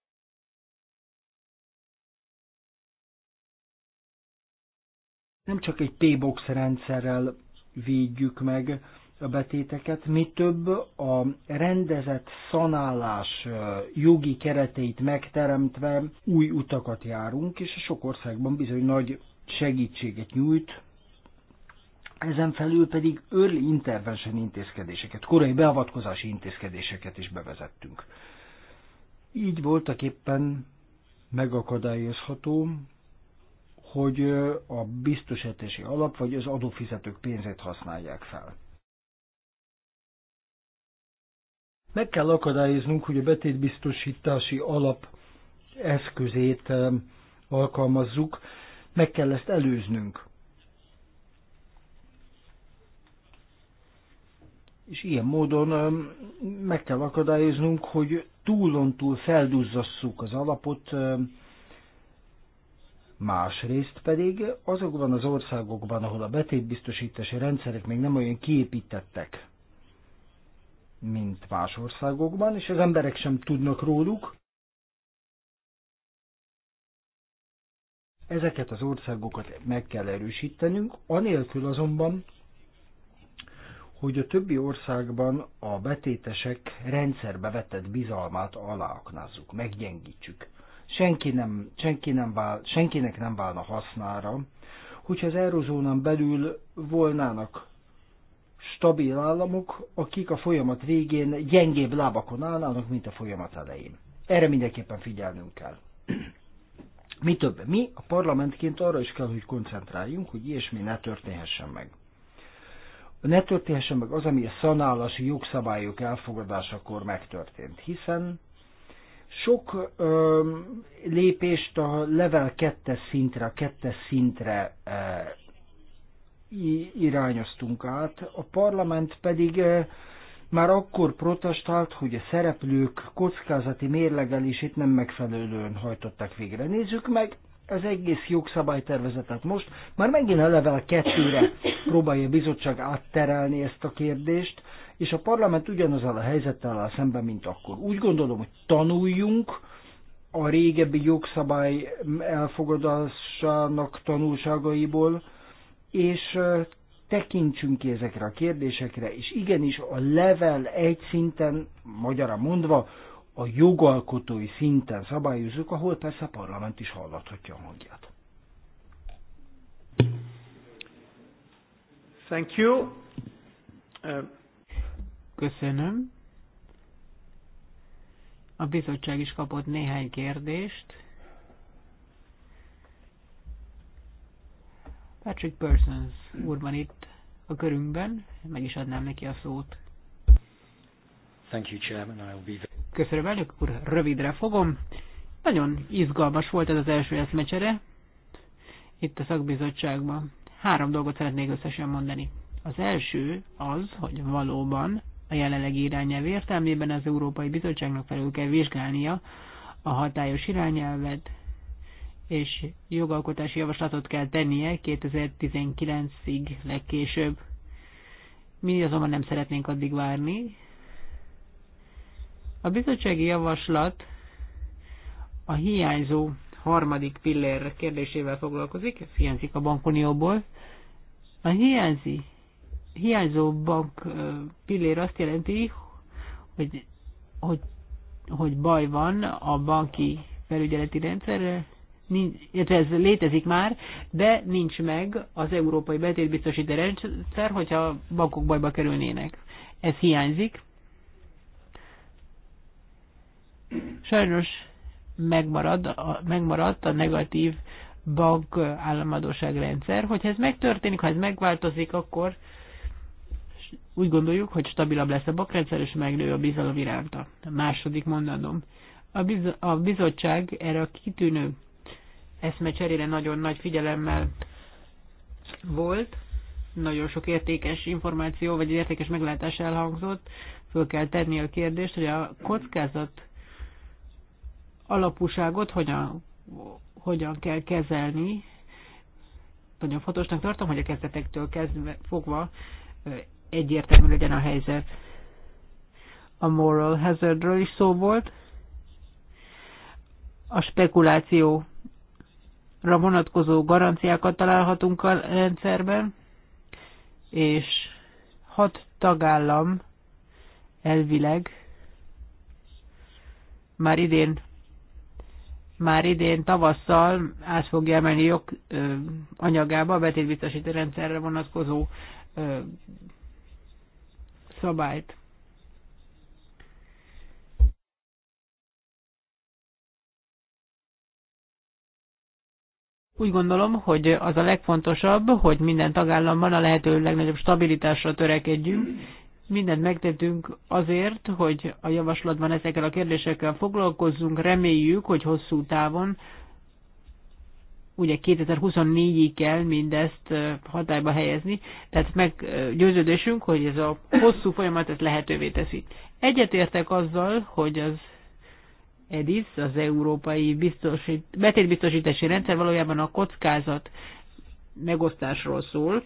Nem csak egy P-box rendszerrel védjük meg a betéteket, mi több a rendezett szanálás jogi kereteit megteremtve új utakat járunk, és a sok országban bizony nagy segítséget nyújt ezen felül pedig early intervention intézkedéseket, korai beavatkozási intézkedéseket is bevezettünk. Így voltak éppen megakadályozható, hogy a biztosítási alap vagy az adófizetők pénzét használják fel. Meg kell akadályoznunk, hogy a betétbiztosítási alap eszközét eh, alkalmazzuk, meg kell ezt előznünk. És ilyen módon meg kell akadályoznunk, hogy túlontúl felduzzasszuk az alapot, másrészt pedig azokban az országokban, ahol a betétbiztosítási rendszerek még nem olyan kiépítettek, mint más országokban, és az emberek sem tudnak róluk, Ezeket az országokat meg kell erősítenünk, anélkül azonban, hogy a többi országban a betétesek rendszerbe vetett bizalmát aláaknázzuk, meggyengítsük. Senki nem, senki nem vál, senkinek nem válna hasznára, hogyha az eurozónán belül volnának stabil államok, akik a folyamat végén gyengébb lábakon állnának, mint a folyamat elején. Erre mindenképpen figyelnünk kell. Mi több, mi a parlamentként arra is kell, hogy koncentráljunk, hogy ilyesmi ne történhessen meg ne történhessen meg az, ami a szanálasi jogszabályok elfogadásakor megtörtént, hiszen sok ö, lépést a level 2 szintre, a 2 szintre ö, irányoztunk át, a parlament pedig ö, már akkor protestált, hogy a szereplők kockázati mérlegelését nem megfelelően hajtották végre. Nézzük meg, az egész jogszabálytervezetet most. Már megint a level kettőre próbálja a bizottság átterelni ezt a kérdést, és a parlament ugyanazzal a helyzettel áll szemben, mint akkor. Úgy gondolom, hogy tanuljunk, a régebbi jogszabály elfogadásának tanulságaiból, és tekintsünk ki ezekre a kérdésekre, és igenis a level egy szinten, magyarra mondva, a jogalkotói szinten szabályozzuk, ahol persze a parlament is hallathatja a hangját. Thank you. Uh, Köszönöm. A bizottság is kapott néhány kérdést. Patrick Persons úr van itt a körünkben, meg is adnám neki a szót. Thank you, Chairman. be... Köszönöm, elnök úr, rövidre fogom. Nagyon izgalmas volt ez az első eszmecsere itt a szakbizottságban. Három dolgot szeretnék összesen mondani. Az első az, hogy valóban a jelenlegi irányelv értelmében az Európai Bizottságnak felül kell vizsgálnia a hatályos irányelvet, és jogalkotási javaslatot kell tennie 2019-ig legkésőbb. Mi azonban nem szeretnénk addig várni, a bizottsági javaslat a hiányzó harmadik pillér kérdésével foglalkozik, ez hiányzik a bankunióból. A hiányzi, hiányzó bank pillér azt jelenti, hogy, hogy, hogy baj van a banki felügyeleti rendszerrel, ez létezik már, de nincs meg az európai betétbiztosító rendszer, hogyha bankok bajba kerülnének. Ez hiányzik, Sajnos megmarad, a, megmaradt a negatív bank államadóság rendszer. Hogyha ez megtörténik, ha ez megváltozik, akkor úgy gondoljuk, hogy stabilabb lesz a bankrendszer, és megnő a bizalom iránta. A második mondanom. A, biz- a bizottság erre a kitűnő eszmecserére nagyon nagy figyelemmel volt, nagyon sok értékes információ, vagy értékes meglátás elhangzott, föl kell tenni a kérdést, hogy a kockázat alapúságot hogyan, hogyan kell kezelni. Nagyon fontosnak tartom, hogy a kezdetektől kezdve fogva egyértelmű legyen a helyzet. A moral hazardról is szó volt. A spekulációra vonatkozó garanciákat találhatunk a rendszerben, és hat tagállam elvileg már idén már idén tavasszal át fogja emelni jog anyagába a betétbiztosító rendszerre vonatkozó szabályt. Úgy gondolom, hogy az a legfontosabb, hogy minden tagállamban a lehető legnagyobb stabilitásra törekedjünk, mindent megtettünk azért, hogy a javaslatban ezekkel a kérdésekkel foglalkozzunk. Reméljük, hogy hosszú távon, ugye 2024-ig kell mindezt hatályba helyezni, tehát meggyőződésünk, hogy ez a hosszú folyamat ezt lehetővé teszi. Egyetértek azzal, hogy az EDIS, az Európai Biztosít, Betétbiztosítási Rendszer valójában a kockázat megosztásról szól,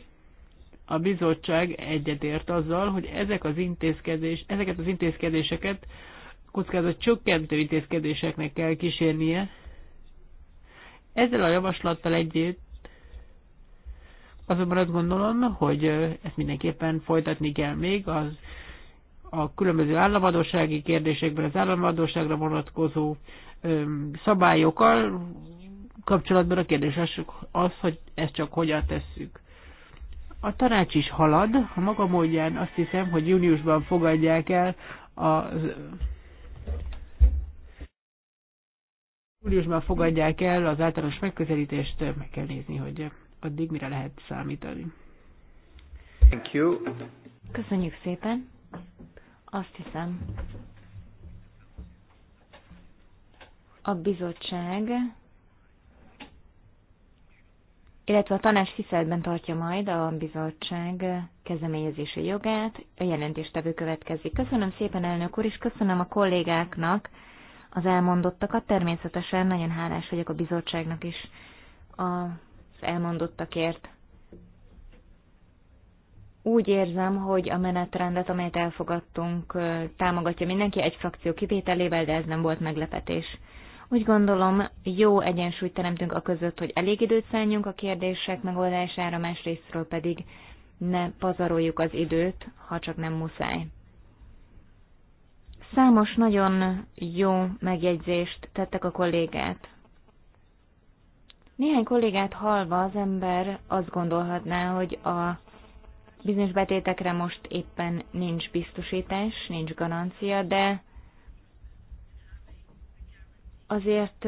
a bizottság egyetért azzal, hogy ezek az intézkedés, ezeket az intézkedéseket kockázat csökkentő intézkedéseknek kell kísérnie. Ezzel a javaslattal együtt azonban azt gondolom, hogy ezt mindenképpen folytatni kell még az a különböző államadósági kérdésekben az államadóságra vonatkozó szabályokkal kapcsolatban a kérdés az, hogy ezt csak hogyan tesszük. A tanács is halad, a maga módján azt hiszem, hogy júniusban fogadják el a júliusban fogadják el az általános megközelítést, meg kell nézni, hogy addig mire lehet számítani. Thank you. Köszönjük szépen. Azt hiszem, a bizottság illetve a tanács tiszteletben tartja majd a bizottság kezdeményezési jogát. A jelentéstevő következik. Köszönöm szépen, elnök úr, és köszönöm a kollégáknak az elmondottakat. Természetesen nagyon hálás vagyok a bizottságnak is az elmondottakért. Úgy érzem, hogy a menetrendet, amelyet elfogadtunk, támogatja mindenki egy frakció kivételével, de ez nem volt meglepetés. Úgy gondolom, jó egyensúlyt teremtünk a között, hogy elég időt szálljunk a kérdések megoldására, másrésztről pedig ne pazaroljuk az időt, ha csak nem muszáj. Számos nagyon jó megjegyzést tettek a kollégát. Néhány kollégát hallva az ember azt gondolhatná, hogy a bizonyos betétekre most éppen nincs biztosítás, nincs garancia, de azért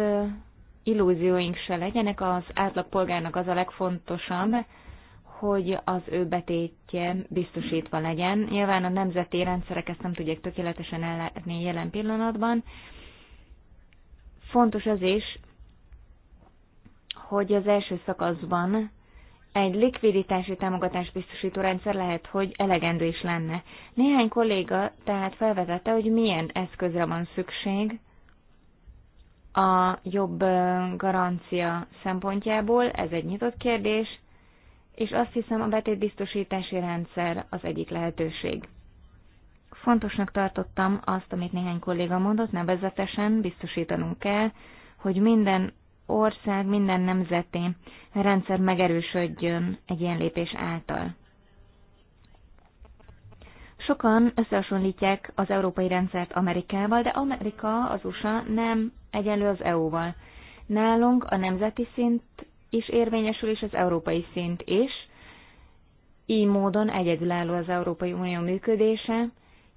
illúzióink se legyenek, az átlagpolgárnak az a legfontosabb, hogy az ő betétje biztosítva legyen. Nyilván a nemzeti rendszerek ezt nem tudják tökéletesen ellátni jelen pillanatban. Fontos az is, hogy az első szakaszban egy likviditási támogatást biztosító rendszer lehet, hogy elegendő is lenne. Néhány kolléga tehát felvetette, hogy milyen eszközre van szükség, a jobb garancia szempontjából, ez egy nyitott kérdés, és azt hiszem a betétbiztosítási rendszer az egyik lehetőség. Fontosnak tartottam azt, amit néhány kolléga mondott, nevezetesen biztosítanunk kell, hogy minden ország, minden nemzeti rendszer megerősödjön egy ilyen lépés által. Sokan összehasonlítják az európai rendszert Amerikával, de Amerika, az USA nem egyenlő az EU-val. Nálunk a nemzeti szint is érvényesül, és az európai szint is. Így módon egyedülálló az Európai Unió működése,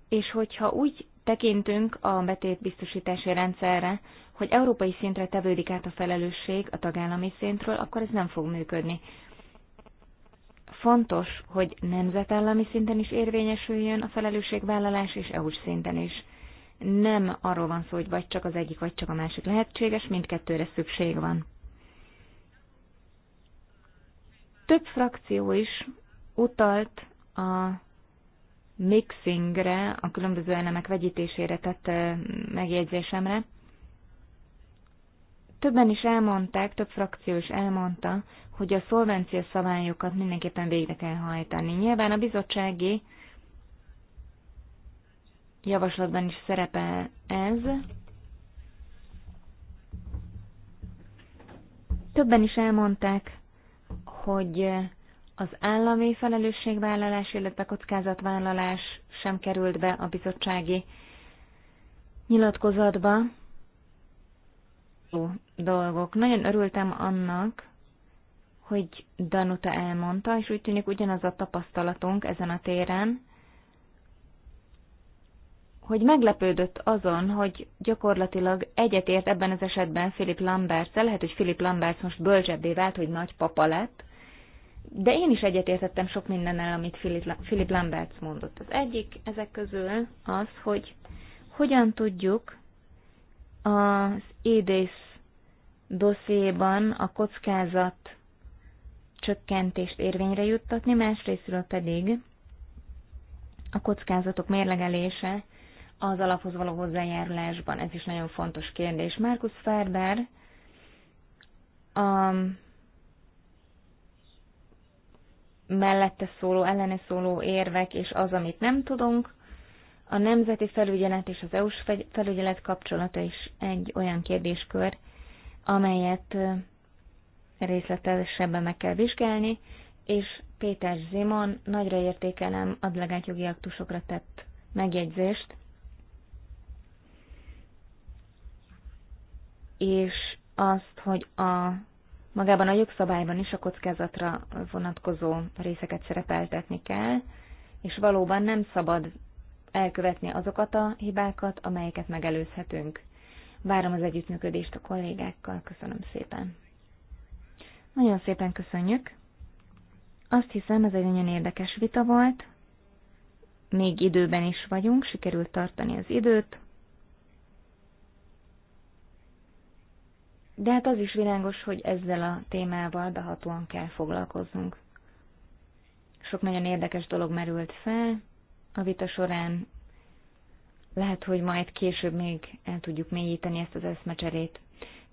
és hogyha úgy tekintünk a betétbiztosítási rendszerre, hogy európai szintre tevődik át a felelősség a tagállami szintről, akkor ez nem fog működni. Fontos, hogy nemzetállami szinten is érvényesüljön a felelősségvállalás, és EU-s szinten is nem arról van szó, hogy vagy csak az egyik, vagy csak a másik lehetséges, mindkettőre szükség van. Több frakció is utalt a mixingre, a különböző elemek vegyítésére tett megjegyzésemre. Többen is elmondták, több frakció is elmondta, hogy a szolvencia szabályokat mindenképpen végre kell hajtani. Nyilván a bizottsági javaslatban is szerepel ez. Többen is elmondták, hogy az állami felelősségvállalás, illetve kockázatvállalás sem került be a bizottsági nyilatkozatba. Ó, dolgok. Nagyon örültem annak, hogy Danuta elmondta, és úgy tűnik ugyanaz a tapasztalatunk ezen a téren hogy meglepődött azon, hogy gyakorlatilag egyetért ebben az esetben Philip lambert lehet, hogy Philip Lambert most bölcsebbé vált, hogy nagy papa lett, de én is egyetértettem sok mindennel, amit Philip Lambert mondott. Az egyik ezek közül az, hogy hogyan tudjuk az édész dossziéban a kockázat csökkentést érvényre juttatni, másrésztről pedig a kockázatok mérlegelése az alaphoz való hozzájárulásban. Ez is nagyon fontos kérdés. Markus Ferber a mellette szóló, ellene szóló érvek és az, amit nem tudunk, a nemzeti felügyelet és az EU-s felügyelet kapcsolata is egy olyan kérdéskör, amelyet részletesebben meg kell vizsgálni, és Péter Zimon nagyra értékelem a delegált jogi aktusokra tett megjegyzést, és azt, hogy a magában a jogszabályban is a kockázatra vonatkozó részeket szerepeltetni kell, és valóban nem szabad elkövetni azokat a hibákat, amelyeket megelőzhetünk. Várom az együttműködést a kollégákkal, köszönöm szépen. Nagyon szépen köszönjük. Azt hiszem, ez egy nagyon érdekes vita volt. Még időben is vagyunk, sikerült tartani az időt. De hát az is világos, hogy ezzel a témával behatóan kell foglalkoznunk. Sok nagyon érdekes dolog merült fel a vita során. Lehet, hogy majd később még el tudjuk mélyíteni ezt az eszmecserét.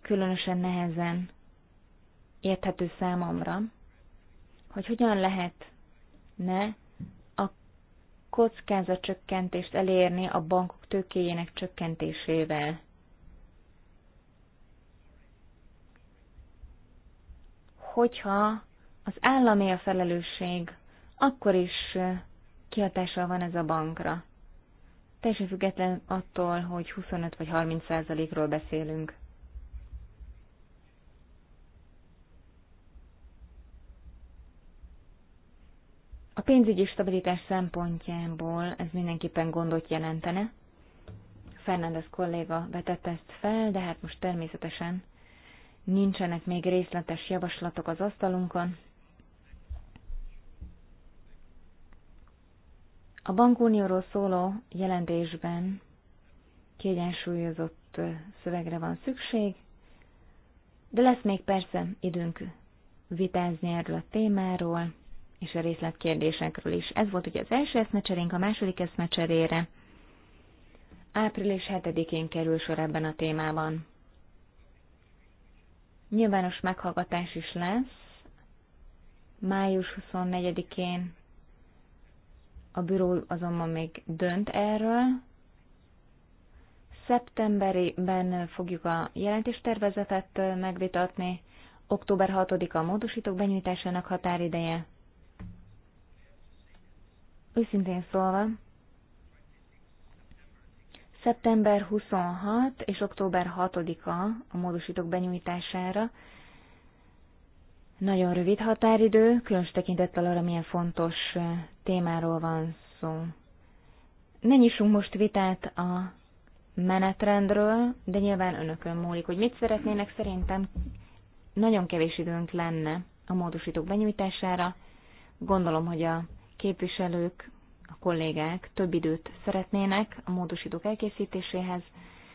Különösen nehezen érthető számomra, hogy hogyan lehet ne a kockázatcsökkentést elérni a bankok tőkéjének csökkentésével hogyha az állami a felelősség, akkor is kihatással van ez a bankra. Teljesen független attól, hogy 25 vagy 30 százalékról beszélünk. A pénzügyi stabilitás szempontjából ez mindenképpen gondot jelentene. Fernández kolléga vetette ezt fel, de hát most természetesen nincsenek még részletes javaslatok az asztalunkon. A bankunióról szóló jelentésben kiegyensúlyozott szövegre van szükség, de lesz még persze időnk vitázni erről a témáról és a részletkérdésekről is. Ez volt ugye az első eszmecserénk, a második eszmecserére április 7-én kerül sor ebben a témában. Nyilvános meghallgatás is lesz. Május 24-én a büró azonban még dönt erről. Szeptemberben fogjuk a jelentéstervezetet megvitatni. Október 6-a a módosítók benyújtásának határideje. Őszintén szólva, Szeptember 26 és október 6-a a módosítók benyújtására. Nagyon rövid határidő, különös tekintettel arra, milyen fontos témáról van szó. Ne nyissunk most vitát a menetrendről, de nyilván önökön múlik, hogy mit szeretnének, szerintem nagyon kevés időnk lenne a módosítók benyújtására. Gondolom, hogy a képviselők a kollégák több időt szeretnének a módosítók elkészítéséhez,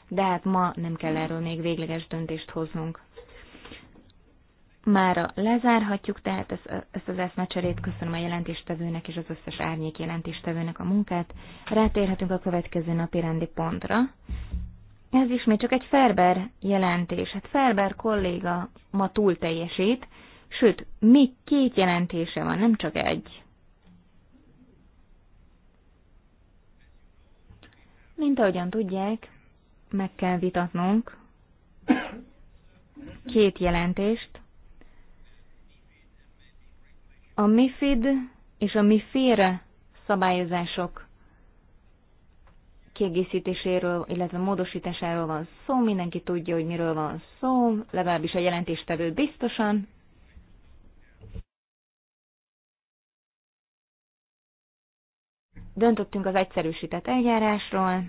de hát ma nem kell erről még végleges döntést hoznunk. Mára lezárhatjuk tehát ezt az eszmecserét. Köszönöm a jelentéstevőnek és az összes árnyék jelentéstevőnek a munkát. Rátérhetünk a következő napi rendi pontra. Ez ismét csak egy Ferber jelentés. Hát Ferber kolléga ma túl teljesít, sőt, még két jelentése van, nem csak egy. Mint ahogyan tudják, meg kell vitatnunk két jelentést. A MIFID és a MIFIR szabályozások kiegészítéséről, illetve módosításáról van szó, mindenki tudja, hogy miről van szó, legalábbis a jelentéstevő biztosan. Döntöttünk az egyszerűsített eljárásról,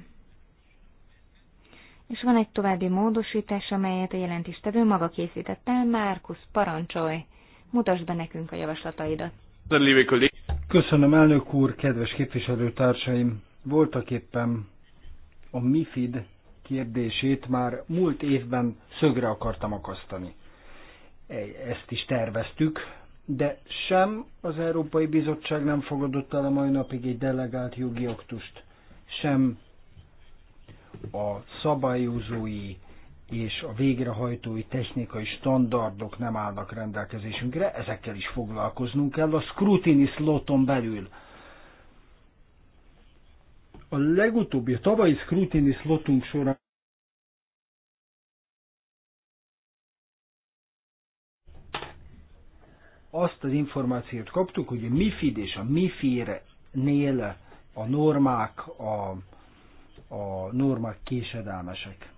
és van egy további módosítás, amelyet a jelentéstevő maga készített el. Márkusz, parancsolj! Mutasd be nekünk a javaslataidat. Köszönöm, elnök úr, kedves képviselőtársaim! Voltak éppen a MIFID kérdését már múlt évben szögre akartam akasztani. Ezt is terveztük, de sem az Európai Bizottság nem fogadott el a mai napig egy delegált jogi aktust, sem a szabályozói és a végrehajtói technikai standardok nem állnak rendelkezésünkre, ezekkel is foglalkoznunk kell a scrutiny sloton belül. A legutóbbi, a tavalyi scrutiny slotunk során azt az információt kaptuk, hogy a MIFID és a MIFIR-nél a normák, a, a normák késedelmesek.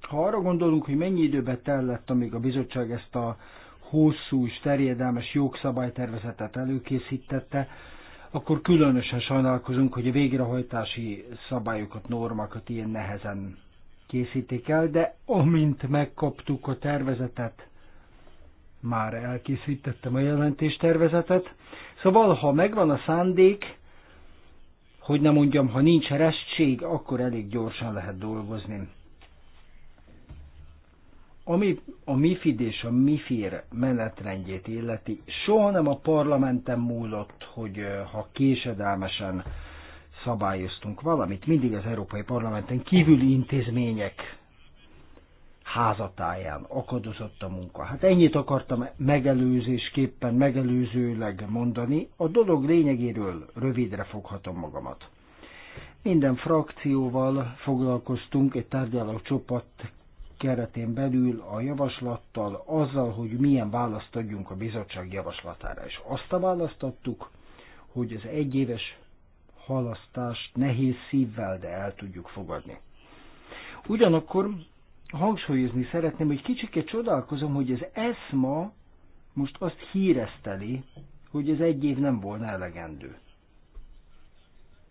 Ha arra gondolunk, hogy mennyi időbe tellett, amíg a bizottság ezt a hosszú és terjedelmes jogszabálytervezetet előkészítette, akkor különösen sajnálkozunk, hogy a végrehajtási szabályokat, normákat ilyen nehezen készítik el, de amint megkaptuk a tervezetet, már elkészítettem a jelentés tervezetet, Szóval, ha megvan a szándék, hogy nem mondjam, ha nincs restség, akkor elég gyorsan lehet dolgozni. Ami a MIFID és a MIFIR menetrendjét illeti, soha nem a parlamenten múlott, hogy ha késedelmesen szabályoztunk valamit, mindig az Európai Parlamenten kívüli intézmények házatáján akadozott a munka. Hát ennyit akartam megelőzésképpen, megelőzőleg mondani. A dolog lényegéről rövidre foghatom magamat. Minden frakcióval foglalkoztunk egy tárgyaló keretén belül a javaslattal, azzal, hogy milyen választ adjunk a bizottság javaslatára. És azt a választ adtuk, hogy az egyéves halasztást nehéz szívvel, de el tudjuk fogadni. Ugyanakkor hangsúlyozni szeretném, hogy kicsikét csodálkozom, hogy az ESMA most azt hírezteli, hogy ez egy év nem volna elegendő.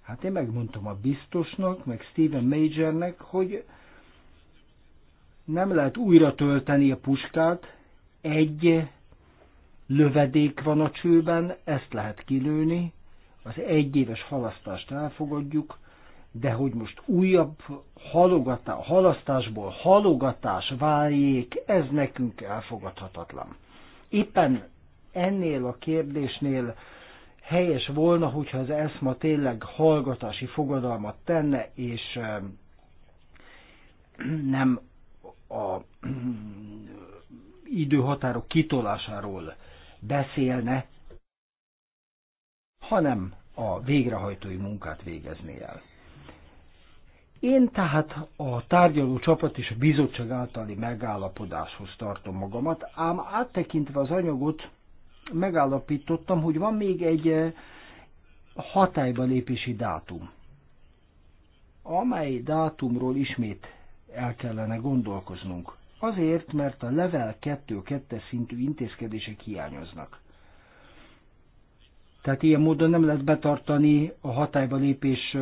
Hát én megmondtam a biztosnak, meg Steven Majornek, hogy nem lehet újra tölteni a puskát, egy lövedék van a csőben, ezt lehet kilőni, az egyéves halasztást elfogadjuk, de hogy most újabb halogatá, halasztásból halogatás váljék, ez nekünk elfogadhatatlan. Éppen ennél a kérdésnél helyes volna, hogyha az ESMA tényleg hallgatási fogadalmat tenne, és nem a időhatárok kitolásáról beszélne, hanem a végrehajtói munkát végezni el. Én tehát a tárgyaló csapat és a bizottság általi megállapodáshoz tartom magamat, ám áttekintve az anyagot megállapítottam, hogy van még egy eh, hatályba lépési dátum, amely dátumról ismét el kellene gondolkoznunk. Azért, mert a level 2-2 szintű intézkedések hiányoznak. Tehát ilyen módon nem lehet betartani a hatályba lépés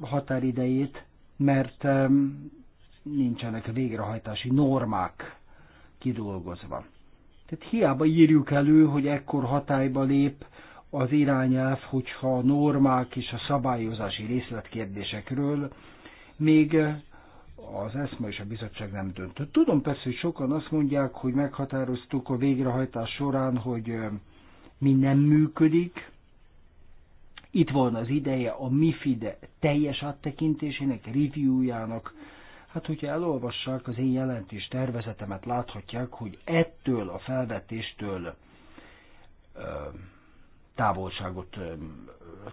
határidejét, mert nincsenek végrehajtási normák kidolgozva. Tehát hiába írjuk elő, hogy ekkor hatályba lép az irányelv, hogyha a normák és a szabályozási részletkérdésekről még az ESMA és a bizottság nem döntött. Tudom persze, hogy sokan azt mondják, hogy meghatároztuk a végrehajtás során, hogy mi nem működik. Itt volna az ideje a Mifide teljes áttekintésének, reviewjának. Hát, hogyha elolvassák az én jelentés tervezetemet, láthatják, hogy ettől a felvetéstől távolságot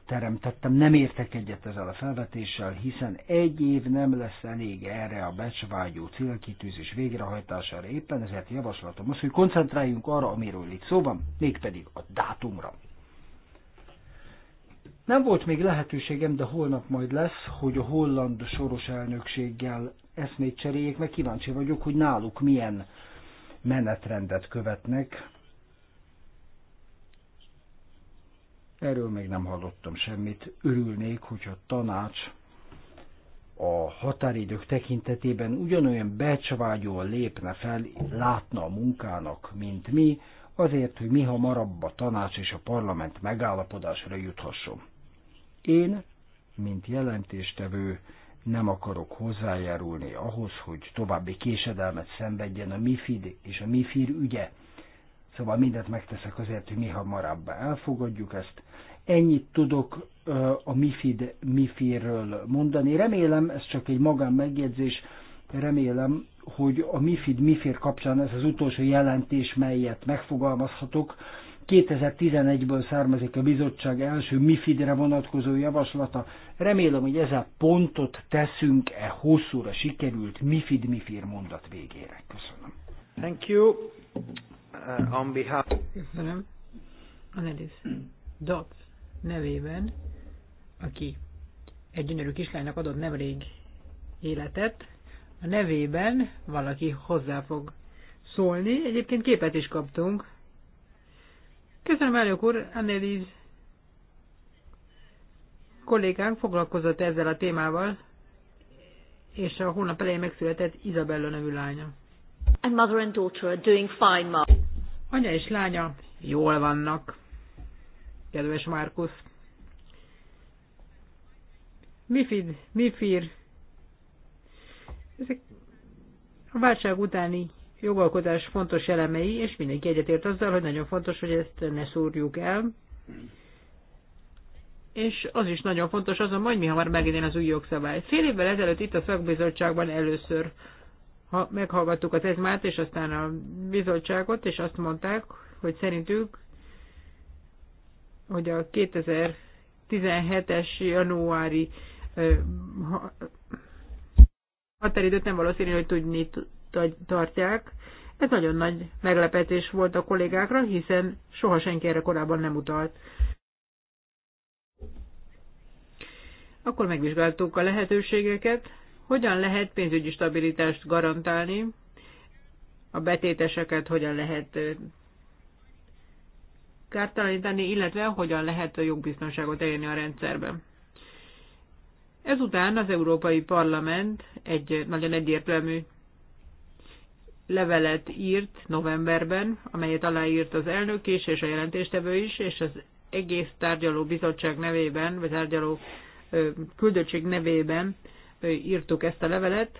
teremtettem, nem értek egyet ezzel a felvetéssel, hiszen egy év nem lesz elég erre a becsvágyó célkitűzés végrehajtására. Éppen ezért javaslatom az, hogy koncentráljunk arra, amiről itt szó van, mégpedig a dátumra. Nem volt még lehetőségem, de holnap majd lesz, hogy a holland soros elnökséggel eszmét cseréljék, mert kíváncsi vagyok, hogy náluk milyen menetrendet követnek, Erről még nem hallottam semmit. Örülnék, hogyha a tanács a határidők tekintetében ugyanolyan becsvágyóan lépne fel, látna a munkának, mint mi, azért, hogy mi hamarabb a tanács és a parlament megállapodásra juthasson. Én, mint jelentéstevő, nem akarok hozzájárulni ahhoz, hogy további késedelmet szenvedjen a MIFID és a MIFIR ügye, Szóval mindent megteszek azért, hogy mi hamarabb elfogadjuk ezt. Ennyit tudok a MIFID, mifir ről mondani. Remélem, ez csak egy magán megjegyzés, remélem, hogy a MIFID, MIFIR kapcsán ez az utolsó jelentés, melyet megfogalmazhatok, 2011-ből származik a bizottság első MIFID-re vonatkozó javaslata. Remélem, hogy ezzel pontot teszünk e hosszúra sikerült MIFID-MIFIR mondat végére. Köszönöm. Thank you uh, on behalf... Köszönöm. Annelies Dot nevében, aki egy gyönyörű kislánynak adott nemrég életet, a nevében valaki hozzá fog szólni. Egyébként képet is kaptunk. Köszönöm, elnök úr, Annelies kollégánk foglalkozott ezzel a témával, és a hónap elején megszületett Isabella nevű lánya. And mother and daughter are doing fine, Mark. Anya és lánya jól vannak, kedves Márkusz. Mifid, Mifir, ezek a válság utáni jogalkotás fontos elemei, és mindenki egyetért azzal, hogy nagyon fontos, hogy ezt ne szúrjuk el. És az is nagyon fontos, azon majd mi hamar megint az új jogszabály. Fél évvel ezelőtt itt a szakbizottságban először ha meghallgattuk az ezmát, és aztán a bizottságot, és azt mondták, hogy szerintük, hogy a 2017-es januári határidőt nem valószínű, hogy tudni tartják. Ez nagyon nagy meglepetés volt a kollégákra, hiszen soha senki erre korábban nem utalt. Akkor megvizsgáltuk a lehetőségeket, hogyan lehet pénzügyi stabilitást garantálni? A betéteseket hogyan lehet kártalanítani, illetve hogyan lehet a jogbiztonságot elérni a rendszerben. Ezután az Európai Parlament egy nagyon egyértelmű levelet írt novemberben, amelyet aláírt az elnök is, és a jelentéstevő is, és az egész tárgyaló bizottság nevében, vagy tárgyaló küldöttség nevében írtuk ezt a levelet,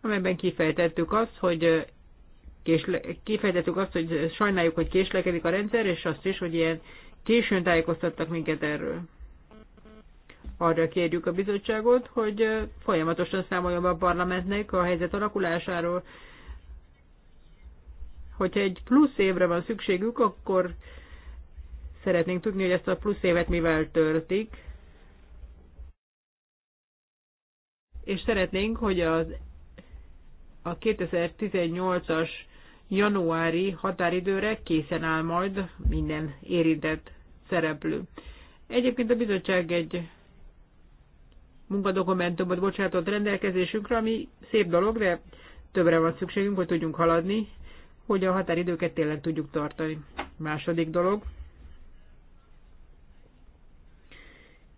amelyben kifejtettük azt, hogy késle, kifejtettük azt, hogy sajnáljuk, hogy késlekedik a rendszer, és azt is, hogy ilyen későn tájékoztattak minket erről. Arra kérjük a bizottságot, hogy folyamatosan számoljon be a parlamentnek a helyzet alakulásáról. Hogyha egy plusz évre van szükségük, akkor szeretnénk tudni, hogy ezt a plusz évet mivel törtik. és szeretnénk, hogy az, a 2018-as januári határidőre készen áll majd minden érintett szereplő. Egyébként a bizottság egy munkadokumentumot bocsátott rendelkezésünkre, ami szép dolog, de többre van szükségünk, hogy tudjunk haladni, hogy a határidőket tényleg tudjuk tartani. Második dolog.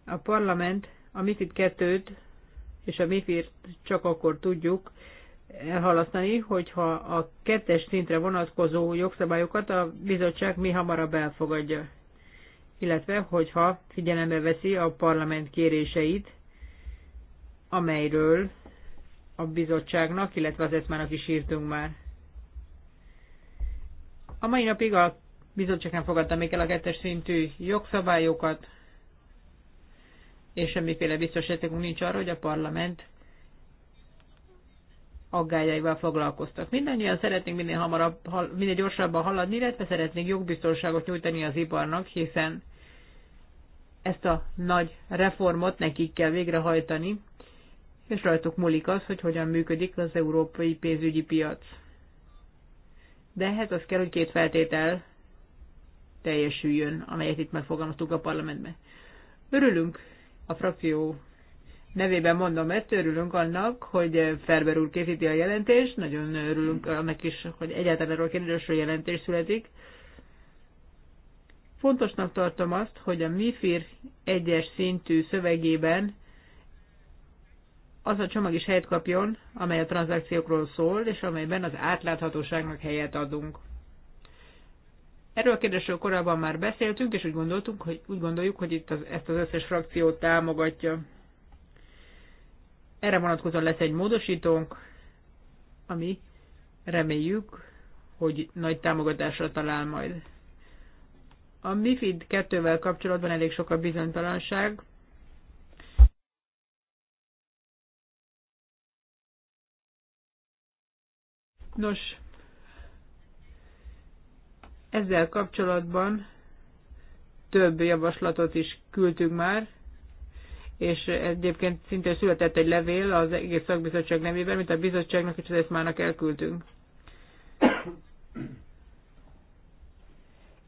A parlament a MIFID 2-t és a MIFIR csak akkor tudjuk elhalasztani, hogyha a kettes szintre vonatkozó jogszabályokat a bizottság mi hamarabb elfogadja, illetve hogyha figyelembe veszi a parlament kéréseit, amelyről a bizottságnak, illetve az eszmának is írtunk már. A mai napig a bizottság nem fogadta még el a kettes szintű jogszabályokat, és semmiféle biztosítékunk nincs arra, hogy a parlament aggájaival foglalkoztak. Mindannyian szeretnénk minél hamarabb, minél gyorsabban haladni, illetve szeretnénk jogbiztonságot nyújtani az iparnak, hiszen ezt a nagy reformot nekik kell végrehajtani, és rajtuk múlik az, hogy hogyan működik az európai pénzügyi piac. De ehhez hát az kell, hogy két feltétel teljesüljön, amelyet itt megfogalmaztuk a parlamentben. Örülünk a frakció nevében mondom ezt, örülünk annak, hogy Ferber úr készíti a jelentést, nagyon örülünk annak is, hogy egyáltalán erről kérdésről jelentés születik. Fontosnak tartom azt, hogy a MIFIR egyes szintű szövegében az a csomag is helyet kapjon, amely a tranzakciókról szól, és amelyben az átláthatóságnak helyet adunk. Erről a kérdésről korábban már beszéltünk, és úgy, gondoltunk, hogy, úgy gondoljuk, hogy itt az, ezt az összes frakció támogatja. Erre vonatkozóan lesz egy módosítónk, ami reméljük, hogy nagy támogatásra talál majd. A MIFID 2-vel kapcsolatban elég sok a bizonytalanság. Nos, ezzel kapcsolatban több javaslatot is küldtünk már, és egyébként szintén született egy levél az egész szakbizottság nevében, mint a bizottságnak és az eszmának elküldtünk.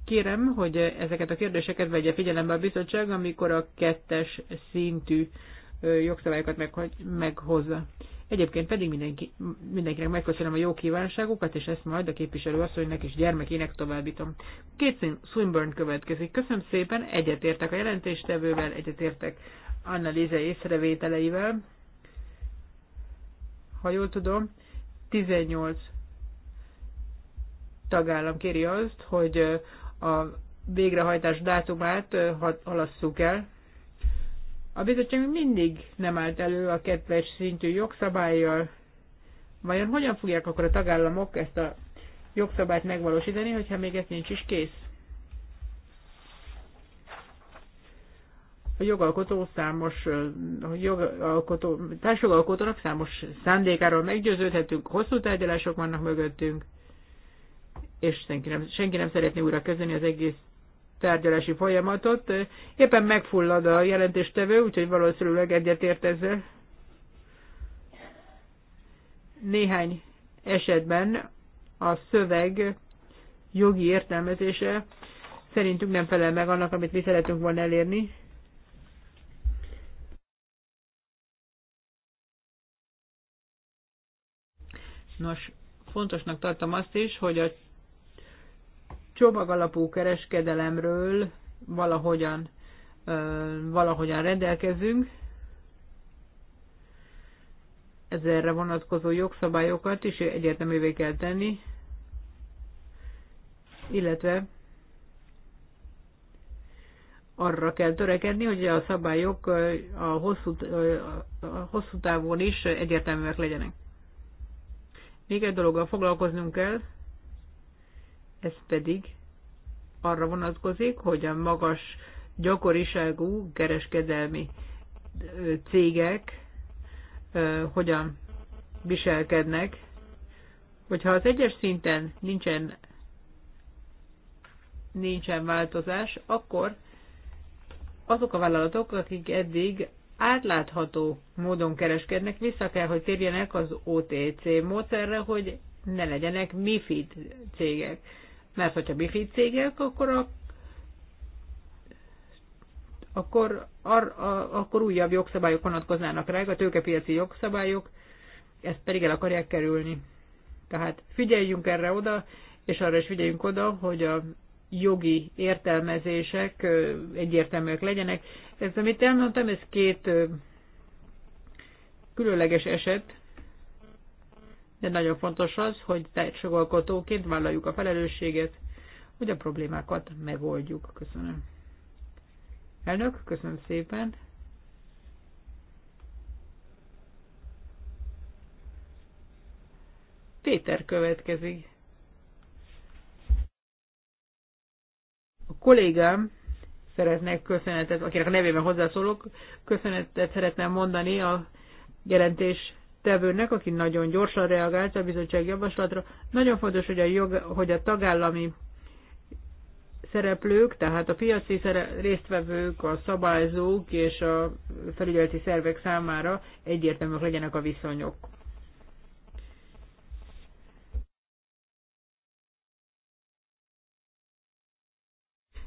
Kérem, hogy ezeket a kérdéseket vegye figyelembe a bizottság, amikor a kettes szintű jogszabályokat meghozza. Egyébként pedig mindenki, mindenkinek megköszönöm a jó kívánságokat, és ezt majd a képviselő asszonynak és gyermekének továbbítom. Két Swinburne következik. Köszönöm szépen, egyetértek a jelentéstevővel, egyetértek Anna Lize észrevételeivel. Ha jól tudom, 18 tagállam kéri azt, hogy a végrehajtás dátumát halasszuk el, a bizottság mindig nem állt elő a kedves szintű jogszabályjal. Vajon hogyan fogják akkor a tagállamok ezt a jogszabályt megvalósítani, hogyha még ez nincs is kész? a jogalkotó számos, a jogalkotó, társjogalkotónak számos szándékáról meggyőződhetünk, hosszú tárgyalások vannak mögöttünk, és senki nem, senki nem szeretné újra kezdeni az egész tárgyalási folyamatot. Éppen megfullad a jelentéstevő, úgyhogy valószínűleg egyetért ezzel. Néhány esetben a szöveg jogi értelmezése szerintünk nem felel meg annak, amit mi szeretünk volna elérni. Nos, fontosnak tartom azt is, hogy a csomagalapú kereskedelemről valahogyan, valahogyan rendelkezünk, ez erre vonatkozó jogszabályokat is egyértelművé kell tenni, illetve arra kell törekedni, hogy a szabályok a hosszú, a hosszú távon is egyértelműek legyenek. Még egy dologgal foglalkoznunk kell, ez pedig arra vonatkozik, hogy a magas gyakoriságú kereskedelmi cégek hogyan viselkednek, hogyha az egyes szinten nincsen, nincsen változás, akkor azok a vállalatok, akik eddig átlátható módon kereskednek, vissza kell, hogy térjenek az OTC módszerre, hogy ne legyenek MIFID cégek mert hogyha bifi cégek, akkor a akkor, ar, a, akkor újabb jogszabályok vonatkoznának rá, a tőkepiaci jogszabályok, ezt pedig el akarják kerülni. Tehát figyeljünk erre oda, és arra is figyeljünk oda, hogy a jogi értelmezések egyértelműek legyenek. Ez, amit elmondtam, ez két különleges eset, de nagyon fontos az, hogy társjogalkotóként vállaljuk a felelősséget, hogy a problémákat megoldjuk. Köszönöm. Elnök, köszönöm szépen. Péter következik. A kollégám szeretnek köszönetet, akinek a nevében hozzászólok, köszönetet szeretném mondani a jelentés tevőnek, aki nagyon gyorsan reagált a bizottság javaslatra. Nagyon fontos, hogy a, jog, hogy a tagállami szereplők, tehát a piaci résztvevők, a szabályzók és a felügyeleti szervek számára egyértelműek legyenek a viszonyok.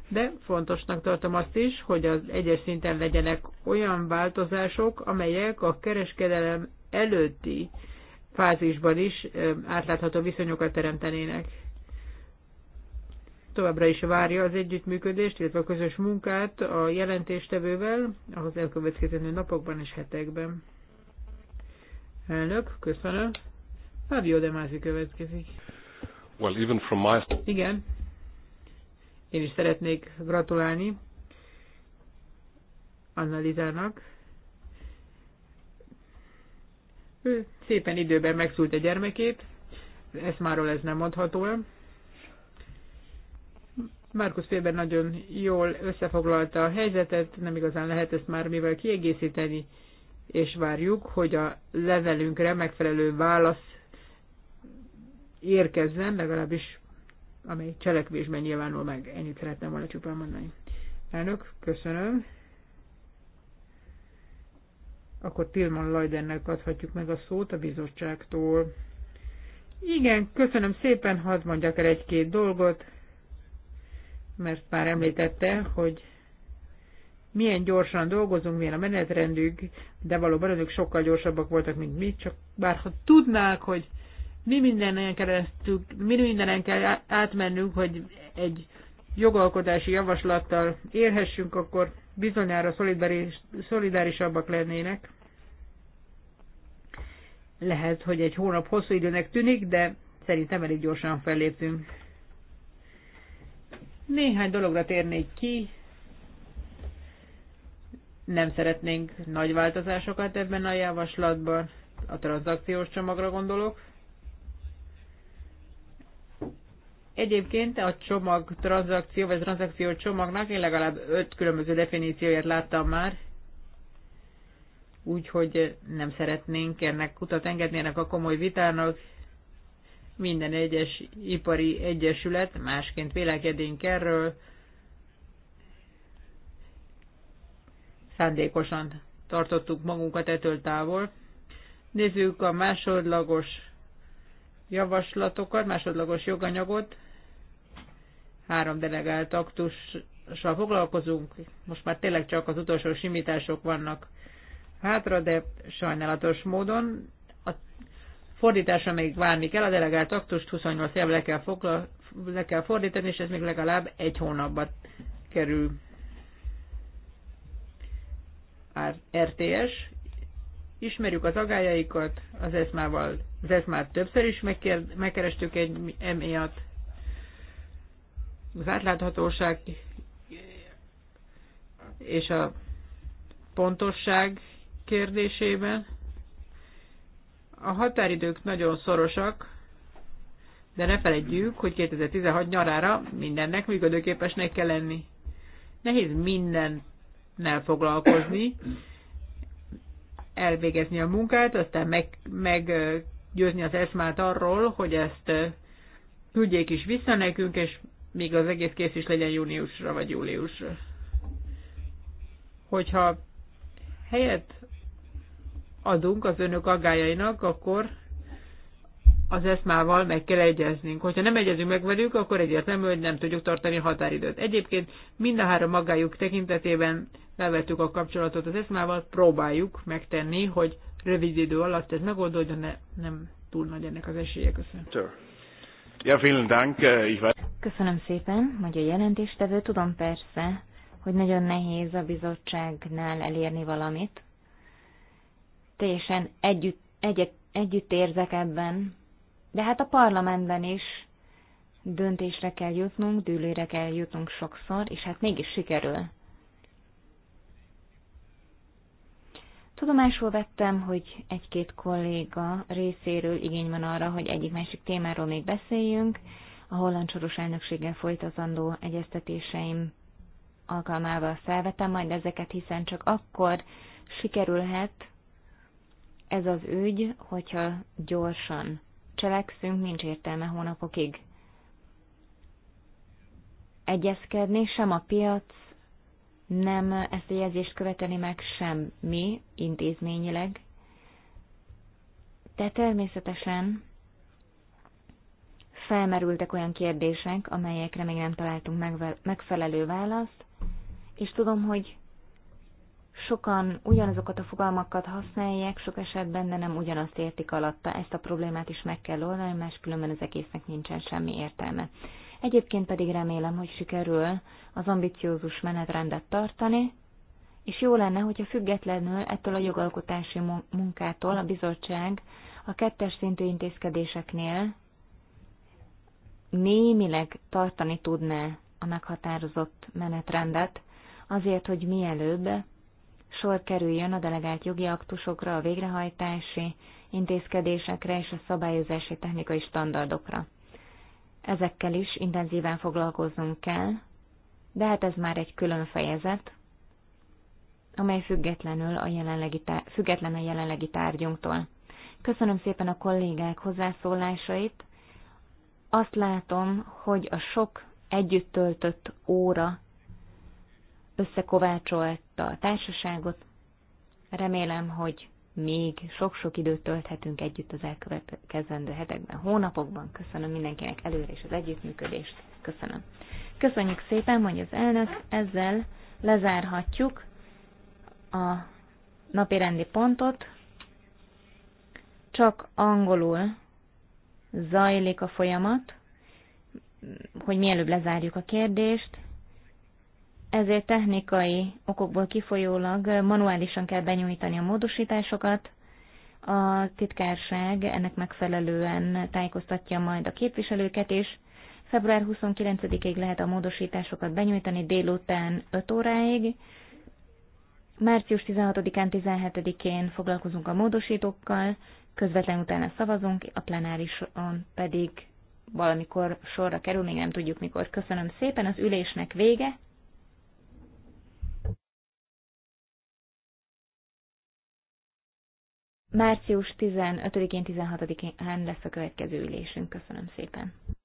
de fontosnak tartom azt is, hogy az egyes szinten legyenek olyan változások, amelyek a kereskedelem előtti fázisban is átlátható viszonyokat teremtenének. Továbbra is várja az együttműködést, illetve a közös munkát a jelentéstevővel az elkövetkező napokban és hetekben. Elnök, köszönöm. Fábio De Mázi következik. Well, even from my... Igen. Én is szeretnék gratulálni Annalizának Ő hm. szépen időben megszült a gyermekét, ezt máról ez nem mondható el. Márkusz Péber nagyon jól összefoglalta a helyzetet, nem igazán lehet ezt már mivel kiegészíteni, és várjuk, hogy a levelünkre megfelelő válasz érkezzen, legalábbis amely cselekvésben nyilvánul meg. Ennyit szeretném volna csupán mondani. Elnök, köszönöm akkor Tilman Lajdennek adhatjuk meg a szót a bizottságtól. Igen, köszönöm szépen, hadd mondjak el egy-két dolgot, mert már említette, hogy milyen gyorsan dolgozunk, milyen a menetrendünk, de valóban azok sokkal gyorsabbak voltak, mint mi, csak bár ha tudnák, hogy mi mindenen keresztül, mi mindenen kell átmennünk, hogy egy jogalkotási javaslattal érhessünk, akkor bizonyára szolidárisabbak lennének. Lehet, hogy egy hónap hosszú időnek tűnik, de szerintem elég gyorsan felléptünk. Néhány dologra térnék ki. Nem szeretnénk nagy változásokat ebben a javaslatban. A tranzakciós csomagra gondolok. Egyébként a csomag tranzakció, vagy tranzakció csomagnak én legalább öt különböző definícióját láttam már, úgyhogy nem szeretnénk ennek kutat engedni ennek a komoly vitának. Minden egyes ipari egyesület másként vélekedünk erről, szándékosan tartottuk magunkat ettől távol. Nézzük a másodlagos javaslatokat, másodlagos joganyagot három delegált aktussal foglalkozunk, most már tényleg csak az utolsó simítások vannak hátra, de sajnálatos módon a fordításra még várni kell, a delegált aktust 28 év le kell, fogla, le kell fordítani, és ez még legalább egy hónapba kerül. RTS, er ismerjük az agályaikat, az eszmával, az eszmát többször is megkerestük egy emiatt, az átláthatóság és a pontosság kérdésében. A határidők nagyon szorosak, de ne feledjük, hogy 2016 nyarára mindennek működőképesnek kell lenni. Nehéz mindennel foglalkozni, elvégezni a munkát, aztán meg, meggyőzni az eszmát arról, hogy ezt küldjék is vissza nekünk, és még az egész kész is legyen júniusra vagy júliusra. Hogyha helyet adunk az önök aggájainak, akkor az eszmával meg kell egyeznünk. Hogyha nem egyezünk meg velük, akkor egyértelmű, hogy nem tudjuk tartani a határidőt. Egyébként mind a három magájuk tekintetében felvettük a kapcsolatot az eszmával, próbáljuk megtenni, hogy rövid idő alatt ez megoldódjon, de nem túl nagy ennek az esélye. Köszönöm. Ja, vielen Dank. Ich Köszönöm szépen, hogy a jelentéstevő. Tudom persze, hogy nagyon nehéz a bizottságnál elérni valamit. Teljesen együtt, egyet, együtt érzek ebben, de hát a parlamentben is döntésre kell jutnunk, dűlőre kell jutnunk sokszor, és hát mégis sikerül. Tudomásul vettem, hogy egy-két kolléga részéről igény van arra, hogy egyik-másik témáról még beszéljünk, a holland soros elnökséggel folytatandó egyeztetéseim alkalmával felvetem majd ezeket, hiszen csak akkor sikerülhet ez az ügy, hogyha gyorsan cselekszünk, nincs értelme hónapokig egyezkedni, sem a piac nem ezt a jelzést követeli meg sem mi intézményileg, de természetesen felmerültek olyan kérdések, amelyekre még nem találtunk megfelelő választ, és tudom, hogy sokan ugyanazokat a fogalmakat használják sok esetben, de nem ugyanazt értik alatta. Ezt a problémát is meg kell oldani, máskülönben az egésznek nincsen semmi értelme. Egyébként pedig remélem, hogy sikerül az ambiciózus menetrendet tartani, és jó lenne, hogyha függetlenül ettől a jogalkotási munkától a bizottság a kettes szintű intézkedéseknél némileg tartani tudná a meghatározott menetrendet, azért, hogy mielőbb sor kerüljön a delegált jogi aktusokra, a végrehajtási intézkedésekre és a szabályozási technikai standardokra. Ezekkel is intenzíven foglalkoznunk kell, de hát ez már egy külön fejezet, amely függetlenül a jelenlegi tár- független a jelenlegi tárgyunktól. Köszönöm szépen a kollégák hozzászólásait, azt látom, hogy a sok együtt töltött óra összekovácsolta a társaságot. Remélem, hogy még sok-sok időt tölthetünk együtt az elkövetkezendő hetekben, hónapokban. Köszönöm mindenkinek előre és az együttműködést. Köszönöm. Köszönjük szépen, hogy az elnök. Ezzel lezárhatjuk a napi rendi pontot. Csak angolul zajlik a folyamat, hogy mielőbb lezárjuk a kérdést, ezért technikai okokból kifolyólag manuálisan kell benyújtani a módosításokat, a titkárság ennek megfelelően tájékoztatja majd a képviselőket, is. február 29-ig lehet a módosításokat benyújtani délután 5 óráig. Március 16-án, 17-én foglalkozunk a módosítókkal, közvetlen utána szavazunk, a plenárison pedig valamikor sorra kerül, még nem tudjuk mikor. Köszönöm szépen, az ülésnek vége. Március 15-én, 16-án lesz a következő ülésünk. Köszönöm szépen.